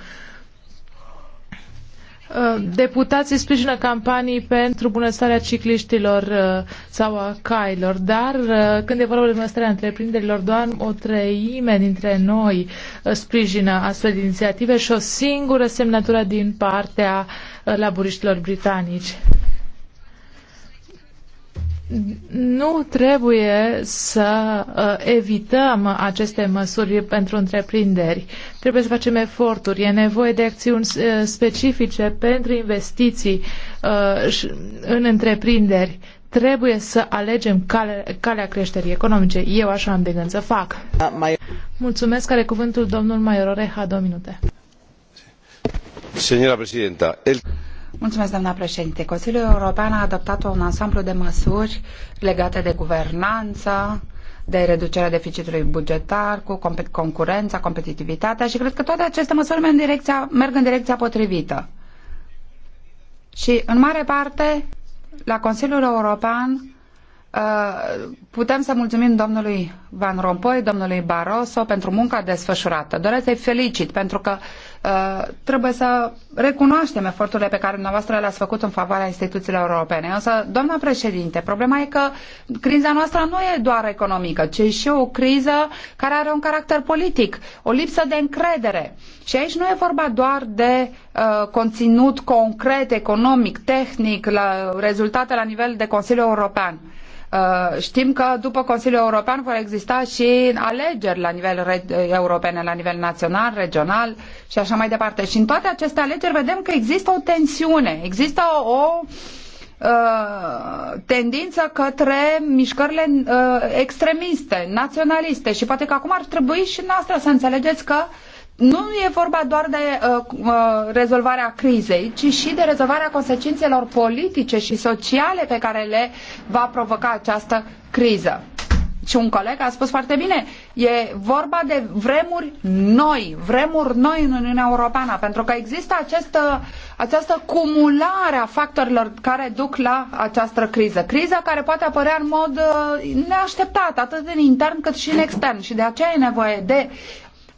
Uh, deputații sprijină campanii pentru bunăstarea cicliștilor uh, sau a cailor, dar uh, când e vorba de bunăstarea întreprinderilor, doar o treime dintre noi sprijină astfel de inițiative și o singură semnătură din partea laburiștilor britanici nu trebuie să uh, evităm aceste măsuri pentru întreprinderi. Trebuie să facem eforturi. E nevoie de acțiuni uh, specifice pentru investiții uh, în întreprinderi. Trebuie să alegem calea, calea creșterii economice. Eu așa am de gând să fac. Mulțumesc. Are cuvântul domnul Oreha, Două minute. Señora presidenta, el... Mulțumesc, doamna președinte. Consiliul European a adoptat un ansamblu de măsuri legate de guvernanță, de reducerea deficitului bugetar, cu concurența, competitivitatea și cred că toate aceste măsuri merg în direcția, merg în direcția potrivită. Și, în mare parte, la Consiliul European uh, putem să mulțumim domnului Van Rompuy, domnului Barroso pentru munca desfășurată. Doresc să-i felicit pentru că Uh, trebuie să recunoaștem eforturile pe care dumneavoastră le-ați făcut în favoarea instituțiilor europene. Însă, doamna președinte, problema e că criza noastră nu e doar economică, ci și o criză care are un caracter politic, o lipsă de încredere. Și aici nu e vorba doar de uh, conținut concret, economic, tehnic, la rezultate la nivel de Consiliu European. Uh, Uh, știm că după Consiliul European vor exista și alegeri la nivel european, la nivel național, regional și așa mai departe. Și în toate aceste alegeri vedem că există o tensiune, există o, o uh, tendință către mișcările uh, extremiste, naționaliste și poate că acum ar trebui și noastră să înțelegeți că uh, nu e vorba doar de uh, uh, rezolvarea crizei, ci și de rezolvarea consecințelor politice și sociale pe care le va provoca această criză. Și un coleg a spus foarte bine, e vorba de vremuri noi, vremuri noi în Uniunea Europeană, pentru că există această, uh, această cumulare a factorilor care duc la această criză. Criza care poate apărea în mod uh, neașteptat, atât în intern cât și în extern. Și de aceea e nevoie de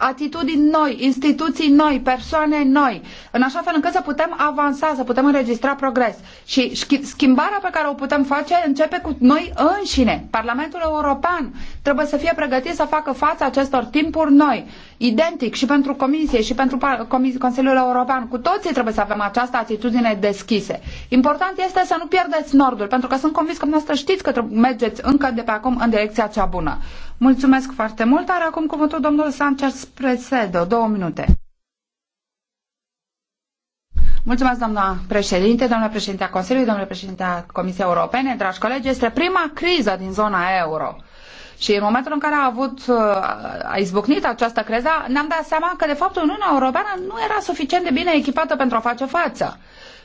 atitudini noi, instituții noi, persoane noi, în așa fel încât să putem avansa, să putem înregistra progres. Și schimbarea pe care o putem face începe cu noi înșine. Parlamentul European trebuie să fie pregătit să facă față acestor timpuri noi identic și pentru Comisie și pentru Consiliul European. Cu toții trebuie să avem această atitudine deschise. Important este să nu pierdeți nordul, pentru că sunt convins că dumneavoastră știți că mergeți încă de pe acum în direcția cea bună. Mulțumesc foarte mult, dar acum cuvântul domnul Sanchez Presedo. Două minute. Mulțumesc, doamna președinte, doamna președinte a Consiliului, doamna președinte a Comisiei Europene, dragi colegi. Este prima criză din zona euro. Și în momentul în care a avut, uh, a izbucnit această creză, ne-am dat seama că, de fapt, Uniunea Europeană nu era suficient de bine echipată pentru a face față.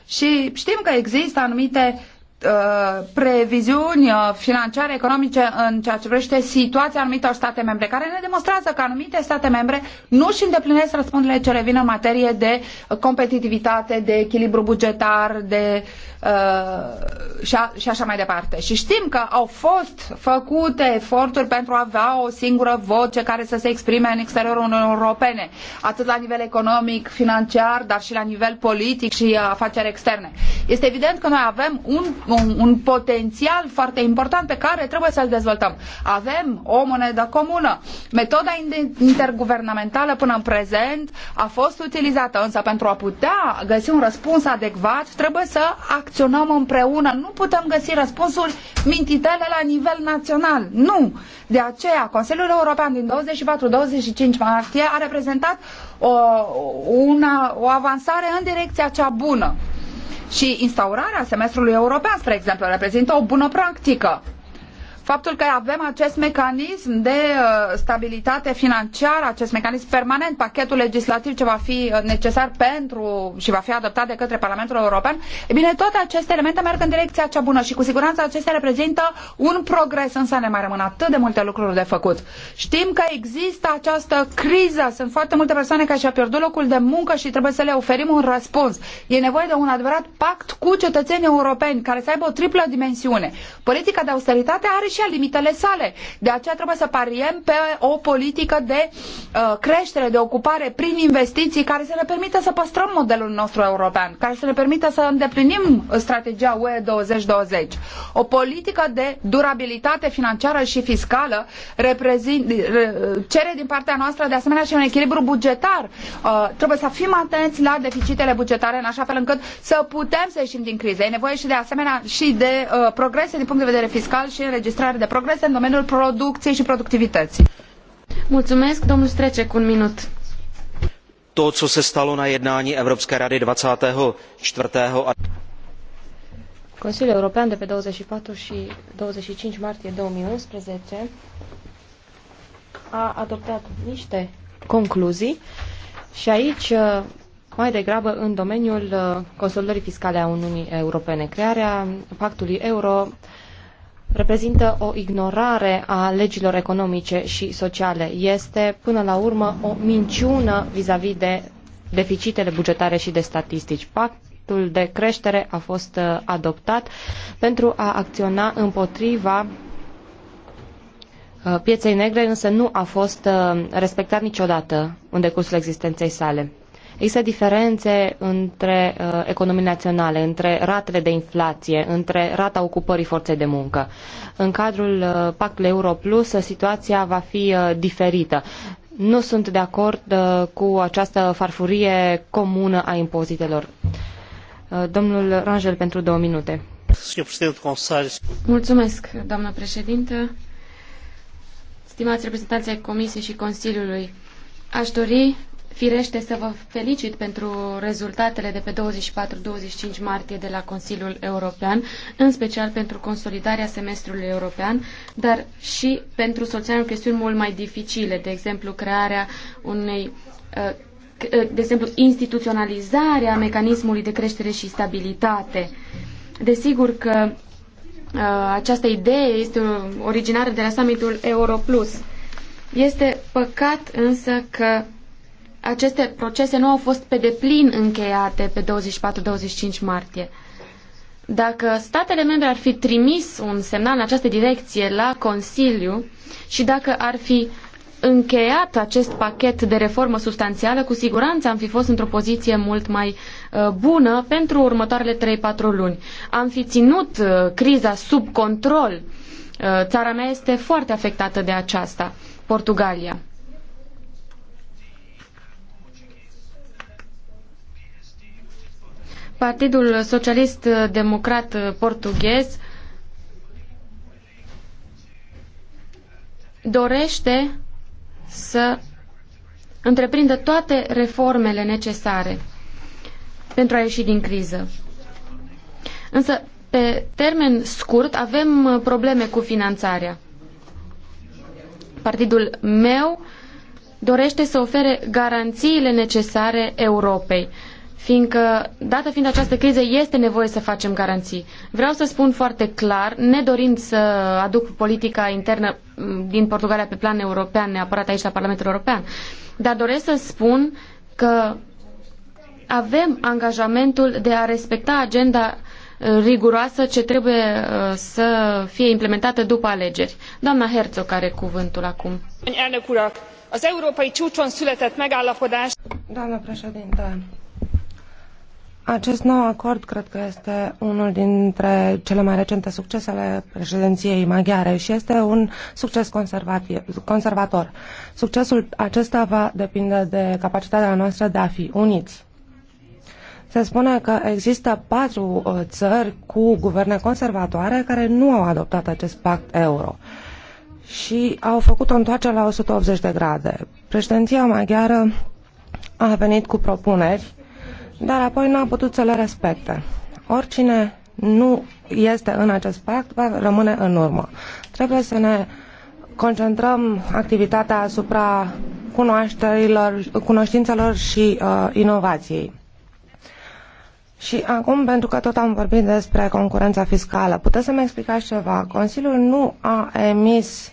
Și știm că există anumite uh, previziuni uh, financiare, economice în ceea ce privește situația anumitor state membre, care ne demonstrează că anumite state membre nu își îndeplinesc răspunderile ce revin în materie de competitivitate, de echilibru bugetar, de uh, și, a, și așa mai departe. Și știm că au fost făcute eforturi pentru a avea o singură voce care să se exprime în exteriorul Uniunii Europene, atât la nivel economic, financiar, dar și la nivel politic și afaceri externe. Este evident că noi avem un, un, un potențial foarte important pe care trebuie să-l dezvoltăm. Avem o monedă comună. Metoda interguvernamentală până în prezent a fost utilizată, însă pentru a putea găsi un răspuns adecvat trebuie să acționăm împreună, nu putem găsi răspunsul mintitele la nivel național. Nu! De aceea, Consiliul European din 24-25 martie a reprezentat o, una, o avansare în direcția cea bună. Și instaurarea semestrului european, spre exemplu, reprezintă o bună practică faptul că avem acest mecanism de uh, stabilitate financiară, acest mecanism permanent, pachetul legislativ ce va fi uh, necesar pentru și va fi adoptat de către Parlamentul European, e bine, toate aceste elemente merg în direcția cea bună și cu siguranță acestea reprezintă un progres, însă ne mai rămân atât de multe lucruri de făcut. Știm că există această criză, sunt foarte multe persoane care și-au pierdut locul de muncă și trebuie să le oferim un răspuns. E nevoie de un adevărat pact cu cetățenii europeni care să aibă o triplă dimensiune. Politica de austeritate are și depășea limitele sale. De aceea trebuie să pariem pe o politică de uh, creștere, de ocupare prin investiții care să ne permită să păstrăm modelul nostru european, care să ne permită să îndeplinim strategia UE 2020. O politică de durabilitate financiară și fiscală reprezint, re, cere din partea noastră de asemenea și un echilibru bugetar. Uh, trebuie să fim atenți la deficitele bugetare în așa fel încât să putem să ieșim din criză. E nevoie și de asemenea și de uh, progrese din punct de vedere fiscal și înregistrare înregistrare de progrese în domeniul producției și productivității. Mulțumesc, domnul Strece, cu un minut. To, co se stalo na jednání Evropské rady 24. Consiliul European de pe 24 și 25 martie 2011 a adoptat niște concluzii și aici uh, mai degrabă în domeniul uh, consolidării fiscale a Uniunii Europene. Crearea pactului euro reprezintă o ignorare a legilor economice și sociale. Este, până la urmă, o minciună vis-a-vis de deficitele bugetare și de statistici. Pactul de creștere a fost uh, adoptat pentru a acționa împotriva uh, pieței negre, însă nu a fost uh, respectat niciodată în decursul existenței sale. Există diferențe între uh, economii naționale, între ratele de inflație, între rata ocupării forței de muncă. În cadrul uh, pactului Euro Plus, situația va fi uh, diferită. Nu sunt de acord uh, cu această farfurie comună a impozitelor. Uh, domnul Rangel, pentru două minute. Mulțumesc, doamnă președintă. Stimați reprezentanții Comisiei și Consiliului, aș dori Firește să vă felicit pentru rezultatele de pe 24-25 martie de la Consiliul European, în special pentru consolidarea semestrului european, dar și pentru soluționarea chestiuni mult mai dificile, de exemplu crearea unei uh, de exemplu, instituționalizarea mecanismului de creștere și stabilitate. Desigur că uh, această idee este originară de la summitul Europlus. Este păcat însă că aceste procese nu au fost pe deplin încheiate pe 24-25 martie. Dacă statele membre ar fi trimis un semnal în această direcție la Consiliu și dacă ar fi încheiat acest pachet de reformă substanțială, cu siguranță am fi fost într-o poziție mult mai uh, bună pentru următoarele 3-4 luni. Am fi ținut uh, criza sub control. Uh, țara mea este foarte afectată de aceasta, Portugalia. Partidul Socialist Democrat Portughez dorește să întreprindă toate reformele necesare pentru a ieși din criză. Însă, pe termen scurt, avem probleme cu finanțarea. Partidul meu dorește să ofere garanțiile necesare Europei fiindcă, dată fiind această criză, este nevoie să facem garanții. Vreau să spun foarte clar, nedorind să aduc politica internă mm, din Portugalia pe plan european, neapărat aici la Parlamentul European, dar doresc să spun că avem angajamentul de a respecta agenda uh, riguroasă ce trebuie uh, să fie implementată după alegeri. Doamna Herzog are cuvântul acum. Doamna președintă, acest nou acord cred că este unul dintre cele mai recente succese ale președinției maghiare și este un succes conservator. Succesul acesta va depinde de capacitatea noastră de a fi uniți. Se spune că există patru uh, țări cu guverne conservatoare care nu au adoptat acest pact euro și au făcut o întoarcere la 180 de grade. Președinția maghiară a venit cu propuneri dar apoi nu a putut să le respecte. Oricine nu este în acest pact va rămâne în urmă. Trebuie să ne concentrăm activitatea asupra cunoașterilor, cunoștințelor și uh, inovației. Și acum, pentru că tot am vorbit despre concurența fiscală, puteți să-mi explicați ceva? Consiliul nu a emis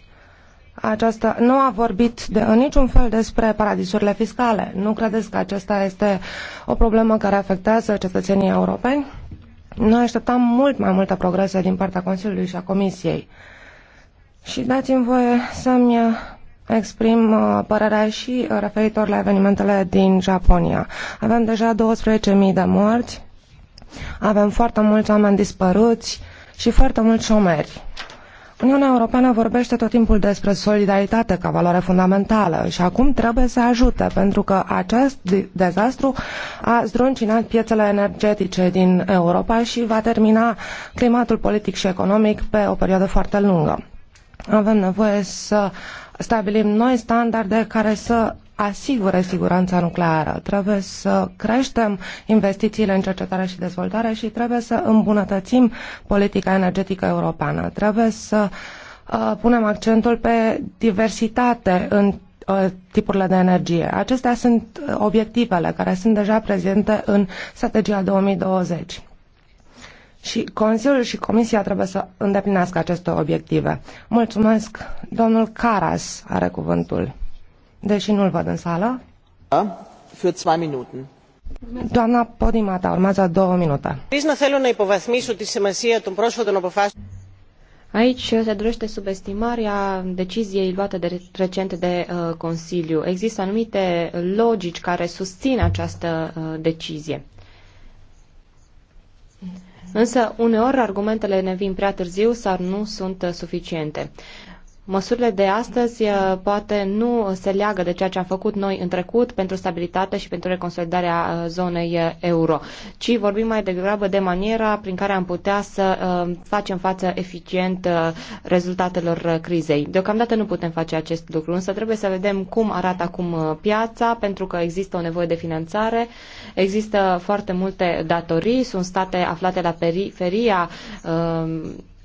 aceasta nu a vorbit de, în niciun fel despre paradisurile fiscale. Nu credeți că aceasta este o problemă care afectează cetățenii europeni? Noi așteptam mult mai multe progrese din partea Consiliului și a Comisiei. Și dați-mi voie să-mi exprim uh, părerea și referitor la evenimentele din Japonia. Avem deja 12.000 de morți, avem foarte mulți oameni dispăruți și foarte mulți șomeri. Uniunea Europeană vorbește tot timpul despre solidaritate ca valoare fundamentală și acum trebuie să ajute, pentru că acest dezastru a zdruncinat piețele energetice din Europa și va termina climatul politic și economic pe o perioadă foarte lungă. Avem nevoie să stabilim noi standarde care să asigure siguranța nucleară. Trebuie să creștem investițiile în cercetare și dezvoltare și trebuie să îmbunătățim politica energetică europeană. Trebuie să uh, punem accentul pe diversitate în uh, tipurile de energie. Acestea sunt uh, obiectivele care sunt deja prezente în strategia 2020. Și Consiliul și Comisia trebuie să îndeplinească aceste obiective. Mulțumesc. Domnul Caras are cuvântul deși nu-l văd în sală. Da, für zwei Minuten. Doamna Podimata, urmează două minute. Aici se dorește subestimarea deciziei luate de recent de uh, Consiliu. Există anumite logici care susțin această uh, decizie. Însă, uneori, argumentele ne vin prea târziu sau nu sunt uh, suficiente. Uh, Măsurile de astăzi uh, poate nu se leagă de ceea ce am făcut noi în trecut pentru stabilitate și pentru reconsolidarea uh, zonei uh, euro, ci vorbim mai degrabă de maniera prin care am putea să facem față eficient rezultatelor crizei. Deocamdată nu putem face acest lucru, însă trebuie să vedem cum arată acum piața, pentru că există o nevoie de finanțare, există foarte multe datorii, sunt state aflate la periferia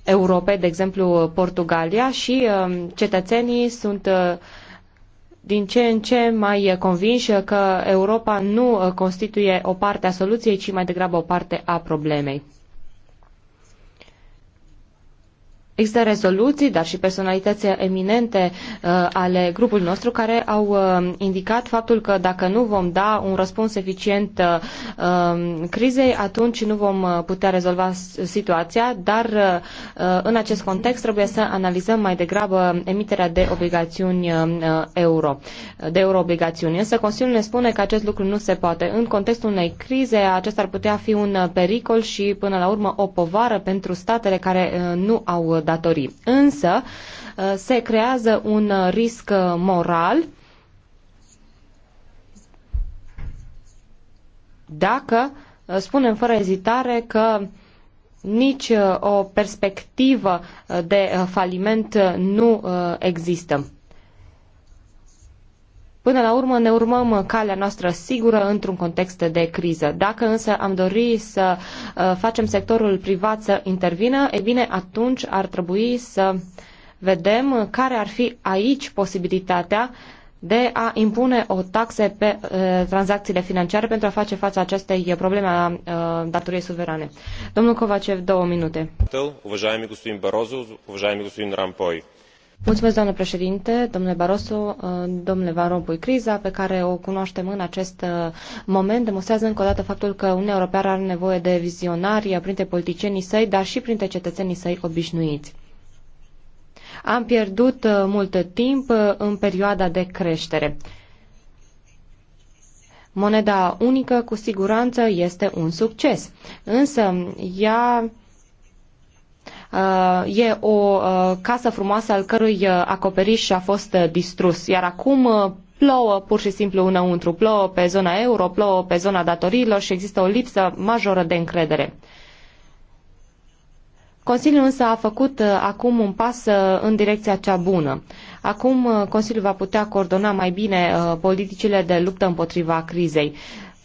Europei, de exemplu Portugalia, și um, cetățenii sunt uh, din ce în ce mai convinși că Europa nu uh, constituie o parte a soluției, ci mai degrabă o parte a problemei. Există rezoluții, dar și personalități eminente uh, ale grupului nostru care au uh, indicat faptul că dacă nu vom da un răspuns eficient uh, um, crizei, atunci nu vom putea rezolva situația, dar în acest context trebuie să analizăm mai degrabă emiterea de obligațiuni euro, de euroobligațiuni. Însă Consiliul ne spune că acest lucru nu se poate. În contextul unei crize, acesta ar putea fi un pericol și, până la urmă, o povară pentru statele care nu au dat datorii. Însă uh, se creează un uh, risc uh, moral dacă spunem fără ezitare că nici o perspectivă de faliment nu există. Până la urmă ne urmăm calea noastră sigură într-un context de criză. Dacă însă am dori să uh, facem sectorul privat să intervină, e bine, atunci ar trebui să vedem care ar fi aici posibilitatea de a impune o taxă pe uh, tranzacțiile financiare pentru a face față acestei probleme a uh, datoriei suverane. Domnul Kovacev, două minute. Уважаеми господин Барозо, уважаеми господин rampoi. Mulțumesc, doamnă președinte, domnule Barroso, uh, domnule Van Rompuy. Criza pe care o cunoaștem în acest uh, moment demonstrează încă o dată faptul că Uniunea Europeană are nevoie de vizionari uh, printre politicienii săi, dar și printre cetățenii săi obișnuiți. Am pierdut mult timp în perioada de creștere. Moneda unică, cu siguranță, este un succes, însă ea Uh, e o uh, casă frumoasă al cărui uh, acoperiș a fost distrus, iar acum plouă pur și simplu înăuntru, plouă pe zona euro, plouă pe zona datoriilor și există o lipsă majoră de încredere. Consiliul însă a făcut acum un pas în direcția cea bună. Acum Consiliul va putea coordona mai bine politicile de luptă împotriva crizei.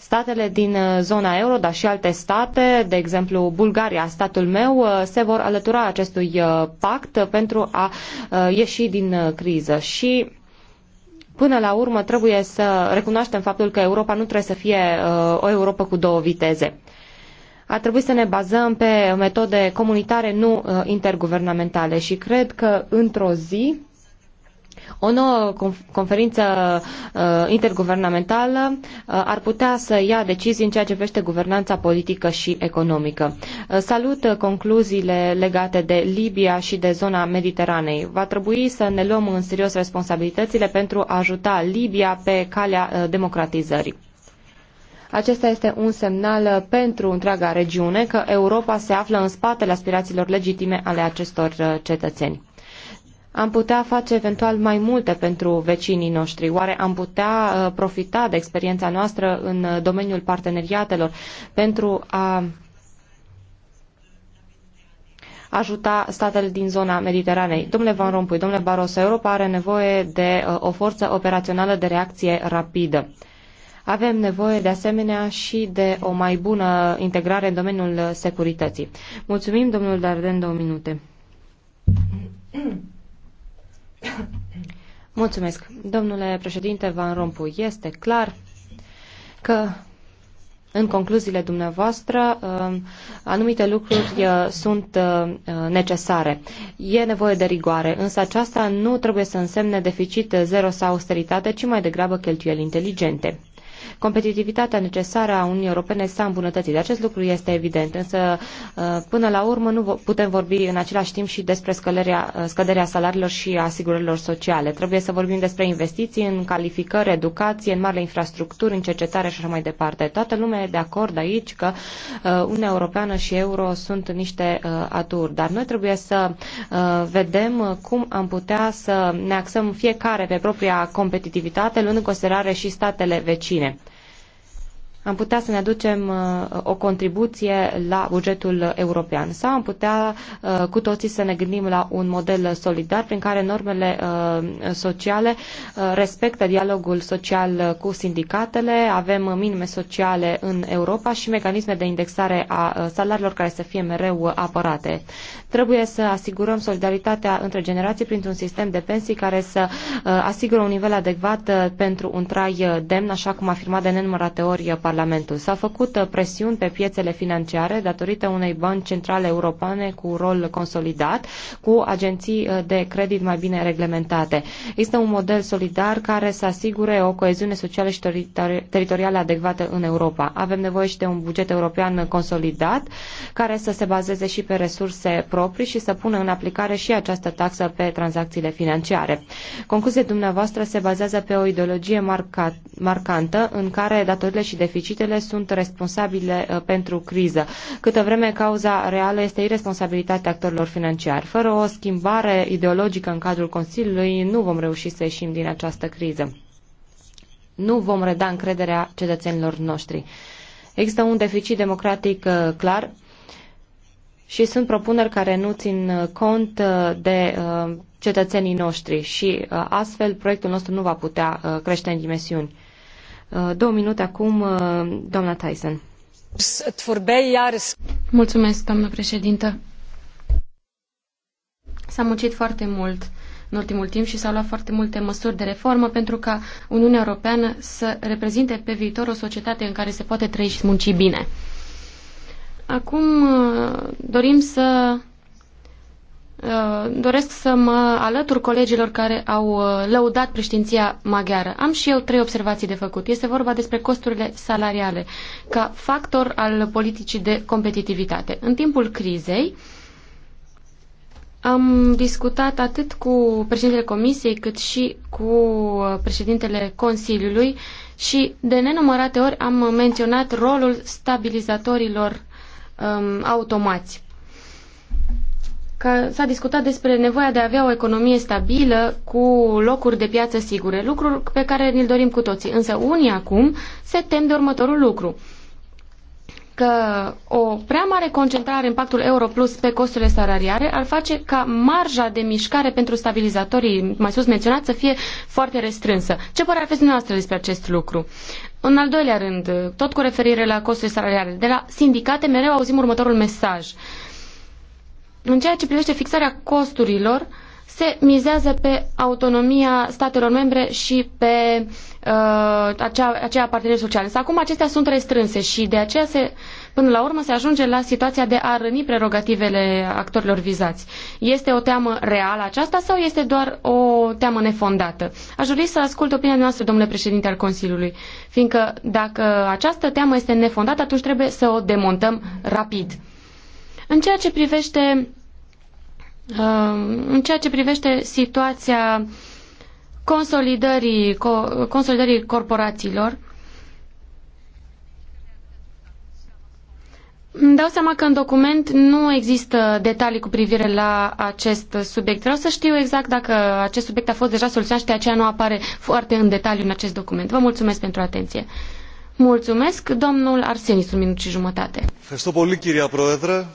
Statele din uh, zona euro, dar și alte state, de exemplu Bulgaria, statul meu, uh, se vor alătura acestui uh, pact pentru a ieși din criză. Și Până la urmă trebuie să recunoaștem faptul că Europa nu trebuie să fie o Europa cu două viteze. Ar trebui să ne bazăm pe metode comunitare, nu interguvernamentale și cred că într-o zi o nouă conferință uh, interguvernamentală uh, ar putea să ia decizii în ceea ce privește guvernanța politică și economică. Uh, salut concluziile legate de Libia și de zona Mediteranei. Va trebui să ne luăm în serios responsabilitățile pentru a ajuta Libia pe calea democratizării. Acesta este un semnal pentru întreaga regiune că Europa se află în spatele aspirațiilor legitime ale acestor cetățeni am putea face eventual mai multe pentru vecinii noștri? Oare am putea uh, profita de experiența noastră în uh, domeniul parteneriatelor pentru a ajuta statele din zona Mediteranei. Domnule Van Rompuy, domnule Barroso, Europa are nevoie de uh, o forță operațională de reacție rapidă. Avem nevoie de asemenea și de o mai bună integrare în domeniul securității. Mulțumim, domnul Darden, două minute. Mulțumesc. Domnule președinte Van Rompuy, este clar că în concluziile dumneavoastră, um, anumite lucruri uh, sunt uh, uh, necesare. E nevoie de rigoare, însă aceasta nu trebuie să însemne deficit zero sau austeritate, ci mai degrabă cheltuieli inteligente competitivitatea necesară a Uniunii Europene s-a îmbunătățit. Acest lucru este evident, însă uh, până la urmă nu putem vorbi în același timp și despre scăderea, uh, scăderea salariilor și asigurărilor sociale. Trebuie să vorbim despre investiții în calificări, educație, în marile infrastructuri, în cercetare și așa mai departe. Toată lumea e de acord aici că uh, Uniunea Europeană și euro sunt niște aturi, dar noi trebuie să vedem cum am putea să ne axăm fiecare pe propria competitivitate, luând în considerare și statele vecine am putea să ne aducem uh, o contribuție la bugetul european sau am putea uh, cu toții să ne gândim la un model solidar prin care normele uh, sociale respectă dialogul social cu sindicatele, avem minime sociale în Europa și mecanisme de indexare a salariilor care să fie mereu apărate. Trebuie să asigurăm solidaritatea între generații printr-un sistem de pensii care să asigure un nivel adecvat pentru un trai demn, așa cum a afirmat de nenumărate ori Parlamentul Parlamentul. S-au făcut uh, presiuni pe piețele financiare datorită unei bănci centrale europene cu rol consolidat, cu agenții uh, de credit mai bine reglementate. Există un model solidar care să asigure o coeziune socială și teritorială adecvată în Europa. Avem nevoie și de un buget european consolidat care să se bazeze și pe resurse proprii și să pună în aplicare și această taxă pe tranzacțiile financiare. Concluziile dumneavoastră se bazează pe o ideologie marcantă în care datorile și deficiențele deficitele sunt responsabile uh, pentru criză, câtă vreme cauza reală este irresponsabilitatea actorilor financiari. Fără o schimbare ideologică în cadrul Consiliului, nu vom reuși să ieșim din această criză. Nu vom reda încrederea cetățenilor noștri. Există un deficit democratic uh, clar și sunt propuneri care nu țin uh, cont de cetățenii noștri și astfel proiectul nostru nu va putea crește în dimensiuni. Uh, două minute acum, uh, doamna Tyson. Mulțumesc, doamnă președintă. S-a muncit foarte mult în ultimul timp și s-au luat foarte multe măsuri de reformă pentru ca Uniunea Europeană să reprezinte pe viitor o societate în care se poate trăi și munci bine. Acum uh, dorim să Uh, doresc să mă alătur colegilor care au uh, lăudat președinția maghiară. Am și eu trei observații de făcut. Este vorba despre costurile salariale ca factor al politicii de competitivitate. În timpul crizei am discutat atât cu președintele Comisiei cât și cu uh, președintele Consiliului și de nenumărate ori am menționat rolul stabilizatorilor um, automați că s-a discutat despre nevoia de a avea o economie stabilă cu locuri de piață sigure, lucruri pe care ni-l dorim cu toții. Însă unii acum se tem de următorul lucru că o prea mare concentrare în pactul euro plus pe costurile salariare ar face ca marja de mișcare pentru stabilizatorii mai sus menționați să fie foarte restrânsă. Ce părere aveți dumneavoastră despre acest lucru? În al doilea rând, tot cu referire la costurile salariare, de la sindicate mereu auzim următorul mesaj. Uh, în ceea ce privește fixarea costurilor, se mizează pe autonomia statelor membre și pe uh, acea, aceea parteneri sociale. Să acum acestea sunt restrânse și de aceea se, până la urmă se ajunge la situația de a răni prerogativele actorilor vizați. Este o teamă reală aceasta sau este doar o teamă nefondată? Aș dori să ascult opinia noastră, domnule președinte al Consiliului, fiindcă dacă această teamă este nefondată, atunci trebuie să o demontăm rapid. În ceea ce privește, uh, în ceea ce privește situația consolidării, consolidării corporațiilor, Îmi dau seama că în document nu există detalii cu privire la acest subiect. Vreau să știu exact dacă acest subiect a fost deja soluționat și de aceea nu apare foarte în detaliu în acest document. Vă mulțumesc pentru atenție. Mulțumesc, domnul Arsenis, un minut și jumătate. Mulțumesc,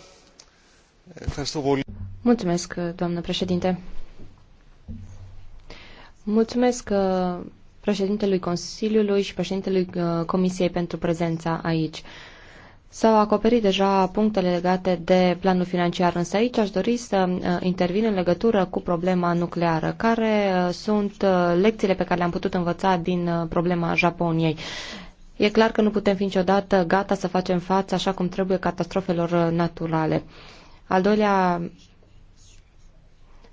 Mulțumesc, doamnă președinte. Mulțumesc uh, președintelui Consiliului și președintelui uh, Comisiei pentru prezența aici. S-au acoperit deja punctele legate de planul financiar, însă aici aș dori să uh, intervin în legătură cu problema nucleară. Care sunt lecțiile pe care le-am putut învăța din problema Japoniei? E clar că nu putem fi niciodată gata să facem față așa cum trebuie catastrofelor naturale. Al doilea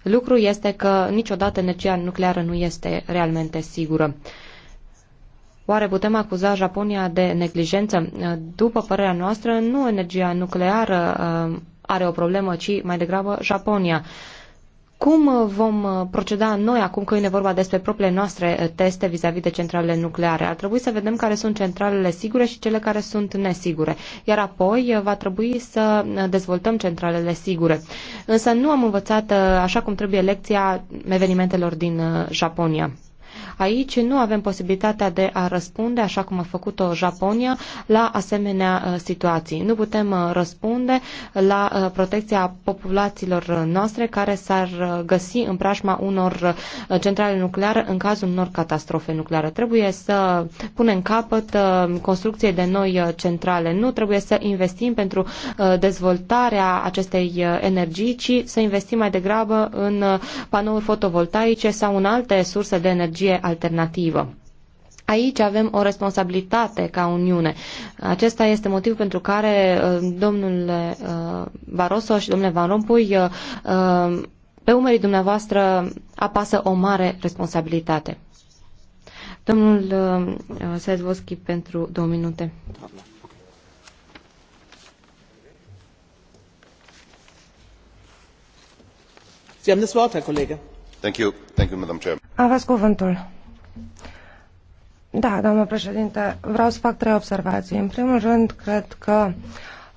lucru este că niciodată energia nucleară nu este realmente sigură. Oare putem acuza Japonia de neglijență? După părerea noastră, nu energia nucleară uh, are o problemă, ci mai degrabă Japonia. Cum uh, vom uh, proceda noi acum când e vorba despre propriile noastre uh, teste vis-a-vis -vis de centralele nucleare? Ar trebui să vedem care sunt centralele sigure și cele care sunt nesigure. Iar apoi va trebui să dezvoltăm centralele sigure. Însă nu am învățat așa cum trebuie lecția evenimentelor din Japonia. Aici nu avem posibilitatea de a răspunde, așa cum a făcut-o Japonia, la asemenea uh, situații. Nu putem uh, răspunde la uh, protecția populațiilor noastre care s-ar găsi în preajma unor centrale nucleare în cazul unor catastrofe nucleare. Trebuie să punem capăt construcției de noi centrale. Nu trebuie să investim pentru dezvoltarea acestei energii, ci să investim mai degrabă în panouri fotovoltaice sau în alte surse de energie alternativă. Aici avem o responsabilitate ca Uniune. Acesta este motivul pentru care uh, domnul uh, Barroso și domnule Van Rompuy uh, pe umerii dumneavoastră apasă o mare responsabilitate. Domnul Sedvoschi pentru două minute. Sie haben das Wort, Herr Kollege. Thank you. Thank you, Madam Chair. Aveți cuvântul. Da, doamnă președinte, vreau să fac trei observații. În primul rând, cred că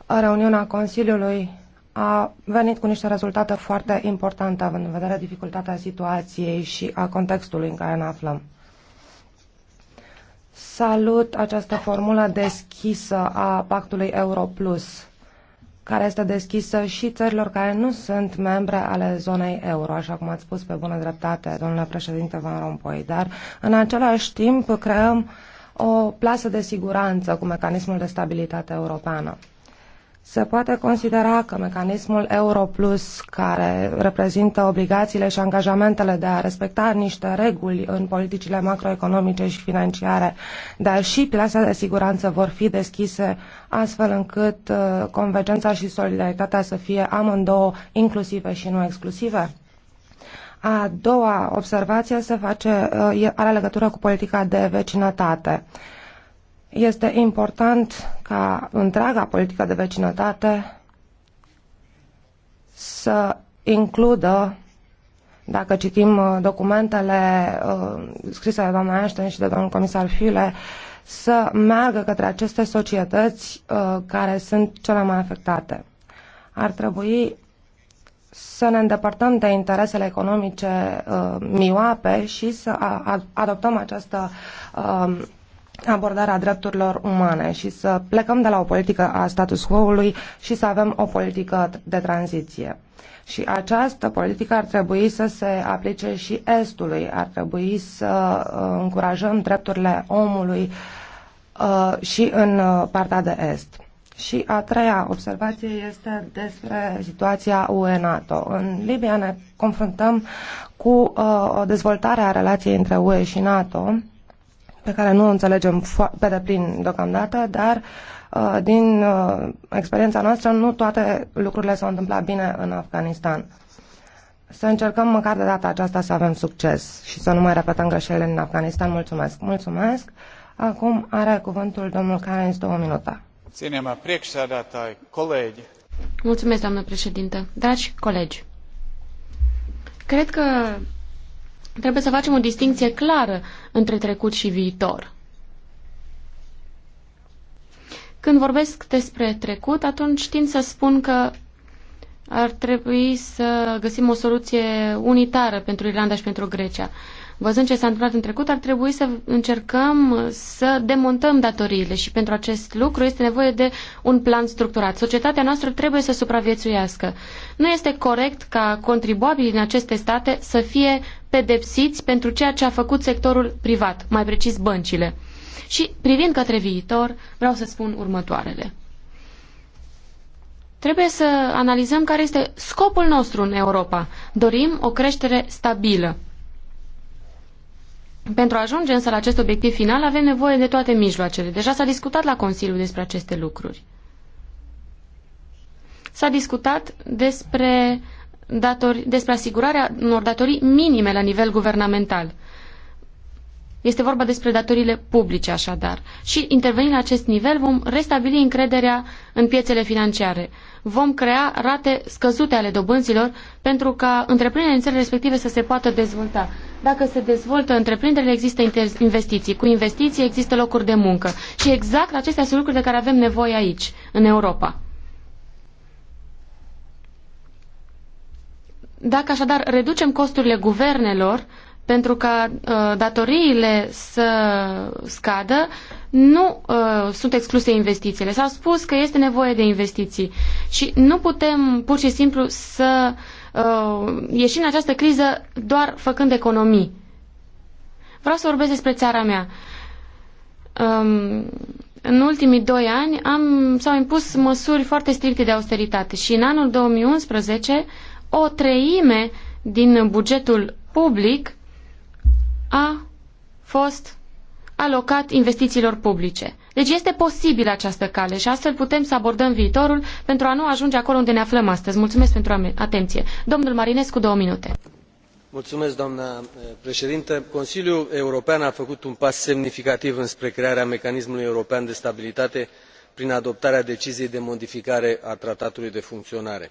reuniunea Consiliului a venit cu niște rezultate foarte importante, având în vedere dificultatea situației și a contextului în care ne aflăm. Salut această formulă deschisă a pactului Euro Plus care este deschisă și țărilor care nu sunt membre ale zonei euro, așa cum ați spus pe bună dreptate, domnule președinte Van Rompuy, dar în același timp creăm o plasă de siguranță cu mecanismul de stabilitate europeană se poate considera că mecanismul Europlus, care reprezintă obligațiile și angajamentele de a respecta niște reguli în politicile macroeconomice și financiare, dar și plasa de siguranță vor fi deschise astfel încât uh, convergența și solidaritatea să fie amândouă inclusive și nu exclusive? A doua observație se face, uh, are legătură cu politica de vecinătate. Este important ca întreaga politică de vecinătate să includă, dacă citim uh, documentele uh, scrise de doamna Einstein și de domnul comisar Fiule, să meargă către aceste societăți uh, care sunt cele mai afectate. Ar trebui să ne îndepărtăm de interesele economice uh, mioape și să a, a, adoptăm această uh, abordarea drepturilor umane și să plecăm de la o politică a status quo-ului și să avem o politică de tranziție. Și această politică ar trebui să se aplice și Estului, ar trebui să uh, încurajăm drepturile omului uh, și în uh, partea de Est. Și a treia observație este despre situația UE-NATO. În Libia ne confruntăm cu o dezvoltare a relației între UE și NATO, pe care nu o înțelegem pe deplin deocamdată, dar uh, din uh, experiența noastră nu toate lucrurile s-au întâmplat bine în Afganistan. Să încercăm măcar de data aceasta să avem succes și să nu mai repetăm greșelile în Afganistan. Mulțumesc! Mulțumesc! Acum are cuvântul domnul Carens două minute. Ținem data colegi. Mulțumesc, doamnă președinte. Dragi colegi, cred că Trebuie să facem o distinție clară între trecut și viitor. Când vorbesc despre trecut, atunci tind să spun că ar trebui să găsim o soluție unitară pentru Irlanda și pentru Grecia. Văzând ce s-a întâmplat în trecut, ar trebui să încercăm să demontăm datoriile și pentru acest lucru este nevoie de un plan structurat. Societatea noastră trebuie să supraviețuiască. Nu este corect ca contribuabilii în aceste state să fie pedepsiți pentru ceea ce a făcut sectorul privat, mai precis băncile. Și privind către viitor, vreau să spun următoarele. Trebuie să analizăm care este scopul nostru în Europa. Dorim o creștere stabilă. Pentru a ajunge însă la acest obiectiv final avem nevoie de toate mijloacele. Deja s-a discutat la Consiliu despre aceste lucruri. S-a discutat despre datori, despre asigurarea unor datorii minime la nivel guvernamental. Este vorba despre datoriile publice, așadar. Și intervenind la acest nivel, vom restabili încrederea în piețele financiare. Vom crea rate scăzute ale dobânzilor pentru ca întreprinderile în țările respective să se poată dezvolta. Dacă se dezvoltă întreprinderile, există investiții. Cu investiții există locuri de muncă. Și exact acestea sunt lucruri de care avem nevoie aici, în Europa. Dacă așadar reducem costurile guvernelor pentru ca uh, datoriile să scadă, nu uh, sunt excluse investițiile. S-a spus că este nevoie de investiții și nu putem pur și simplu să uh, ieșim în această criză doar făcând economii. Vreau să vorbesc despre țara mea. Um, în ultimii doi ani am, s-au impus măsuri foarte stricte de austeritate și în anul 2011 o treime din bugetul public a fost alocat investițiilor publice. Deci este posibil această cale și astfel putem să abordăm viitorul pentru a nu ajunge acolo unde ne aflăm astăzi. Mulțumesc pentru atenție. Domnul Marinescu, două minute. Mulțumesc, doamna eh, președintă. Consiliul European a făcut un pas semnificativ înspre crearea mecanismului european de stabilitate prin adoptarea deciziei de modificare a tratatului de funcționare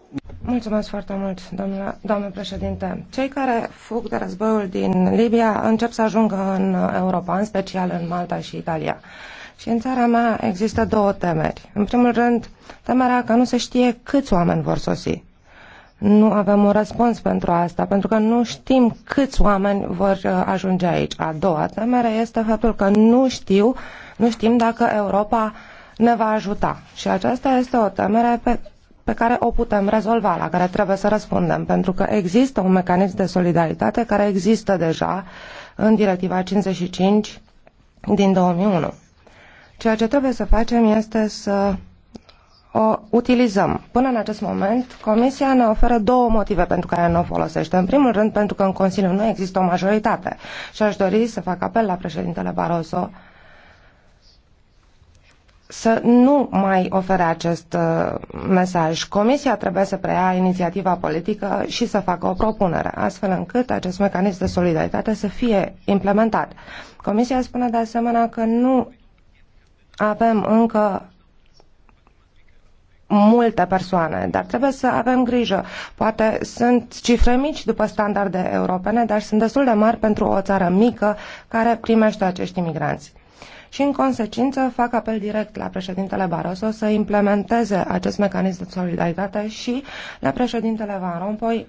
Mulțumesc foarte mult, domnule, domnule președinte. Cei care fug de războiul din Libia încep să ajungă în Europa, în special în Malta și Italia. Și în țara mea există două temeri. În primul rând, temerea că nu se știe câți oameni vor sosi. Nu avem un răspuns pentru asta, pentru că nu știm câți oameni vor uh, ajunge aici. A doua temere este faptul că nu știu, nu știm dacă Europa ne va ajuta. Și aceasta este o temere pe pe care o putem rezolva, la care trebuie să răspundem, pentru că există un mecanism de solidaritate care există deja în Directiva 55 din 2001. Ceea ce trebuie să facem este să o utilizăm. Până în acest moment, Comisia ne oferă două motive pentru care nu o folosește. În primul rând, pentru că în Consiliu nu există o majoritate și aș dori să fac apel la președintele Barroso să nu mai ofere acest uh, mesaj. Comisia trebuie să preia inițiativa politică și să facă o propunere, astfel încât acest mecanism de solidaritate să fie implementat. Comisia spune de asemenea că nu avem încă multe persoane, dar trebuie să avem grijă. Poate sunt cifre mici după standarde europene, dar sunt destul de mari pentru o țară mică care primește acești imigranți și, în consecință, fac apel direct la președintele Barroso să implementeze acest mecanism de solidaritate și la președintele Van Rompuy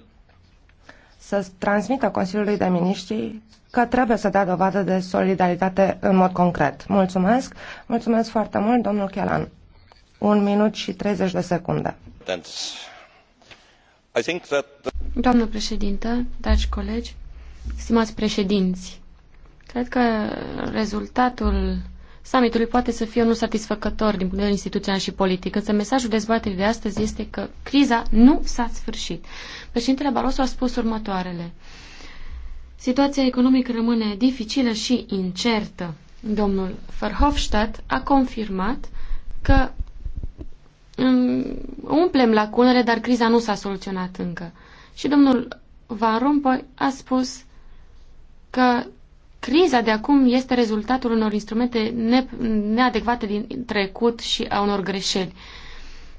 să transmită Consiliului de Miniștri că trebuie să dea dovadă de solidaritate în mod concret. Mulțumesc, mulțumesc foarte mult, domnul Chelan. Un minut și 30 de secunde. Doamnă președintă, dragi colegi, stimați președinți, cred că rezultatul summitului poate să fie unul satisfăcător din punct de vedere instituțional și politic, însă mesajul dezbaterii de astăzi este că criza nu s-a sfârșit. Președintele Barroso a spus următoarele. Situația economică rămâne dificilă și incertă. Domnul Verhofstadt a confirmat că mm, umplem lacunele, dar criza nu s-a soluționat încă. Și domnul Van Rompuy a spus că criza de acum este rezultatul unor instrumente ne neadecvate din trecut și a unor greșeli.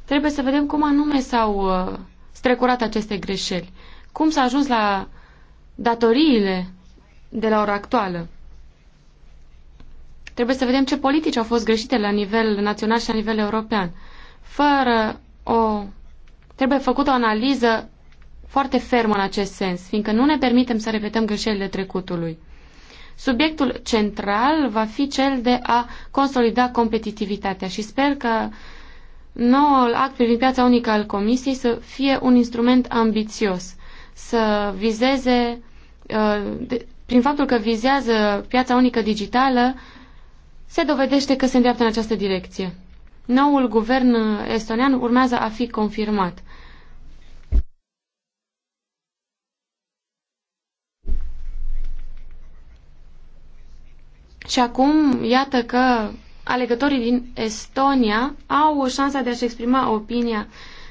Trebuie să vedem cum anume s-au uh, strecurat aceste greșeli, cum s-a ajuns la datoriile de la ora actuală. Trebuie să vedem ce politici au fost greșite la nivel național și la nivel european. Fără o... Trebuie făcută o analiză foarte fermă în acest sens, fiindcă nu ne permitem să repetăm greșelile trecutului. Subiectul central va fi cel de a consolida competitivitatea și sper că noul act privind piața unică al Comisiei să fie un instrument ambițios, să vizeze, uh, prin faptul că vizează piața unică digitală, se dovedește că se îndreaptă în această direcție. Noul guvern estonian urmează a fi confirmat. Și acum, iată că alegătorii din Estonia au o șansa de a-și exprima opinia,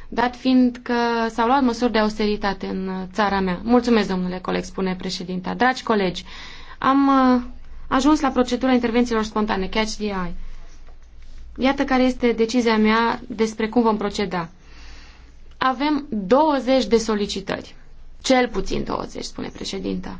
dat fiind că s-au luat măsuri de austeritate în țara mea. Mulțumesc, domnule coleg, spune președinta. Dragi colegi, am uh, ajuns la procedura intervențiilor spontane, catch the eye. Iată care este decizia mea despre cum vom proceda. Avem 20 de solicitări. Cel puțin 20, spune președinta.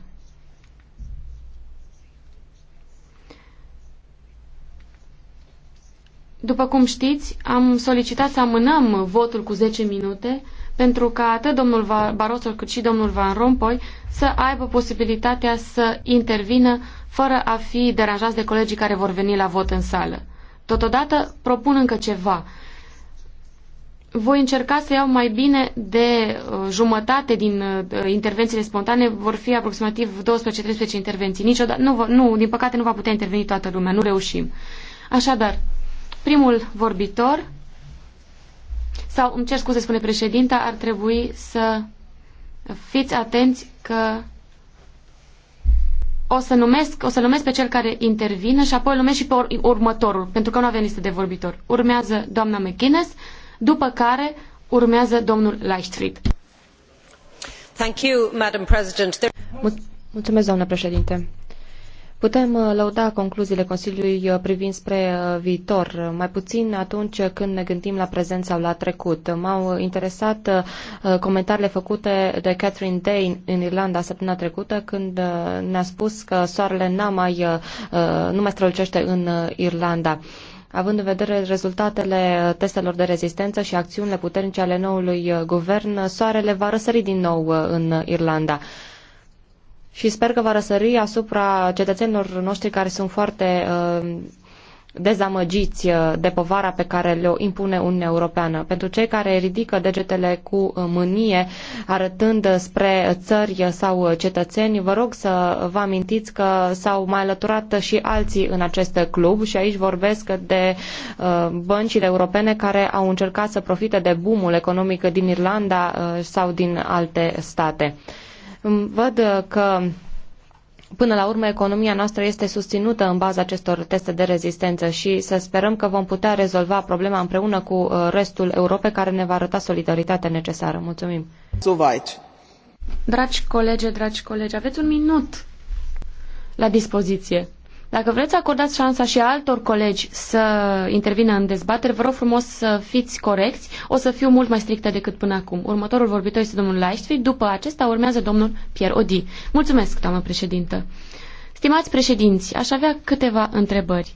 După cum știți, am solicitat să amânăm votul cu 10 minute pentru ca atât domnul Barroso cât și domnul Van Rompuy să aibă posibilitatea să intervină fără a fi deranjați de colegii care vor veni la vot în sală. Totodată propun încă ceva. Voi încerca să iau mai bine de uh, jumătate din uh, intervențiile spontane, vor fi aproximativ 12-13 intervenții. Niciodată, nu, nu, din păcate nu va putea interveni toată lumea, nu reușim. Așadar, Primul vorbitor, sau îmi cer scuze, spune președinta, ar trebui să fiți atenți că o să, numesc, o să numesc pe cel care intervine și apoi numesc și pe următorul, pentru că nu avem listă de vorbitori. Urmează doamna McGuinness, după care urmează domnul Leichtfried. Thank you, Madam President. Mulțumesc, doamnă președinte. Putem uh, lăuda concluziile Consiliului uh, privind spre uh, viitor, mai puțin atunci când ne gândim la prezent sau la trecut. M-au interesat comentariile făcute de Catherine Day în Irlanda săptămâna trecută, când ne-a spus că soarele n-a mai, nu mai strălucește în Irlanda având în vedere rezultatele testelor de rezistență și acțiunile puternice ale noului guvern, soarele va răsări din nou în Irlanda și sper că va răsări asupra cetățenilor noștri care sunt foarte uh, dezamăgiți uh, de povara pe care le-o impune Uniunea Europeană. Pentru cei care ridică degetele cu uh, mânie, arătând spre țări sau cetățeni, vă rog să vă amintiți că s-au mai alăturat și alții în acest club și aici vorbesc de băncile europene care au încercat să profite de boomul economic din Irlanda sau din alte state. Văd că Până la urmă, economia noastră este susținută în baza acestor teste de rezistență și să sperăm că vom putea rezolva problema împreună cu uh, restul Europei care ne va arăta solidaritatea necesară. Mulțumim! Dragi colegi, dragi colegi, aveți un minut la dispoziție. Dacă vreți să acordați șansa și altor colegi să intervină în dezbatere, vă rog frumos să fiți corecți. O să fiu mult mai strictă decât până acum. Următorul vorbitor este domnul Leichtfried, după acesta urmează domnul Pierre Odi. Mulțumesc, doamnă președintă. Stimați președinți, aș avea câteva întrebări.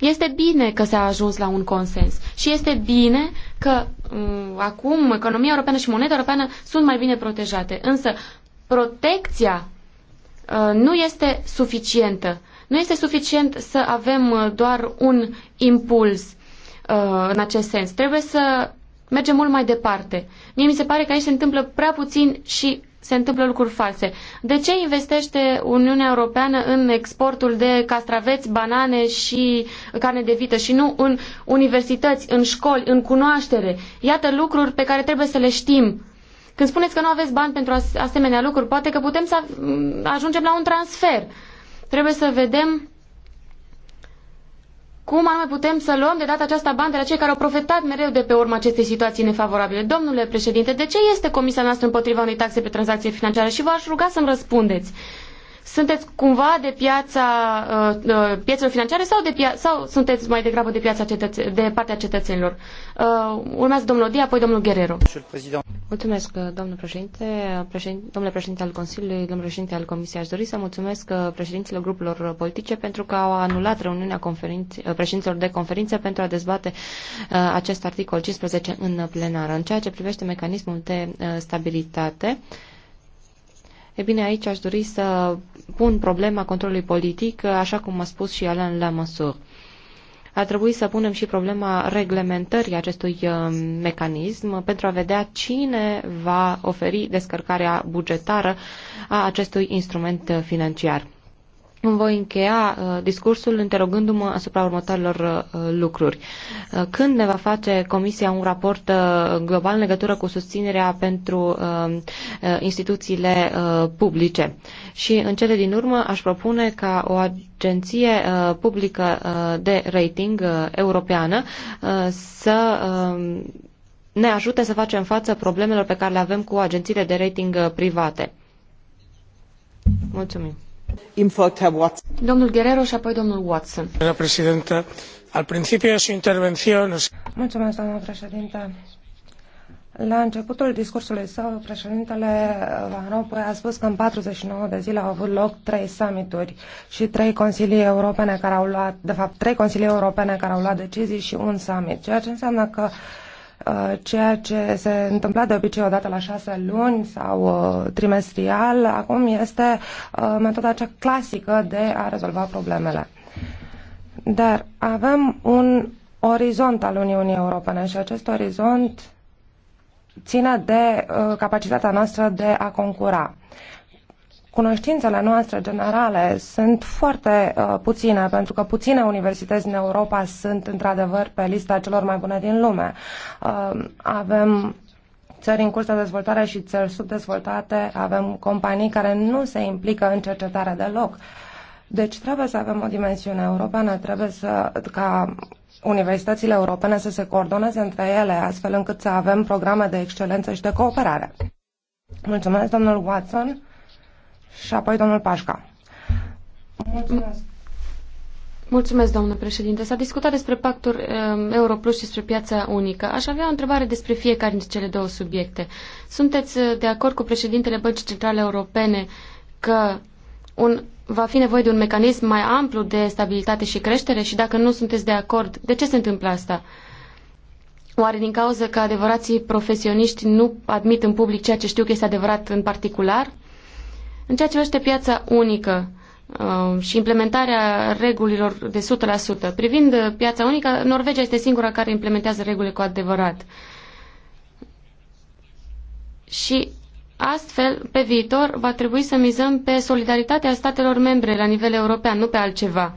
Este bine că s-a ajuns la un consens și este bine că mm, acum economia europeană și moneda europeană sunt mai bine protejate, însă protecția uh, nu este suficientă. Nu este suficient să avem uh, doar un impuls uh, în acest sens. Trebuie să mergem mult mai departe. Mie mi se pare că aici se întâmplă prea puțin și se întâmplă lucruri false. De ce investește Uniunea Europeană în exportul de castraveți, banane și carne de vită și nu în universități, în școli, în cunoaștere? Iată lucruri pe care trebuie să le știm. Când spuneți că nu aveți bani pentru asemenea lucruri, poate că putem să mm, ajungem la un transfer. Trebuie să vedem cum anume putem să luăm de data aceasta bani de la cei care au profitat mereu de pe urma acestei situații nefavorabile. Domnule președinte, de ce este comisia noastră împotriva unei taxe pe tranzacție financiare? Și v-aș ruga să-mi răspundeți. Sunteți cumva de piața uh, uh, piețelor financiare sau, de pia- sau sunteți mai degrabă de, piața cetăț- de partea cetățenilor? Uh, urmează domnul Odia, apoi domnul Guerrero. Mulțumesc, domnul președinte, președinte, domnule președinte al Consiliului, domnule președinte al Comisiei. Aș dori să mulțumesc președinților grupurilor politice pentru că au anulat reuniunea președinților de conferințe pentru a dezbate acest articol 15 în plenară. În ceea ce privește mecanismul de stabilitate, E bine, aici aș dori să pun problema controlului politic, așa cum a spus și Alain Lamassur. Ar trebui să punem și problema reglementării acestui uh, mecanism pentru a vedea cine va oferi descărcarea bugetară a acestui instrument uh, financiar îmi voi încheia uh, discursul interogându-mă asupra următoarelor uh, lucruri. Uh, când ne va face Comisia un raport uh, global în legătură cu susținerea pentru uh, uh, instituțiile uh, publice? Și în cele din urmă aș propune ca o agenție uh, publică uh, de rating uh, europeană uh, să uh, ne ajute să facem față problemelor pe care le avem cu agențiile de rating uh, private. Mulțumim. Domnul Guerrero și apoi domnul Watson. Doamna președintă, al principiu de intervenție... Mulțumesc, președintă. La începutul discursului său, președintele Van Rompuy a spus că în 49 de zile au avut loc trei summituri și trei consilii europene care au luat, de fapt, trei consilii europene care au luat decizii și un summit, ceea ce înseamnă că Uh, ceea ce se întâmpla de obicei odată la șase luni sau uh, trimestrial, acum este uh, metoda cea clasică de a rezolva problemele. Dar avem un orizont al Uniunii Europene și acest orizont ține de capacitatea noastră de a concura cunoștințele noastre generale sunt foarte uh, puține, pentru că puține universități în Europa sunt într-adevăr pe lista celor mai bune din lume. Uh, avem țări în curs de dezvoltare și țări subdezvoltate, avem companii care nu se implică în cercetare deloc. Deci trebuie să avem o dimensiune europeană, trebuie să, ca universitățile europene să se coordoneze între ele, astfel încât să avem programe de excelență și de cooperare. Mulțumesc, domnul Watson. Și apoi domnul Pașca. Mulțumesc. Mulțumesc, domnule președinte. S-a discutat despre pactul um, Euro Plus și despre piața unică. Aș avea o întrebare despre fiecare dintre cele două subiecte. Sunteți uh, de acord cu președintele Băncii Centrale Europene că un, va fi nevoie de un mecanism mai amplu de stabilitate și creștere și dacă nu sunteți de acord, de ce se întâmplă asta? Oare din cauza că adevărații profesioniști nu admit în public ceea ce știu că este adevărat în particular? În ceea ce privește piața unică uh, și implementarea regulilor de 100%, privind uh, piața unică, Norvegia este singura care implementează regulile cu adevărat. Și astfel, pe viitor, va trebui să mizăm pe solidaritatea statelor membre la nivel european, nu pe altceva.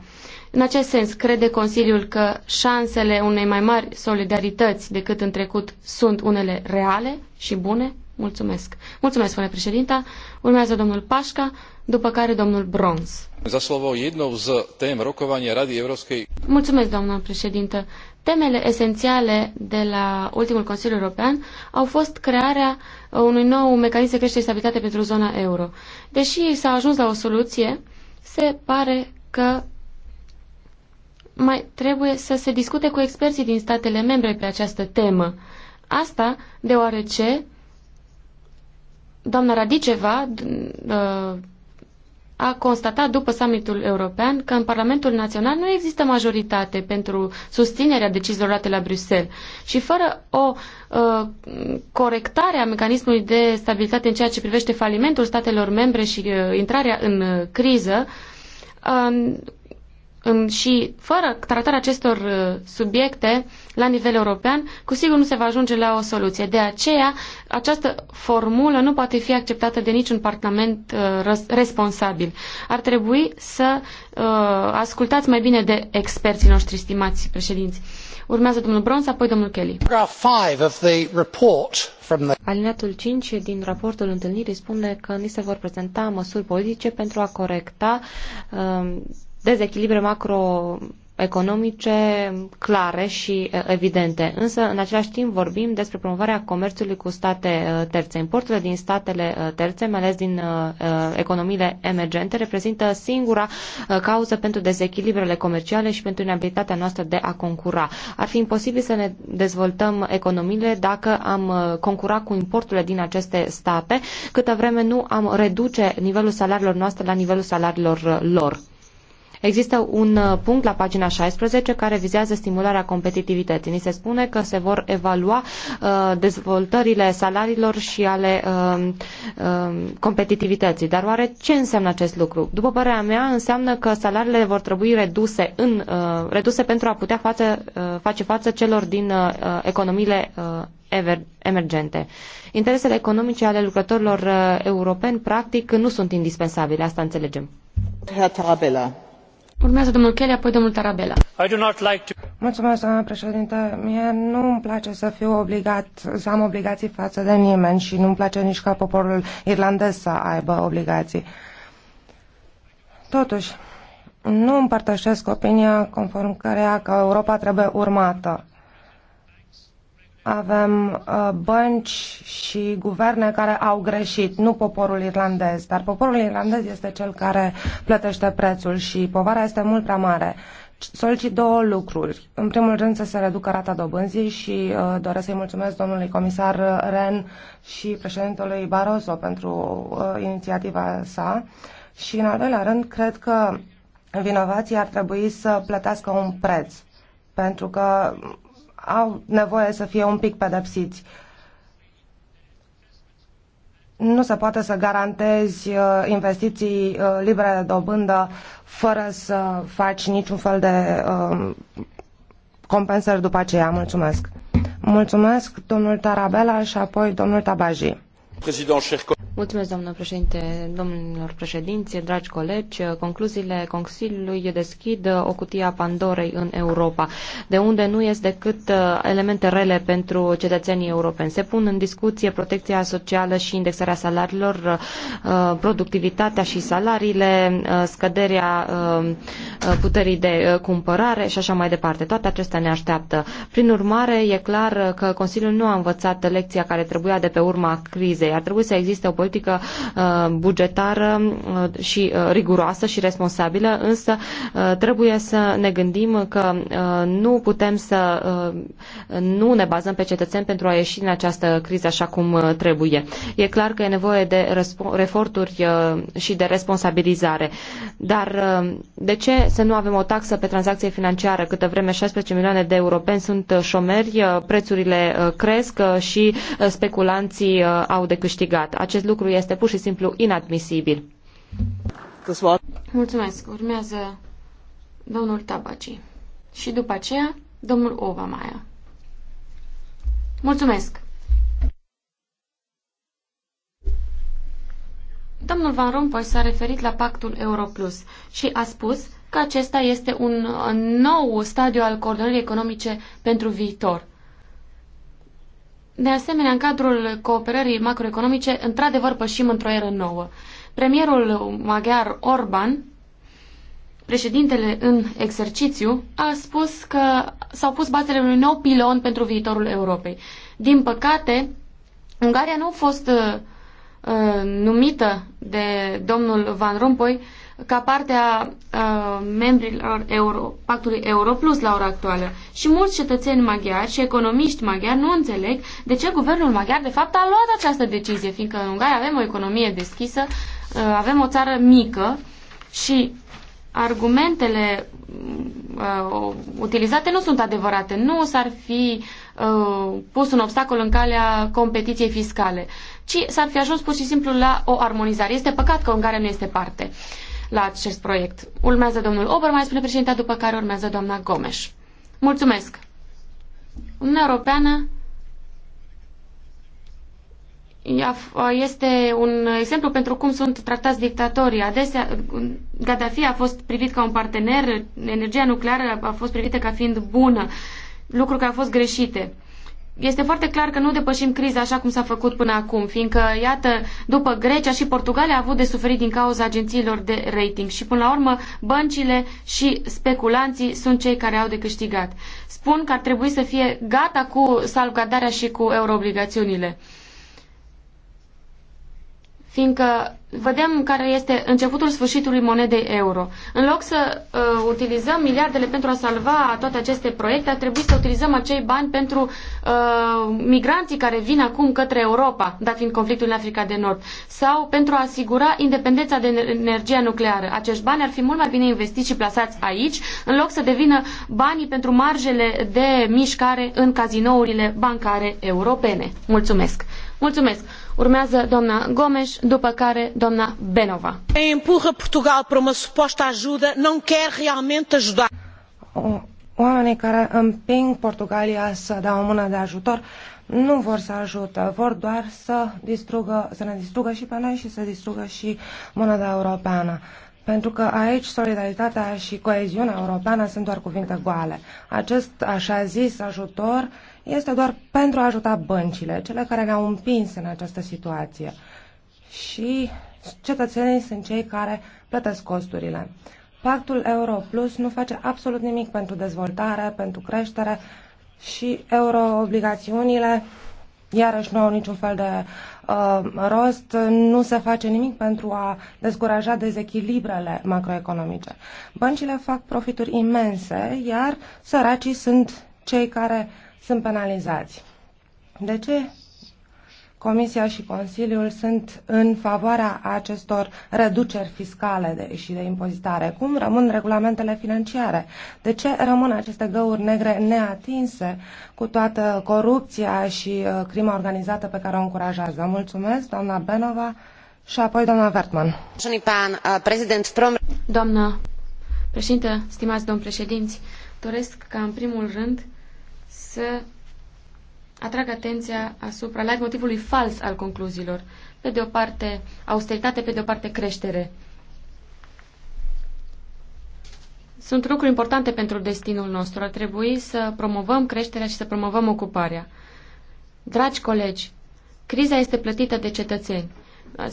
În acest sens, crede Consiliul că șansele unei mai mari solidarități decât în trecut sunt unele reale și bune? Mulțumesc. Mulțumesc, domnule președinte. Urmează domnul Pașca, după care domnul Bronz. Za slovo jednou z tém rokovania Rady Európskej... Mulțumesc, doamnă președinte. Temele esențiale de la ultimul Consiliu European au fost crearea unui nou mecanism de creștere și stabilitate pentru zona euro. Deși s-a ajuns la o soluție, se pare că mai trebuie să se discute cu experții din statele membre pe această temă. Asta deoarece doamna Radiceva uh, a constatat după summitul european că în Parlamentul Național nu există majoritate pentru susținerea deciziilor luate la Bruxelles și fără o uh, corectare a mecanismului de stabilitate în ceea ce privește falimentul statelor membre și uh, intrarea în uh, criză, um, și fără tratarea acestor uh, subiecte la nivel european, cu sigur nu se va ajunge la o soluție. De aceea, această formulă nu poate fi acceptată de niciun parlament uh, responsabil. Ar trebui să uh, ascultați mai bine de experții noștri, stimați președinți. Urmează domnul Brons, apoi domnul Kelly. Alineatul 5 din raportul întâlnirii spune că ni se vor prezenta măsuri politice pentru a corecta uh, dezechilibre macroeconomice clare și evidente. Însă, în același timp, vorbim despre promovarea comerțului cu state terțe. Importurile din statele terțe, mai ales din economiile emergente, reprezintă singura cauză pentru dezechilibrele comerciale și pentru inabilitatea noastră de a concura. Ar fi imposibil să ne dezvoltăm economiile dacă am concura cu importurile din aceste state, câtă vreme nu am reduce nivelul salariilor noastre la nivelul salariilor lor. Există un uh, punct la pagina 16 care vizează stimularea competitivității. Ni se spune că se vor evalua uh, dezvoltările salariilor și ale uh, competitivității. Dar oare ce înseamnă acest lucru? După părerea mea, înseamnă că salariile vor trebui reduse, în, reduse pentru a putea față, face față celor din economiile emergente. Interesele economice ale lucrătorilor europeni, practic, nu sunt indispensabile. Asta înțelegem. Herr Tarabella. Urmează domnul Kelly, apoi domnul Tarabella. I do not like to... Mulțumesc, doamna președinte. Mie nu îmi place să fiu obligat, să am obligații față de nimeni și nu îmi place nici ca poporul irlandez să aibă obligații. Totuși, nu împărtășesc opinia conform căreia că Europa trebuie urmată avem uh, bănci și guverne care au greșit, nu poporul irlandez, dar poporul irlandez este cel care plătește prețul și povara este mult prea mare. Solicit două lucruri. În primul rând să se reducă rata dobânzii și uh, doresc să-i mulțumesc domnului comisar Ren și președintelui Barroso pentru uh, inițiativa sa. Și în al doilea rând, cred că vinovații ar trebui să plătească un preț pentru că au nevoie să fie un pic pedepsiți. Nu se poate să garantezi uh, investiții uh, libere de dobândă fără să faci niciun fel de um, compensări după aceea. Mulțumesc. Mulțumesc, domnul Tarabela și apoi domnul Tabaji. Mulțumesc, doamnă președinte, domnilor președinți, dragi colegi. Concluziile Consiliului deschid o cutie a Pandorei în Europa, de unde nu ies decât uh, elemente rele pentru cetățenii europeni. Se pun în discuție protecția socială și indexarea salariilor, uh, productivitatea și salariile, uh, scăderea puterii de cumpărare și așa mai departe. Toate acestea ne așteaptă. Prin urmare, e clar că Consiliul nu a învățat lecția care trebuia de pe urma crizei. Ar trebui să existe o politică uh, bugetară uh, și uh, riguroasă și responsabilă, însă trebuie să ne gândim că nu putem să nu ne bazăm pe cetățeni pentru a ieși din această criză așa cum trebuie. E clar că e nevoie de eforturi și de responsabilizare. Dar de ce să nu avem o taxă pe tranzacție financiară câtă vreme 16 milioane de europeni sunt șomeri, prețurile cresc și speculanții au de câștigat. Acest lucru lucru este pur și simplu inadmisibil. Mulțumesc. Urmează domnul Tabaci. Și după aceea, domnul Ovamaia. Mulțumesc. Domnul Van Rompuy s-a referit la pactul Europlus și a spus că acesta este un uh, nou stadiu al coordonării economice pentru viitor. De asemenea, în cadrul cooperării macroeconomice, într-adevăr pășim într-o eră nouă. Premierul maghiar Orban, președintele în exercițiu, a spus că s-au pus bazele unui nou pilon pentru viitorul Europei. Din păcate, Ungaria nu a fost uh, uh numită de domnul Van Rompuy ca parte a, a membrilor Euro, pactului Euro Plus la ora actuală. Și mulți cetățeni maghiari și economiști maghiari nu înțeleg de ce guvernul maghiar de fapt a luat această decizie, fiindcă în Ungaria avem o economie deschisă, ă, avem o țară mică și argumentele uh, utilizate nu sunt adevărate. Nu s-ar fi ă, pus un obstacol în calea competiției fiscale, ci s-ar fi ajuns pur și simplu la o armonizare. Este păcat că Ungaria nu este parte. Uh, la acest proiect. Urmează domnul Ober, mai spune președinta, după care urmează doamna Gomes. Mulțumesc! Uniunea Europeană este un exemplu pentru cum sunt tratați dictatorii. Adesea, Gaddafi a fost privit ca un partener, energia nucleară a fost privită ca fiind bună, lucruri care au fost greșite este foarte clar că nu depășim criza așa cum s-a făcut până acum, fiindcă, iată, după Grecia și Portugalia a avut de suferit din cauza agențiilor de rating și, până la urmă, băncile și speculanții sunt cei care au de câștigat. Spun că ar trebui să fie gata cu salvgardarea și cu euroobligațiunile fiindcă vedem care este începutul sfârșitului monedei euro. În loc să uh, utilizăm miliardele pentru a salva toate aceste proiecte, ar trebui să utilizăm acei bani pentru uh, migranții care vin acum către Europa, dat fiind conflictul în Africa de Nord, sau pentru a asigura independența de energia nucleară. Acești bani ar fi mult mai bine investiți și plasați aici, în loc să devină banii pentru marjele de mișcare în cazinourile bancare europene. Mulțumesc! Mulțumesc! Urmează doamna Gomes, după care doamna Benova. Empurra Portugal para uma suposta ajuda, não quer realmente ajudar. Oamenii care împing Portugalia să dea o mână de ajutor nu vor să ajută, vor doar să, distrugă, să ne distrugă și pe noi și să distrugă și moneda europeană. Pentru că aici solidaritatea și coeziunea europeană sunt doar cuvinte goale. Acest așa zis ajutor este doar pentru a ajuta băncile, cele care ne-au împins în această situație. Și cetățenii sunt cei care plătesc costurile. Pactul Euro Plus nu face absolut nimic pentru dezvoltare, pentru creștere și euroobligațiunile iarăși nu au niciun fel de uh, rost, nu se face nimic pentru a descuraja dezechilibrele macroeconomice. Băncile fac profituri imense, iar săracii sunt cei care uh, sunt penalizați. De ce Comisia și Consiliul sunt în favoarea acestor reduceri fiscale de, și de impozitare. Cum rămân regulamentele financiare? De ce rămân aceste găuri negre neatinse cu toată corupția și uh, crima organizată pe care o încurajează? Mulțumesc, doamna Benova și apoi doamna Vertman. Uh, doamna președinte, stimați domn președinți, doresc ca în primul rând să atrag atenția asupra la motivului fals al concluziilor. Pe de o parte austeritate, pe de o parte creștere. Sunt lucruri importante pentru destinul nostru. Ar trebui să promovăm creșterea și să promovăm ocuparea. Dragi colegi, criza este plătită de cetățeni.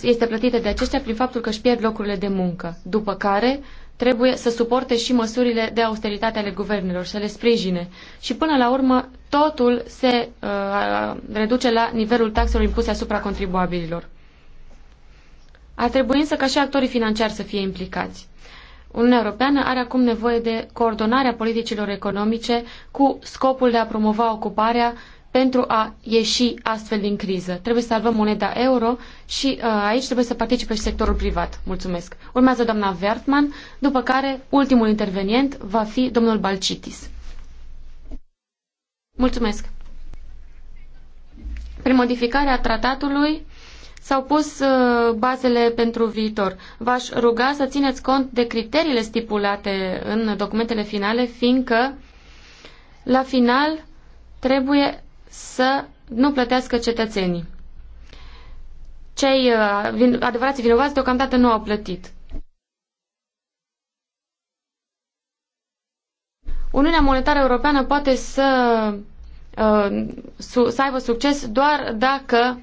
Este plătită de aceștia prin faptul că își pierd locurile de muncă. După care, trebuie să suporte și măsurile de austeritate ale guvernelor, să le sprijine. Și până la urmă, totul se uh, reduce la nivelul taxelor impuse asupra contribuabililor. Ar trebui însă ca și actorii financiari să fie implicați. Uniunea Europeană are acum nevoie de coordonarea politicilor economice cu scopul de a promova ocuparea pentru a ieși astfel din criză. Trebuie să salvăm moneda euro și uh, aici trebuie să participe și sectorul privat. Mulțumesc. Urmează doamna Wertmann, după care ultimul intervenient va fi domnul Balcitis. Mulțumesc. Prin modificarea tratatului s-au pus uh, bazele pentru viitor. V-aș ruga să țineți cont de criteriile stipulate în documentele finale, fiindcă la final trebuie să nu plătească cetățenii. Cei uh, adevărați vinovați deocamdată nu au plătit. Uniunea Monetară Europeană poate să, uh, să aibă succes doar dacă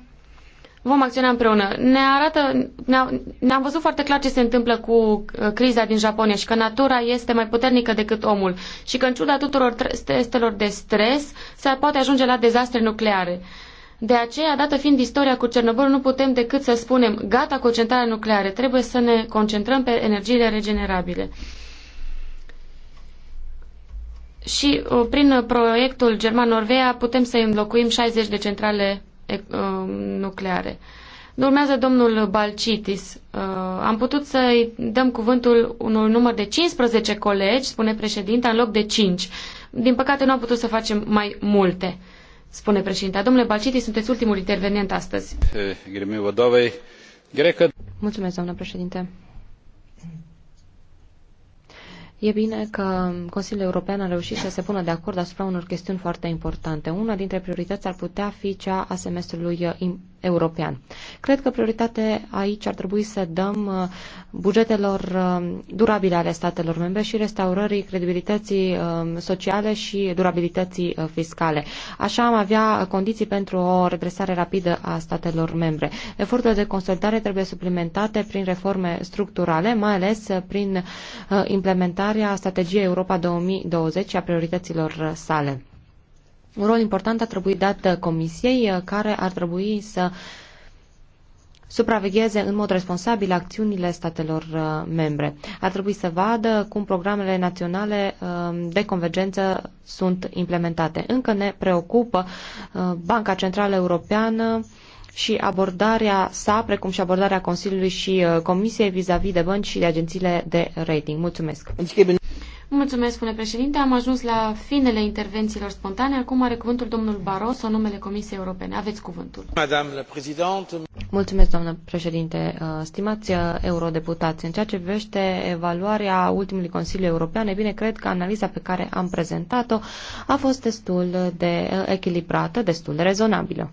vom acționa împreună. Ne arată, ne-am ne văzut foarte clar ce se întâmplă cu uh, criza din Japonia și că natura este mai puternică decât omul și că în ciuda tuturor testelor de stres se poate ajunge la dezastre nucleare. De aceea, dată fiind istoria cu Cernobâl, nu putem decât să spunem gata cu centrala nucleară, trebuie să ne concentrăm pe energiile regenerabile. Și uh, prin uh, proiectul German-Norvea putem să înlocuim 60 de centrale Uh, nucleare. Urmează domnul Balcitis. Uh, am putut să-i dăm cuvântul unui număr de 15 colegi, spune președinta, în loc de 5. Din păcate nu am putut să facem mai multe, spune președinta. Domnule Balcitis, sunteți ultimul intervenient astăzi. Mulțumesc, doamnă președinte. E bine că Consiliul European a reușit să se pună de acord asupra unor chestiuni foarte importante. Una dintre priorități ar putea fi cea a semestrului european. Cred că prioritate aici ar trebui să dăm uh, bugetelor uh, durabile ale statelor membre și restaurării credibilității uh, sociale și durabilității fiscale. Așa am avea condiții pentru o redresare rapidă a statelor membre. Eforturile de consolidare trebuie suplimentate prin reforme structurale, mai ales prin implementarea strategiei Europa 2020 și a priorităților sale. Un rol important a trebuit dat Comisiei, uh, care ar trebui să supravegheze în mod responsabil acțiunile statelor uh, membre. Ar trebui să vadă cum programele naționale um, de convergență sunt implementate. Încă ne preocupă uh, Banca Centrală Europeană și abordarea sa, precum și abordarea Consiliului și Comisiei vis-a-vis -vis de bănci și de agențiile de rating. Mulțumesc! Mulțumesc, spune președinte. Am ajuns la finele intervențiilor spontane. Acum are cuvântul domnul Barroso, numele Comisiei Europene. Aveți cuvântul. Mulțumesc, doamnă președinte. Uh, stimați uh, eurodeputați, în ceea ce privește evaluarea ultimului Consiliu European, e bine, cred că analiza pe care am prezentat-o a fost destul de uh, echilibrată, destul de rezonabilă.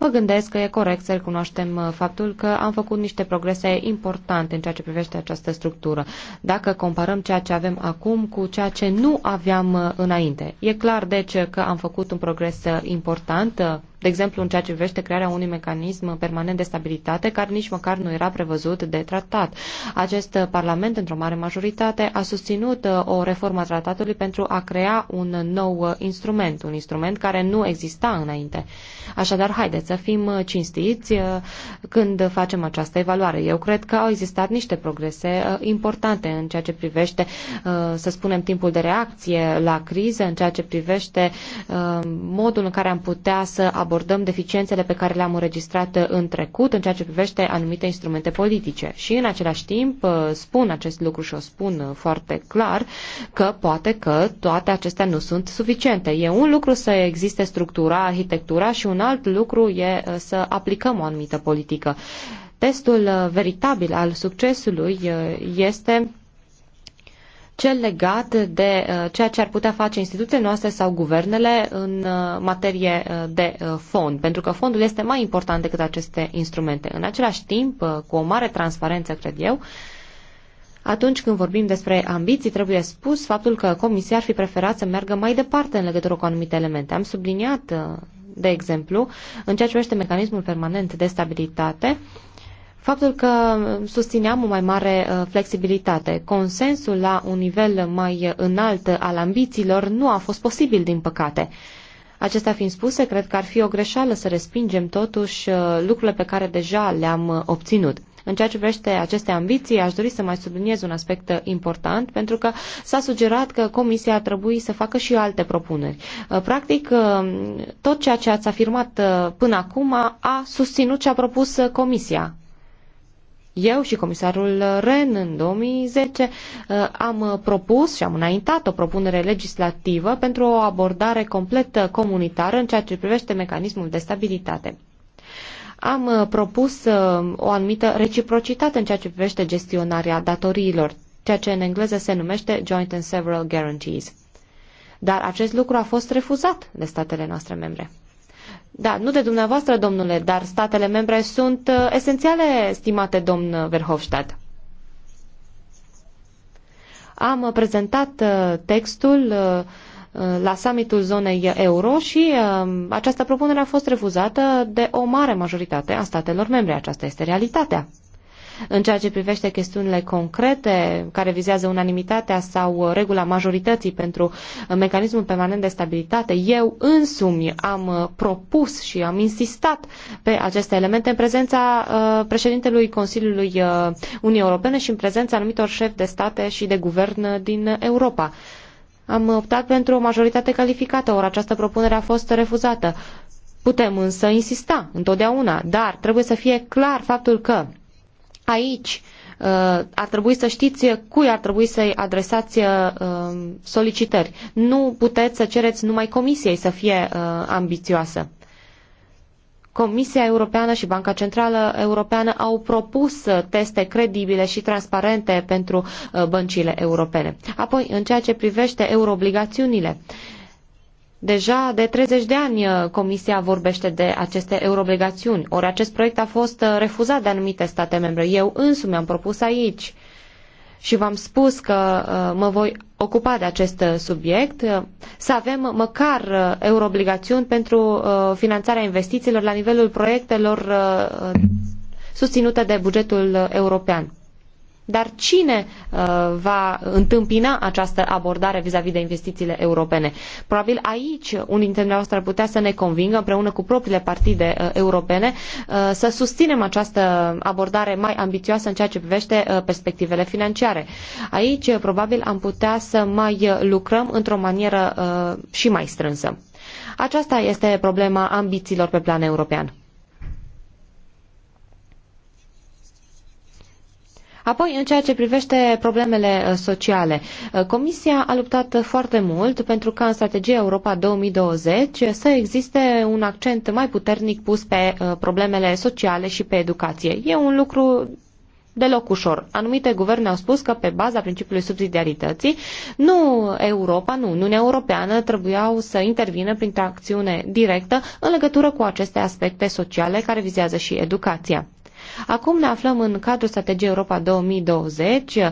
Mă gândesc că e corect să recunoaștem uh, faptul că am făcut niște progrese importante în ceea ce privește această structură, dacă comparăm ceea ce avem acum cu ceea ce nu aveam uh, înainte. E clar, deci, uh, că am făcut un progres important, de exemplu, în ceea ce privește crearea unui mecanism permanent de stabilitate, care nici măcar nu era prevăzut de tratat. Acest Parlament, într-o mare majoritate, a susținut o reformă a tratatului pentru a crea un nou instrument, un instrument care nu exista înainte. Așadar, haideți să fim uh, cinstiți uh, când facem această evaluare. Eu cred că au existat niște progrese uh, importante în ceea ce privește, să spunem, timpul de reacție la criză, în ceea ce privește modul în care am putea să abordăm deficiențele pe care le-am înregistrat în trecut, în ceea ce privește anumite instrumente politice. Și în același timp spun acest lucru și o spun foarte clar că poate că toate acestea nu sunt suficiente. E un lucru să existe structura, arhitectura și un alt lucru trebuie uh, să aplicăm o anumită politică. Testul uh, veritabil al succesului uh, este cel legat de ceea ce ar putea face instituțiile noastre sau guvernele în materie de fond, pentru că fondul este mai important decât aceste instrumente. În același timp, cu o mare transparență, cred eu, atunci când vorbim despre ambiții, trebuie spus faptul că Comisia ar fi preferat să meargă mai departe în legătură cu anumite elemente. Am subliniat de exemplu, în ceea ce privește mecanismul permanent de stabilitate, faptul că susțineam o mai mare uh, flexibilitate. Consensul la un nivel mai înalt al ambițiilor nu a fost posibil, din păcate. Acestea fiind spuse, cred că ar fi o greșeală să respingem totuși uh, lucrurile pe care deja le-am uh, obținut. În ceea ce privește aceste ambiții, aș dori să mai subliniez un aspect important, pentru că s-a sugerat că Comisia ar trebui să facă și alte propuneri. Uh, practic, uh, tot ceea ce ați afirmat uh, până acum a susținut ce a propus Comisia. Eu și comisarul Ren în 2010 am propus și am înaintat o propunere legislativă pentru o abordare completă comunitară în ceea ce privește mecanismul de stabilitate am uh, propus uh, o anumită reciprocitate în ceea ce privește gestionarea datoriilor, ceea ce în engleză se numește Joint and Several Guarantees. Dar acest lucru a fost refuzat de statele noastre membre. Da, nu de dumneavoastră, domnule, dar statele membre sunt uh, esențiale, stimate domn Verhofstadt. Am prezentat textul uh, Uh, la summitul zonei euro și uh, această propunere a fost refuzată de o mare majoritate a statelor membre. Aceasta este realitatea. În ceea ce privește chestiunile concrete care vizează unanimitatea sau regula majorității pentru mecanismul permanent de stabilitate, eu însumi am uh, propus și am insistat pe aceste elemente în prezența președintelui Consiliului Uniunii Europene și în prezența anumitor șefi de state și de guvern din Europa. Am optat pentru o majoritate calificată, ori această propunere a fost refuzată. Putem însă insista întotdeauna, dar trebuie să fie clar faptul că aici uh, ar trebui să știți cui ar trebui să-i adresați uh, solicitări. Nu puteți să cereți numai comisiei să fie uh, ambițioasă. Comisia Europeană și Banca Centrală Europeană au propus uh, teste credibile și transparente pentru uh, băncile europene. Apoi, în ceea ce privește euroobligațiunile, Deja de 30 de ani uh, Comisia vorbește de aceste euroobligațiuni, ori acest proiect a fost refuzat de anumite state membre. Eu însumi am propus aici uh, și v-am spus că uh, mă voi ocupa de acest uh, subiect, uh, să avem măcar euroobligațiuni pentru finanțarea investițiilor la nivelul proiectelor susținute de bugetul european. Dar cine uh, va întâmpina această abordare vis-a-vis de investițiile europene? Probabil aici unii dintre dumneavoastră ar putea să ne convingă, împreună cu propriile partide uh, europene, uh, să susținem această abordare mai ambițioasă în ceea ce privește perspectivele financiare. Aici probabil am putea să mai lucrăm într-o manieră și mai strânsă. Aceasta este problema ambițiilor pe plan european. Apoi, în ceea ce privește problemele uh, sociale, uh, Comisia a luptat uh, foarte mult pentru ca în strategia Europa 2020 să existe un accent mai puternic pus pe problemele sociale și pe educație. E un lucru deloc ușor. Anumite guverne au spus că pe baza principiului subsidiarității nu Europa, nu Uniunea Europeană trebuiau să intervină printr-o acțiune directă în legătură cu aceste aspecte sociale care vizează și educația. Acum ne aflăm în cadrul strategiei Europa 2020 uh,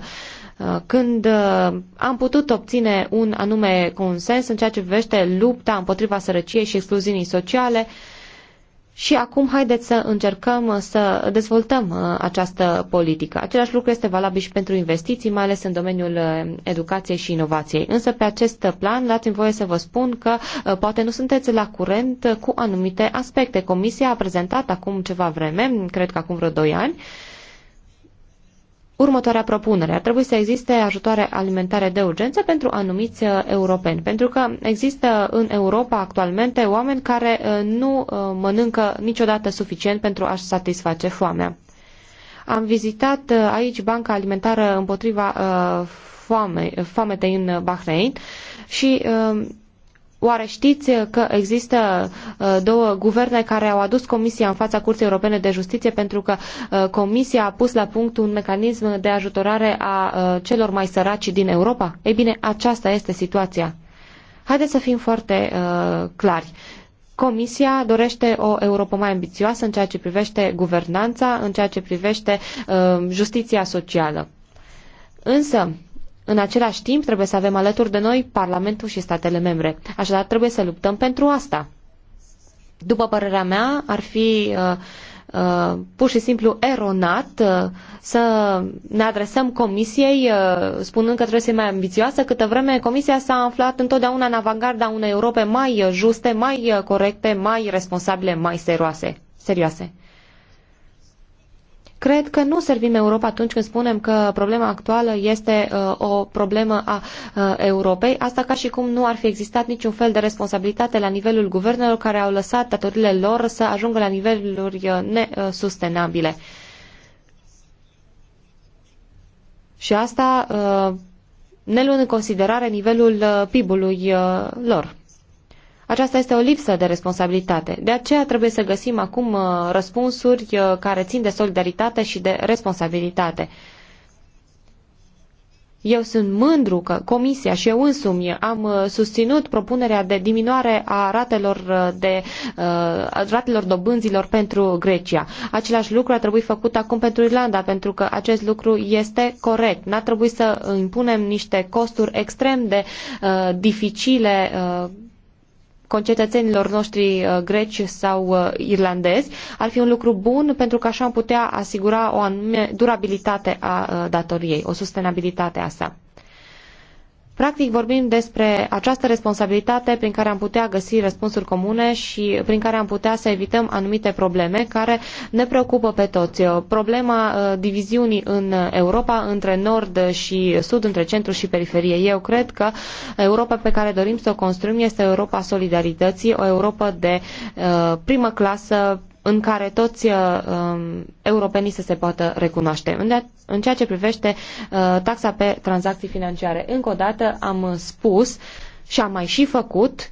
când uh, am putut obține un anume consens în ceea ce privește lupta împotriva sărăciei și excluziunii sociale, și acum haideți să încercăm uh, să dezvoltăm uh, această politică. Același lucru este valabil și pentru investiții, mai ales în domeniul uh, educației și inovației. Însă pe acest plan dați-mi voie să vă spun că poate nu sunteți la curent cu anumite aspecte. Comisia a prezentat acum ceva vreme, cred că acum vreo 2 ani, următoarea propunere. Ar trebui să existe ajutoare alimentare de urgență pentru anumiți uh, europeni, pentru că există în Europa actualmente oameni care uh, nu uh, mănâncă niciodată suficient pentru a-și satisface foamea. Am vizitat aici Banca Alimentară împotriva foamei, foametei în Bahrain și Oare știți că există uh, două guverne care au adus Comisia în fața Curții Europene de Justiție pentru că uh, Comisia a pus la punct un mecanism de ajutorare a uh, celor mai săraci din Europa? Ei bine, aceasta este situația. Haideți să fim foarte uh, clari. Comisia dorește o Europa mai ambițioasă în ceea ce privește guvernanța, în ceea ce privește uh, justiția socială. Însă, în același timp, trebuie să avem alături de noi Parlamentul și statele membre. Așadar, trebuie să luptăm pentru asta. După părerea mea, ar fi uh, uh, pur și simplu eronat uh, să ne adresăm comisiei uh, spunând că trebuie să fie mai ambițioasă, câtă vreme comisia s-a aflat întotdeauna în avangarda unei Europe mai juste, mai uh, corecte, mai responsabile, mai serioase. serioase. Cred că nu servim Europa atunci când spunem că problema actuală este uh, o problemă a uh, Europei, asta ca și cum nu ar fi existat niciun fel de responsabilitate la nivelul guvernelor care au lăsat datorile lor să ajungă la niveluri uh, nesustenabile. Uh, și asta uh, ne luând în considerare nivelul uh, PIB-ului uh, lor. Aceasta este o lipsă de responsabilitate. De aceea trebuie să găsim acum uh, răspunsuri uh, care țin de solidaritate și de responsabilitate. Eu sunt mândru că Comisia și eu însumi am uh, susținut propunerea de diminuare a ratelor, de, uh, ratelor dobânzilor pentru Grecia. Același lucru a trebuit făcut acum pentru Irlanda, pentru că acest lucru este corect. N-a trebuit să impunem niște costuri extrem de uh, dificile uh, concetățenilor noștri uh, greci sau uh, irlandezi ar fi un lucru bun pentru că așa am putea asigura o anume durabilitate a uh, datoriei, o sustenabilitate a sa. Practic vorbim despre această responsabilitate prin care am putea găsi răspunsuri comune și prin care am putea să evităm anumite probleme care ne preocupă pe toți. Problema uh, diviziunii în Europa între nord și sud, între centru și periferie. Eu cred că Europa pe care dorim să o construim este Europa solidarității, o Europa de uh, primă clasă în care toți uh, um, europenii să se poată recunoaște. În, în ceea ce privește uh, taxa pe tranzacții financiare, încă o dată am spus și am mai și făcut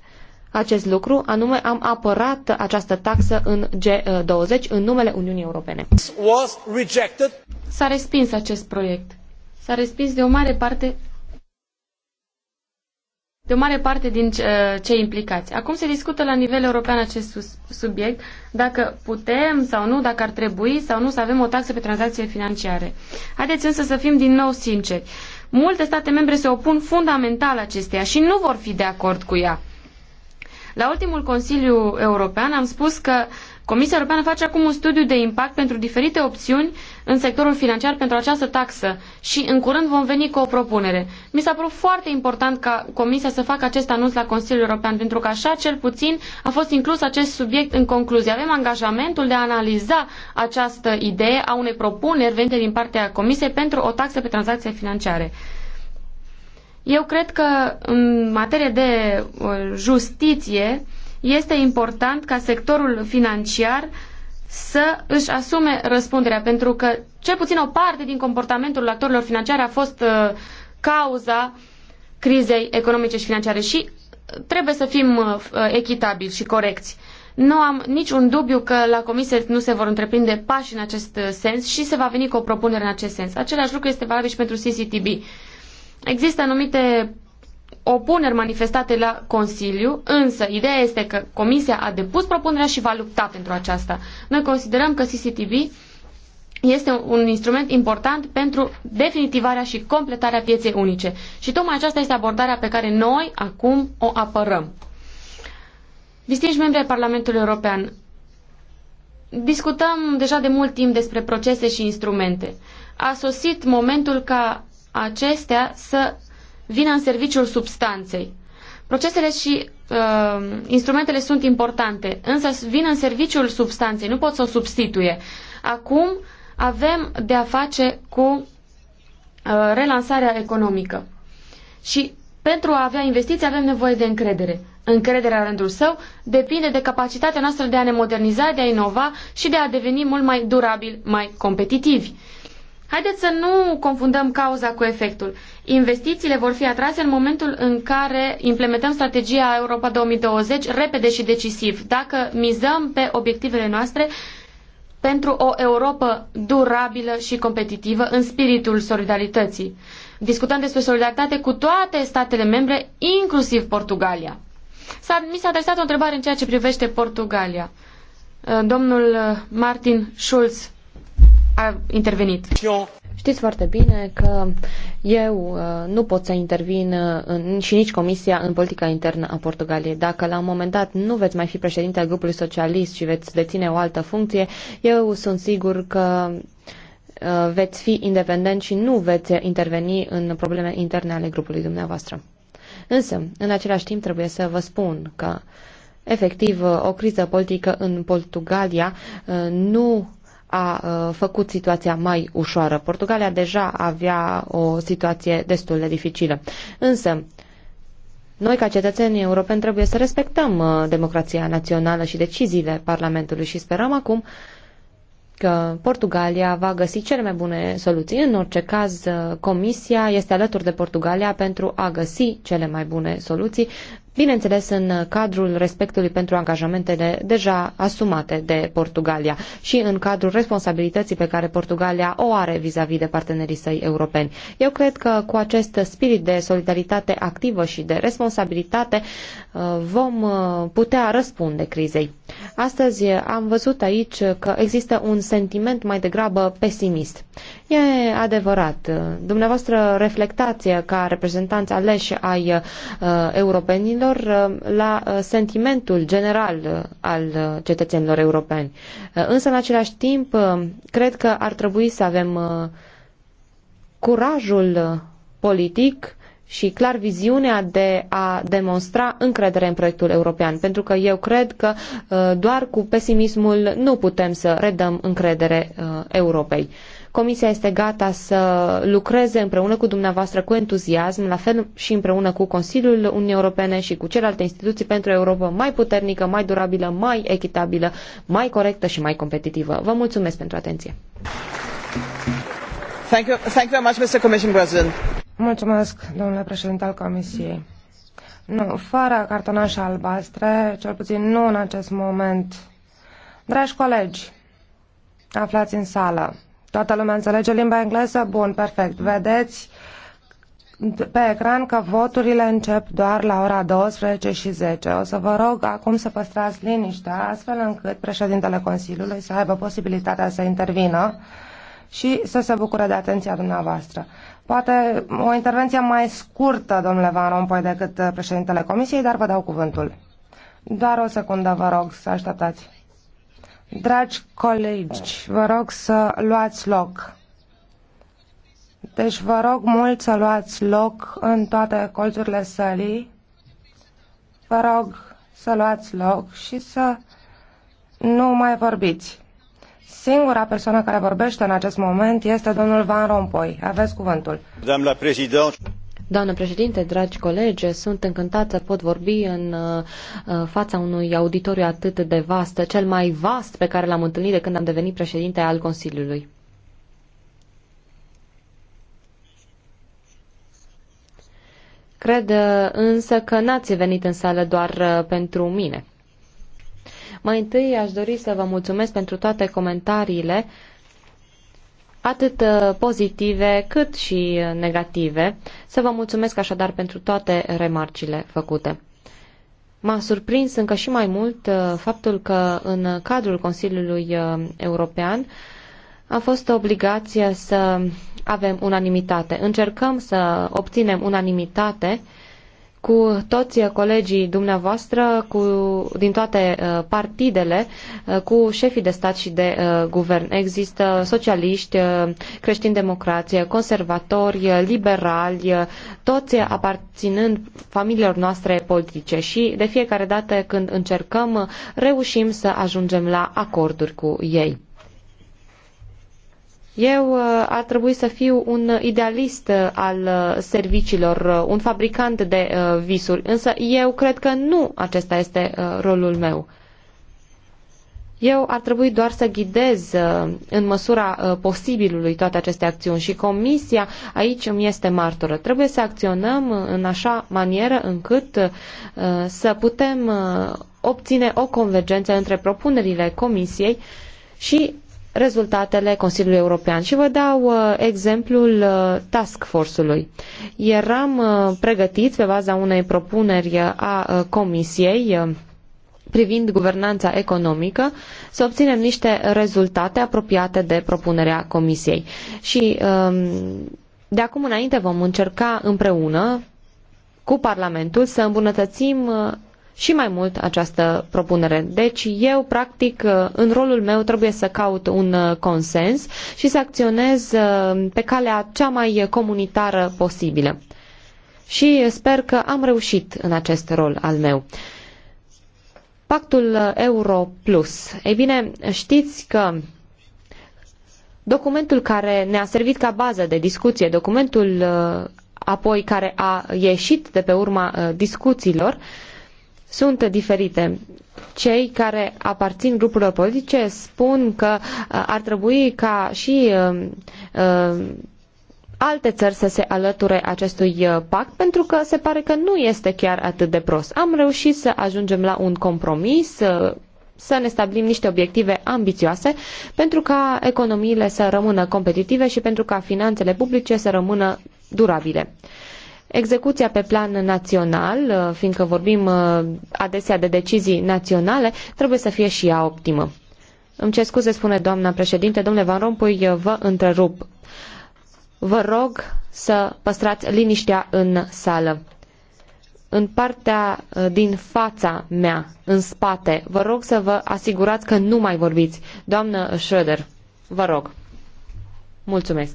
acest lucru, anume am apărat această taxă în G20 în numele Uniunii Europene. S-a respins acest proiect. S-a respins de o mare parte de o mare parte din uh, cei implicați. Acum se discută la nivel european acest subiect, dacă putem sau nu, dacă ar trebui sau nu să avem o taxă pe tranzacțiile financiare. Haideți însă să fim din nou sinceri. Multe state membre se opun fundamental acesteia și nu vor fi de acord cu ea. La ultimul Consiliu European am spus că Comisia Europeană face acum un studiu de impact pentru diferite opțiuni în sectorul financiar pentru această taxă și în curând vom veni cu o propunere. Mi s-a părut foarte important ca Comisia să facă acest anunț la Consiliul European, pentru că așa cel puțin a fost inclus acest subiect în concluzie. Avem angajamentul de a analiza această idee a unei propuneri venite din partea Comisiei pentru o taxă pe tranzacție financiare. Eu cred că în materie de uh, justiție este important ca sectorul financiar uh, să își asume răspunderea, pentru că cel puțin o parte din comportamentul actorilor financiare a fost uh, cauza crizei economice și financiare și uh, trebuie să fim uh, uh, echitabili și corecți. Nu am niciun dubiu că la comisie nu se vor întreprinde pași în acest uh, sens și se va veni cu o propunere în acest sens. Același lucru este valabil și pentru CCTB. Există anumite opuneri manifestate la Consiliu, însă ideea este că Comisia a depus propunerea și va lupta pentru aceasta. Noi considerăm că CCTV este un instrument important pentru definitivarea și completarea pieței unice. Și tocmai aceasta este abordarea pe care noi acum o apărăm. Distinși membri ai Parlamentului European, discutăm deja de mult timp despre procese și instrumente. A sosit momentul ca acestea să vină în serviciul substanței. Procesele și uh, instrumentele sunt importante, însă vin în serviciul substanței, nu pot să o substituie. Acum avem de a face cu uh, relansarea economică. Și pentru a avea investiții avem nevoie de încredere. Încrederea în rândul său depinde de capacitatea noastră de a ne moderniza, de a inova și de a deveni mult mai durabil, mai competitivi. Haideți să nu confundăm cauza cu efectul. Investițiile vor fi atrase în momentul în care implementăm strategia Europa 2020 repede și decisiv, dacă mizăm pe obiectivele noastre pentru o Europa durabilă și competitivă în spiritul solidarității. Discutăm despre solidaritate cu toate statele membre, inclusiv Portugalia. mi s-a adresat o întrebare în ceea ce privește Portugalia. Domnul Martin Schulz a intervenit. Știți foarte bine că eu uh, nu pot să intervin uh, în, și nici Comisia în politica internă a Portugaliei. Dacă la un moment dat nu veți mai fi președinte al grupului socialist și veți deține o altă funcție, eu sunt sigur că uh, veți fi independent și nu veți interveni în probleme interne ale grupului dumneavoastră. Însă, în același timp, trebuie să vă spun că, efectiv, o criză politică în Portugalia nu a uh, făcut situația mai ușoară. Portugalia deja avea o situație destul de dificilă. Însă, noi, ca cetățenii europeni, trebuie să respectăm uh, democrația națională și deciziile Parlamentului și sperăm acum că Portugalia va găsi cele mai bune soluții. În orice caz, uh, Comisia este alături de Portugalia pentru a găsi cele mai bune soluții bineînțeles în cadrul respectului pentru angajamentele deja asumate de Portugalia și în cadrul responsabilității pe care Portugalia o are vis-a-vis -vis de partenerii săi europeni. Eu cred că cu acest spirit de solidaritate activă și de responsabilitate uh, vom uh, putea răspunde crizei. Astăzi am văzut aici că există un sentiment mai degrabă pesimist. E adevărat. Dumneavoastră reflectați ca reprezentanți aleși ai uh, europenilor uh, la uh, sentimentul general uh, al uh, cetățenilor europeni. Uh, însă, în același timp, uh, cred că ar trebui să avem uh, curajul uh, politic și clar viziunea de a demonstra încredere în proiectul european, pentru că eu cred că uh, doar cu pesimismul nu putem să redăm încredere uh, Europei. Uh, Comisia este gata să lucreze împreună cu dumneavoastră cu entuziasm, la fel și împreună cu Consiliul Uniunii Europene și cu celelalte instituții pentru o Europa mai puternică, mai durabilă, mai echitabilă, mai corectă și mai competitivă. Vă mulțumesc pentru atenție. Thank you, thank you very much, Mr. Commission President. Mulțumesc, domnule președinte al Comisiei. Nu, fără cartonașe albastre, cel puțin nu în acest moment. Dragi colegi, aflați în sală. Toată lumea înțelege limba engleză? Bun, perfect. Vedeți pe ecran că voturile încep doar la ora 12 și 10. O să vă rog acum să păstrați liniștea, astfel încât președintele Consiliului să aibă posibilitatea să intervină și să se bucure de atenția dumneavoastră. Poate o intervenție mai scurtă, domnule Van Rompuy, decât președintele Comisiei, dar vă dau cuvântul. Doar o secundă, vă rog, să așteptați. Dragi colegi, vă rog să luați loc. Deci vă rog mult să luați loc în toate colțurile sălii. Vă rog să luați loc și să nu mai vorbiți. Singura persoană care vorbește în acest moment este domnul Van Rompuy. Aveți cuvântul. Doamna președinte. Doamnă președinte, dragi colegi, sunt încântat să pot vorbi în uh, uh, fața unui auditoriu atât de vast, cel mai vast pe care l-am întâlnit de când am devenit președinte al Consiliului. Cred uh, însă că n-ați venit în sală doar pentru mine. Mai întâi aș dori să vă mulțumesc pentru toate comentariile uh, atât uh, pozitive cât și uh, negative. Să vă mulțumesc așadar pentru toate remarcile făcute. M-a surprins încă și mai mult uh, faptul că în cadrul Consiliului European a fost obligația să avem unanimitate. Încercăm să obținem unanimitate uh, cu toți colegii dumneavoastră, cu, din toate uh, partidele, uh, cu șefii de stat și de uh, guvern. Există socialiști, uh, creștini-democrație, conservatori, uh, liberali, uh, toți aparținând familiilor noastre politice și de fiecare dată când încercăm, uh, reușim să ajungem la acorduri cu ei. Eu uh, ar trebui să fiu un idealist uh, al uh, serviciilor, un fabricant de visuri, însă eu cred că nu acesta este rolul meu. Eu ar trebui doar să ghidez în măsura posibilului toate aceste acțiuni și comisia aici îmi este martoră. Trebuie să acționăm în așa manieră încât să putem obține o convergență între propunerile comisiei și rezultatele Consiliului European. Și vă dau uh, exemplul uh, task force-ului. Eram uh, pregătiți pe baza unei propuneri a Comisiei privind guvernanța economică, să obținem niște rezultate apropiate de propunerea Comisiei. Și um, de acum înainte vom încerca împreună cu Parlamentul să îmbunătățim și mai mult această propunere. Deci eu, practic, în rolul meu trebuie să caut un uh, consens și să acționez uh, pe calea cea mai comunitară posibilă. Și sper că am reușit în acest rol al meu. Pactul uh, Euro Plus. Ei bine, știți că documentul care ne-a servit ca bază de discuție, documentul apoi care a ieșit de pe urma discuțiilor, uh, sunt diferite. Cei care aparțin grupurilor politice spun că uh, ar trebui ca și um, um, alte țări să se alăture acestui uh, pact, pentru că se pare că nu este chiar atât de prost. Am reușit să ajungem la un compromis, uh, să ne stabilim niște obiective ambițioase pentru ca economiile să rămână competitive și pentru ca finanțele publice să rămână durabile. Execuția pe plan național, uh, fiindcă vorbim uh, adesea de decizii naționale, trebuie să fie și ea optimă. Îmi cer scuze, spune doamna președinte, domnule Van Rompuy, vă întrerup. Vă rog să păstrați liniștea în sală. În partea uh, din fața mea, în spate, vă rog să vă asigurați că nu mai vorbiți. Doamnă Schröder, vă rog. Mulțumesc.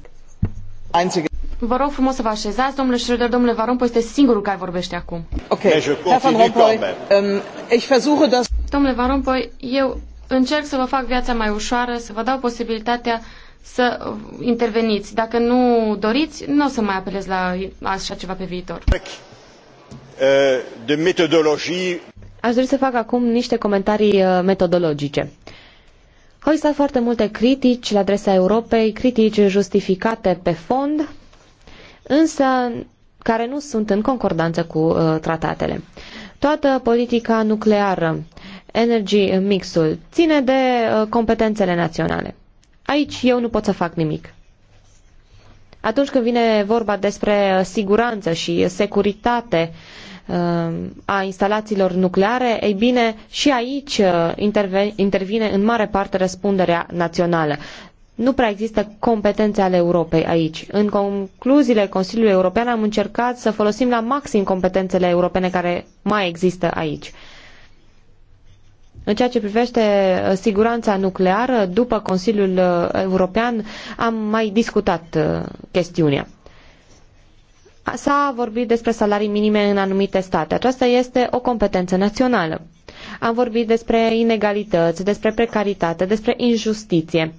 Einzige Vă rog frumos să vă așezați, domnule Schröder, domnule Van Rompuy, este singurul care vorbește acum. Ok, Herr Van Rompuy, um, ich versuche das... Domnule Van Rompuy, eu încerc să vă fac viața mai ușoară, să vă dau posibilitatea să interveniți. Dacă nu doriți, nu o să mai apelez la așa ceva pe viitor. Uh, de metodologie... Aș dori să fac acum niște comentarii uh, metodologice. Au existat foarte multe critici la adresa Europei, critici justificate pe fond, însă care nu sunt în concordanță cu uh, tratatele. Toată politica nucleară, energy mixul, ține de uh, competențele naționale. Aici eu nu pot să fac nimic. Atunci când vine vorba despre uh, siguranță și securitate uh, a instalațiilor nucleare, ei bine, și aici uh, intervine în mare parte răspunderea națională nu prea există competențe ale Europei aici. În concluziile Consiliului European am încercat să folosim la maxim competențele europene care mai există aici. În ceea ce privește uh, siguranța nucleară, după Consiliul uh, European am mai discutat uh, chestiunea. S-a vorbit despre salarii minime în anumite state. Aceasta este o competență națională. Am vorbit despre inegalități, despre precaritate, despre injustiție.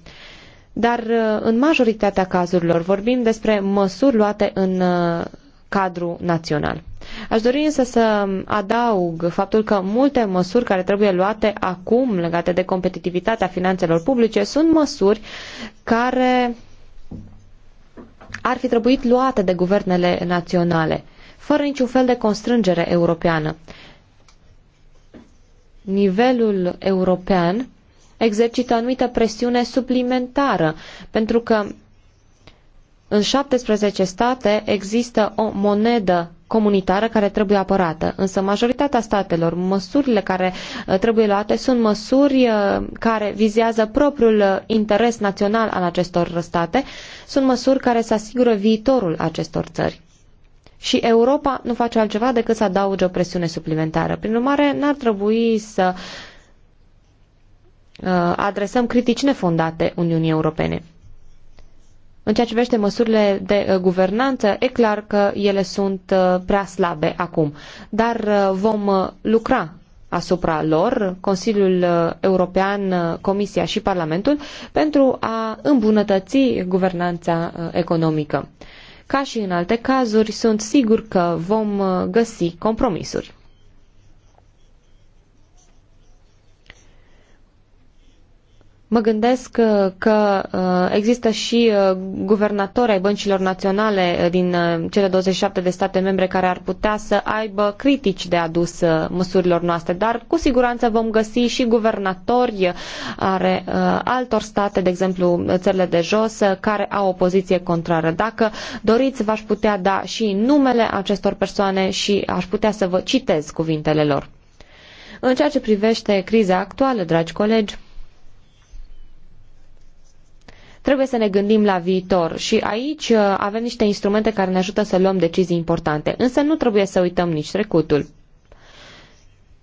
Dar uh, în majoritatea cazurilor vorbim despre măsuri luate în uh, cadru național. Aș dori însă să adaug faptul că multe măsuri care trebuie luate acum legate de competitivitatea finanțelor publice sunt măsuri care ar fi trebuit luate de guvernele naționale, fără niciun fel de constrângere europeană. Nivelul european exercită anumită presiune suplimentară, pentru că în 17 state există o monedă comunitară care trebuie apărată, însă majoritatea statelor, măsurile care uh, trebuie luate sunt măsuri uh, care vizează propriul uh, interes național al acestor state, sunt măsuri care să asigură viitorul acestor țări. Și Europa nu face altceva decât să adauge o presiune suplimentară. Prin urmare, n-ar trebui să uh, Uh, adresăm critici nefondate Uniunii Europene. În ceea ce privește măsurile de uh, guvernanță, e clar că ele sunt uh, prea slabe acum, dar vom lucra asupra lor, Consiliul European, Comisia și Parlamentul, pentru a îmbunătăți guvernanța economică. Ca și în alte cazuri, sunt sigur că vom găsi compromisuri. Mă gândesc uh, că uh, există și uh, guvernatori ai băncilor naționale din cele 27 de state membre care ar putea să aibă critici de adus măsurilor noastre, dar cu siguranță vom găsi și guvernatori are altor state, de exemplu țările de jos, care au o poziție contrară. Dacă doriți, v-aș putea da și numele acestor persoane și aș putea să vă citez cuvintele lor. În ceea ce privește criza actuală, dragi colegi, Trebuie să ne gândim la viitor și aici uh, avem niște instrumente care ne ajută să luăm decizii importante, însă nu trebuie să uităm nici trecutul.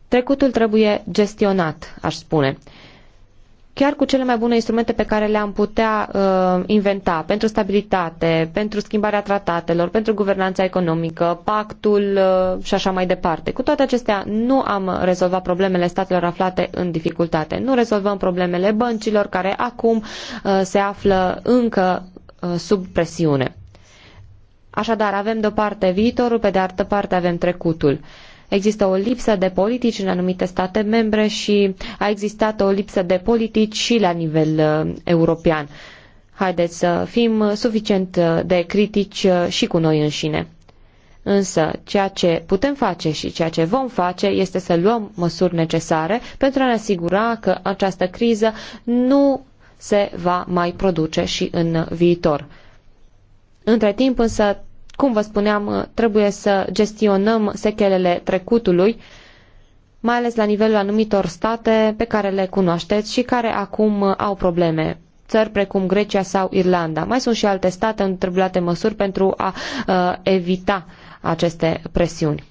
Trecutul trebuie gestionat, aș spune chiar cu cele mai bune instrumente pe care le-am putea uh, inventa pentru stabilitate, pentru schimbarea tratatelor, pentru guvernanța economică, pactul uh, și așa mai departe. Cu toate acestea, nu am rezolvat problemele statelor aflate în dificultate. Nu rezolvăm problemele băncilor care acum uh, se află încă uh, sub presiune. Așadar, avem de o parte viitorul, pe de altă parte avem trecutul. Uh, Există o lipsă de politici în anumite state membre și a existat o lipsă de politici și la nivel uh, european. Haideți să fim suficient uh, de critici uh, și cu noi înșine. Însă, ceea ce putem face și ceea ce vom face este să luăm măsuri necesare pentru a ne asigura că această criză nu se va mai produce și în viitor. Între timp, însă, cum vă spuneam, uh, trebuie să gestionăm sechelele trecutului, mai ales la nivelul anumitor state pe care le cunoașteți și care acum uh, au probleme țări precum Grecia sau Irlanda. Mai sunt și alte state întrebuiate măsuri pentru a uh, evita aceste presiuni.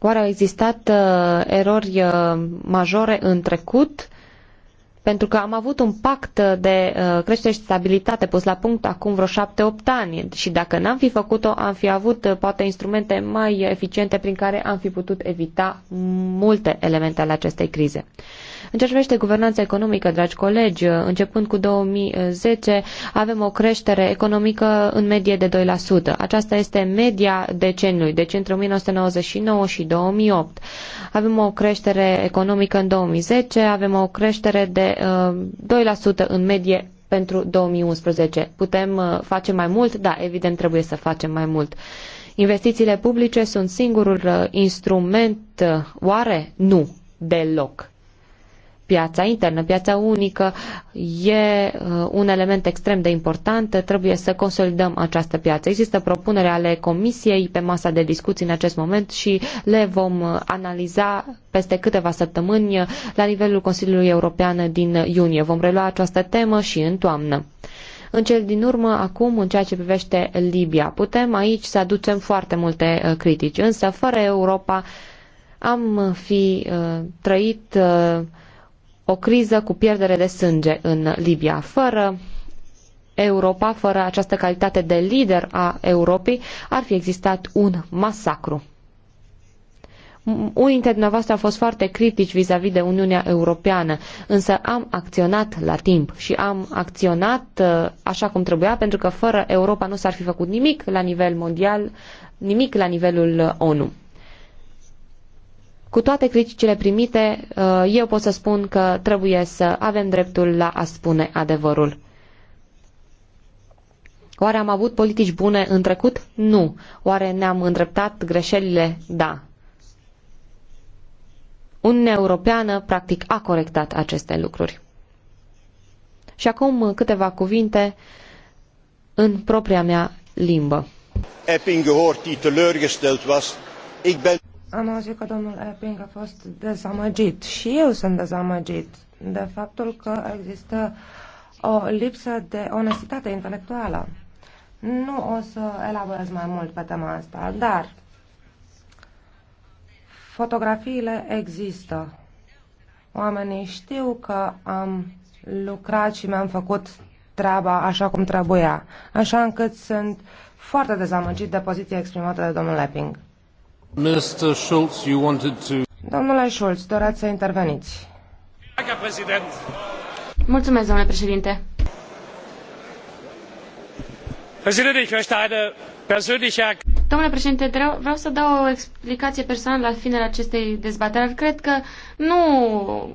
Oare au existat uh, erori uh, majore în trecut pentru că am avut un pact de uh, creștere și stabilitate pus la punct acum vreo șapte-opt ani și dacă n-am fi făcut-o, am fi avut uh, poate instrumente mai eficiente prin care am fi putut evita multe elemente ale acestei crize. În ce privește guvernanța economică, dragi colegi, începând cu 2010 avem o creștere economică în medie de 2%. Aceasta este media deceniului, deci între 1999 și 2008. Avem o creștere economică în 2010, avem o creștere de 2% uh, în medie pentru 2011. Putem uh, face mai mult? Da, evident trebuie să facem mai mult. Investițiile publice sunt singurul uh, instrument, oare? Nu, deloc piața internă, piața unică e uh, un element extrem de important, trebuie să consolidăm această piață. Există propunere ale Comisiei pe masa de discuții în acest moment și le vom uh, analiza peste câteva săptămâni uh, la nivelul Consiliului European din iunie. Vom relua această temă și în toamnă. În cel din urmă, acum, în ceea ce privește Libia, putem aici să aducem foarte multe critici, însă fără Europa am fi uh, trăit uh, o criză cu pierdere de sânge în Libia. Fără Europa, fără această calitate de lider a Europei, ar fi existat un masacru. Unii dintre dumneavoastră au fost foarte critici vis-a-vis -vis de Uniunea Europeană, însă am acționat la timp și am acționat uh, așa cum trebuia, pentru că fără Europa nu s-ar fi făcut nimic la nivel mondial, nimic la nivelul uh, ONU. Cu toate criticile primite, uh, eu pot să spun că trebuie să avem dreptul la a spune adevărul. Oare am avut politici bune în trecut? Nu. Oare ne-am îndreptat greșelile? Da. Uniunea Europeană, practic, a corectat aceste lucruri. Și acum câteva cuvinte în propria mea limbă. Epping gehoord die teleurgesteld was. Ik ben am auzit că domnul Epping a fost dezamăgit și eu sunt dezamăgit de faptul că există o lipsă de onestitate intelectuală. Nu o să elaborez mai mult pe tema asta, dar fotografiile există. Oamenii știu că am lucrat și mi-am făcut treaba așa cum trebuia, așa încât sunt foarte dezamăgit de poziția exprimată de domnul Epping. Mr. Schulz, you wanted to... Domnule Schulz, doreați să interveniți. Mulțumesc, domnule președinte. Domnule președinte, vreau să dau o explicație personală la finele acestei dezbateri. Cred că nu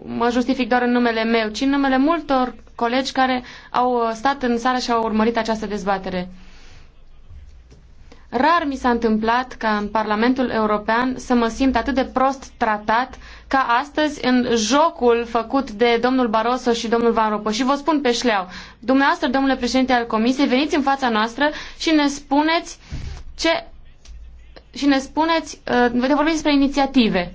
mă justific doar în numele meu, ci în numele multor colegi care au stat în sală și au urmărit această dezbatere. Rar mi s-a întâmplat ca în Parlamentul European să mă simt atât de prost tratat ca astăzi în jocul făcut de domnul Barroso și domnul Van Rompuy. Și vă spun pe șleau, dumneavoastră, domnule președinte al Comisiei, veniți în fața noastră și ne spuneți ce și ne spuneți, uh, de vorbim despre inițiative.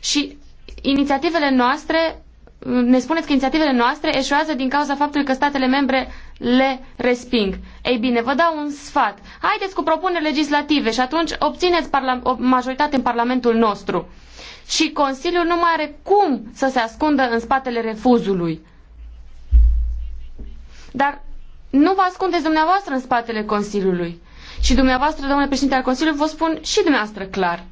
Și inițiativele noastre ne spuneți că inițiativele noastre eșuează din cauza faptului că statele membre le resping. Ei bine, vă dau un sfat. Haideți cu propuneri legislative și atunci obțineți o majoritate în Parlamentul nostru. Și Consiliul nu mai are cum să se ascundă în spatele refuzului. Dar nu vă ascundeți dumneavoastră în spatele Consiliului. Și dumneavoastră, domnule președinte al Consiliului, vă spun și dumneavoastră clar.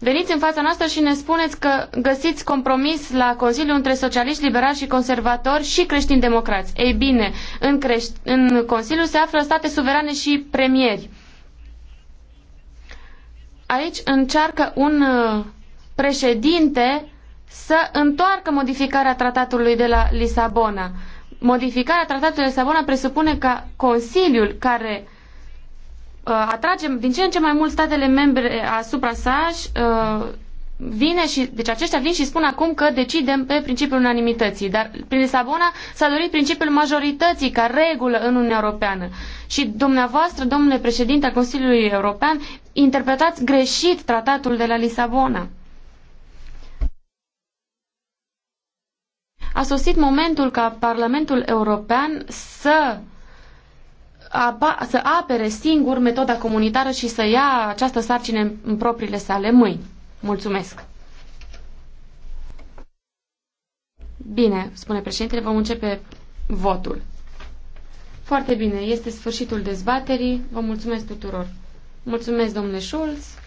Veniți în fața noastră și ne spuneți că găsiți compromis la Consiliu între socialiști, liberali și conservatori și creștini-democrați. Ei bine, în, creș- în Consiliu se află state suverane și premieri. Aici încearcă un uh, președinte să întoarcă modificarea tratatului de la Lisabona. Modificarea tratatului de la Lisabona presupune ca Consiliul care Uh, atragem din ce în ce mai mult statele membre asupra sa uh, vine și, deci aceștia vin și spun acum că decidem pe principiul unanimității, dar prin Lisabona s-a dorit principiul majorității ca regulă în Uniunea Europeană. Și dumneavoastră, domnule președinte al Consiliului European, interpretați greșit tratatul de la Lisabona. A sosit momentul ca Parlamentul European să uh, să apere singur metoda comunitară și să ia această sarcină în propriile sale mâini. Mulțumesc! Bine, spune președintele, vom începe votul. Foarte bine, este sfârșitul dezbaterii. Vă mulțumesc tuturor. Mulțumesc, domnule Schulz.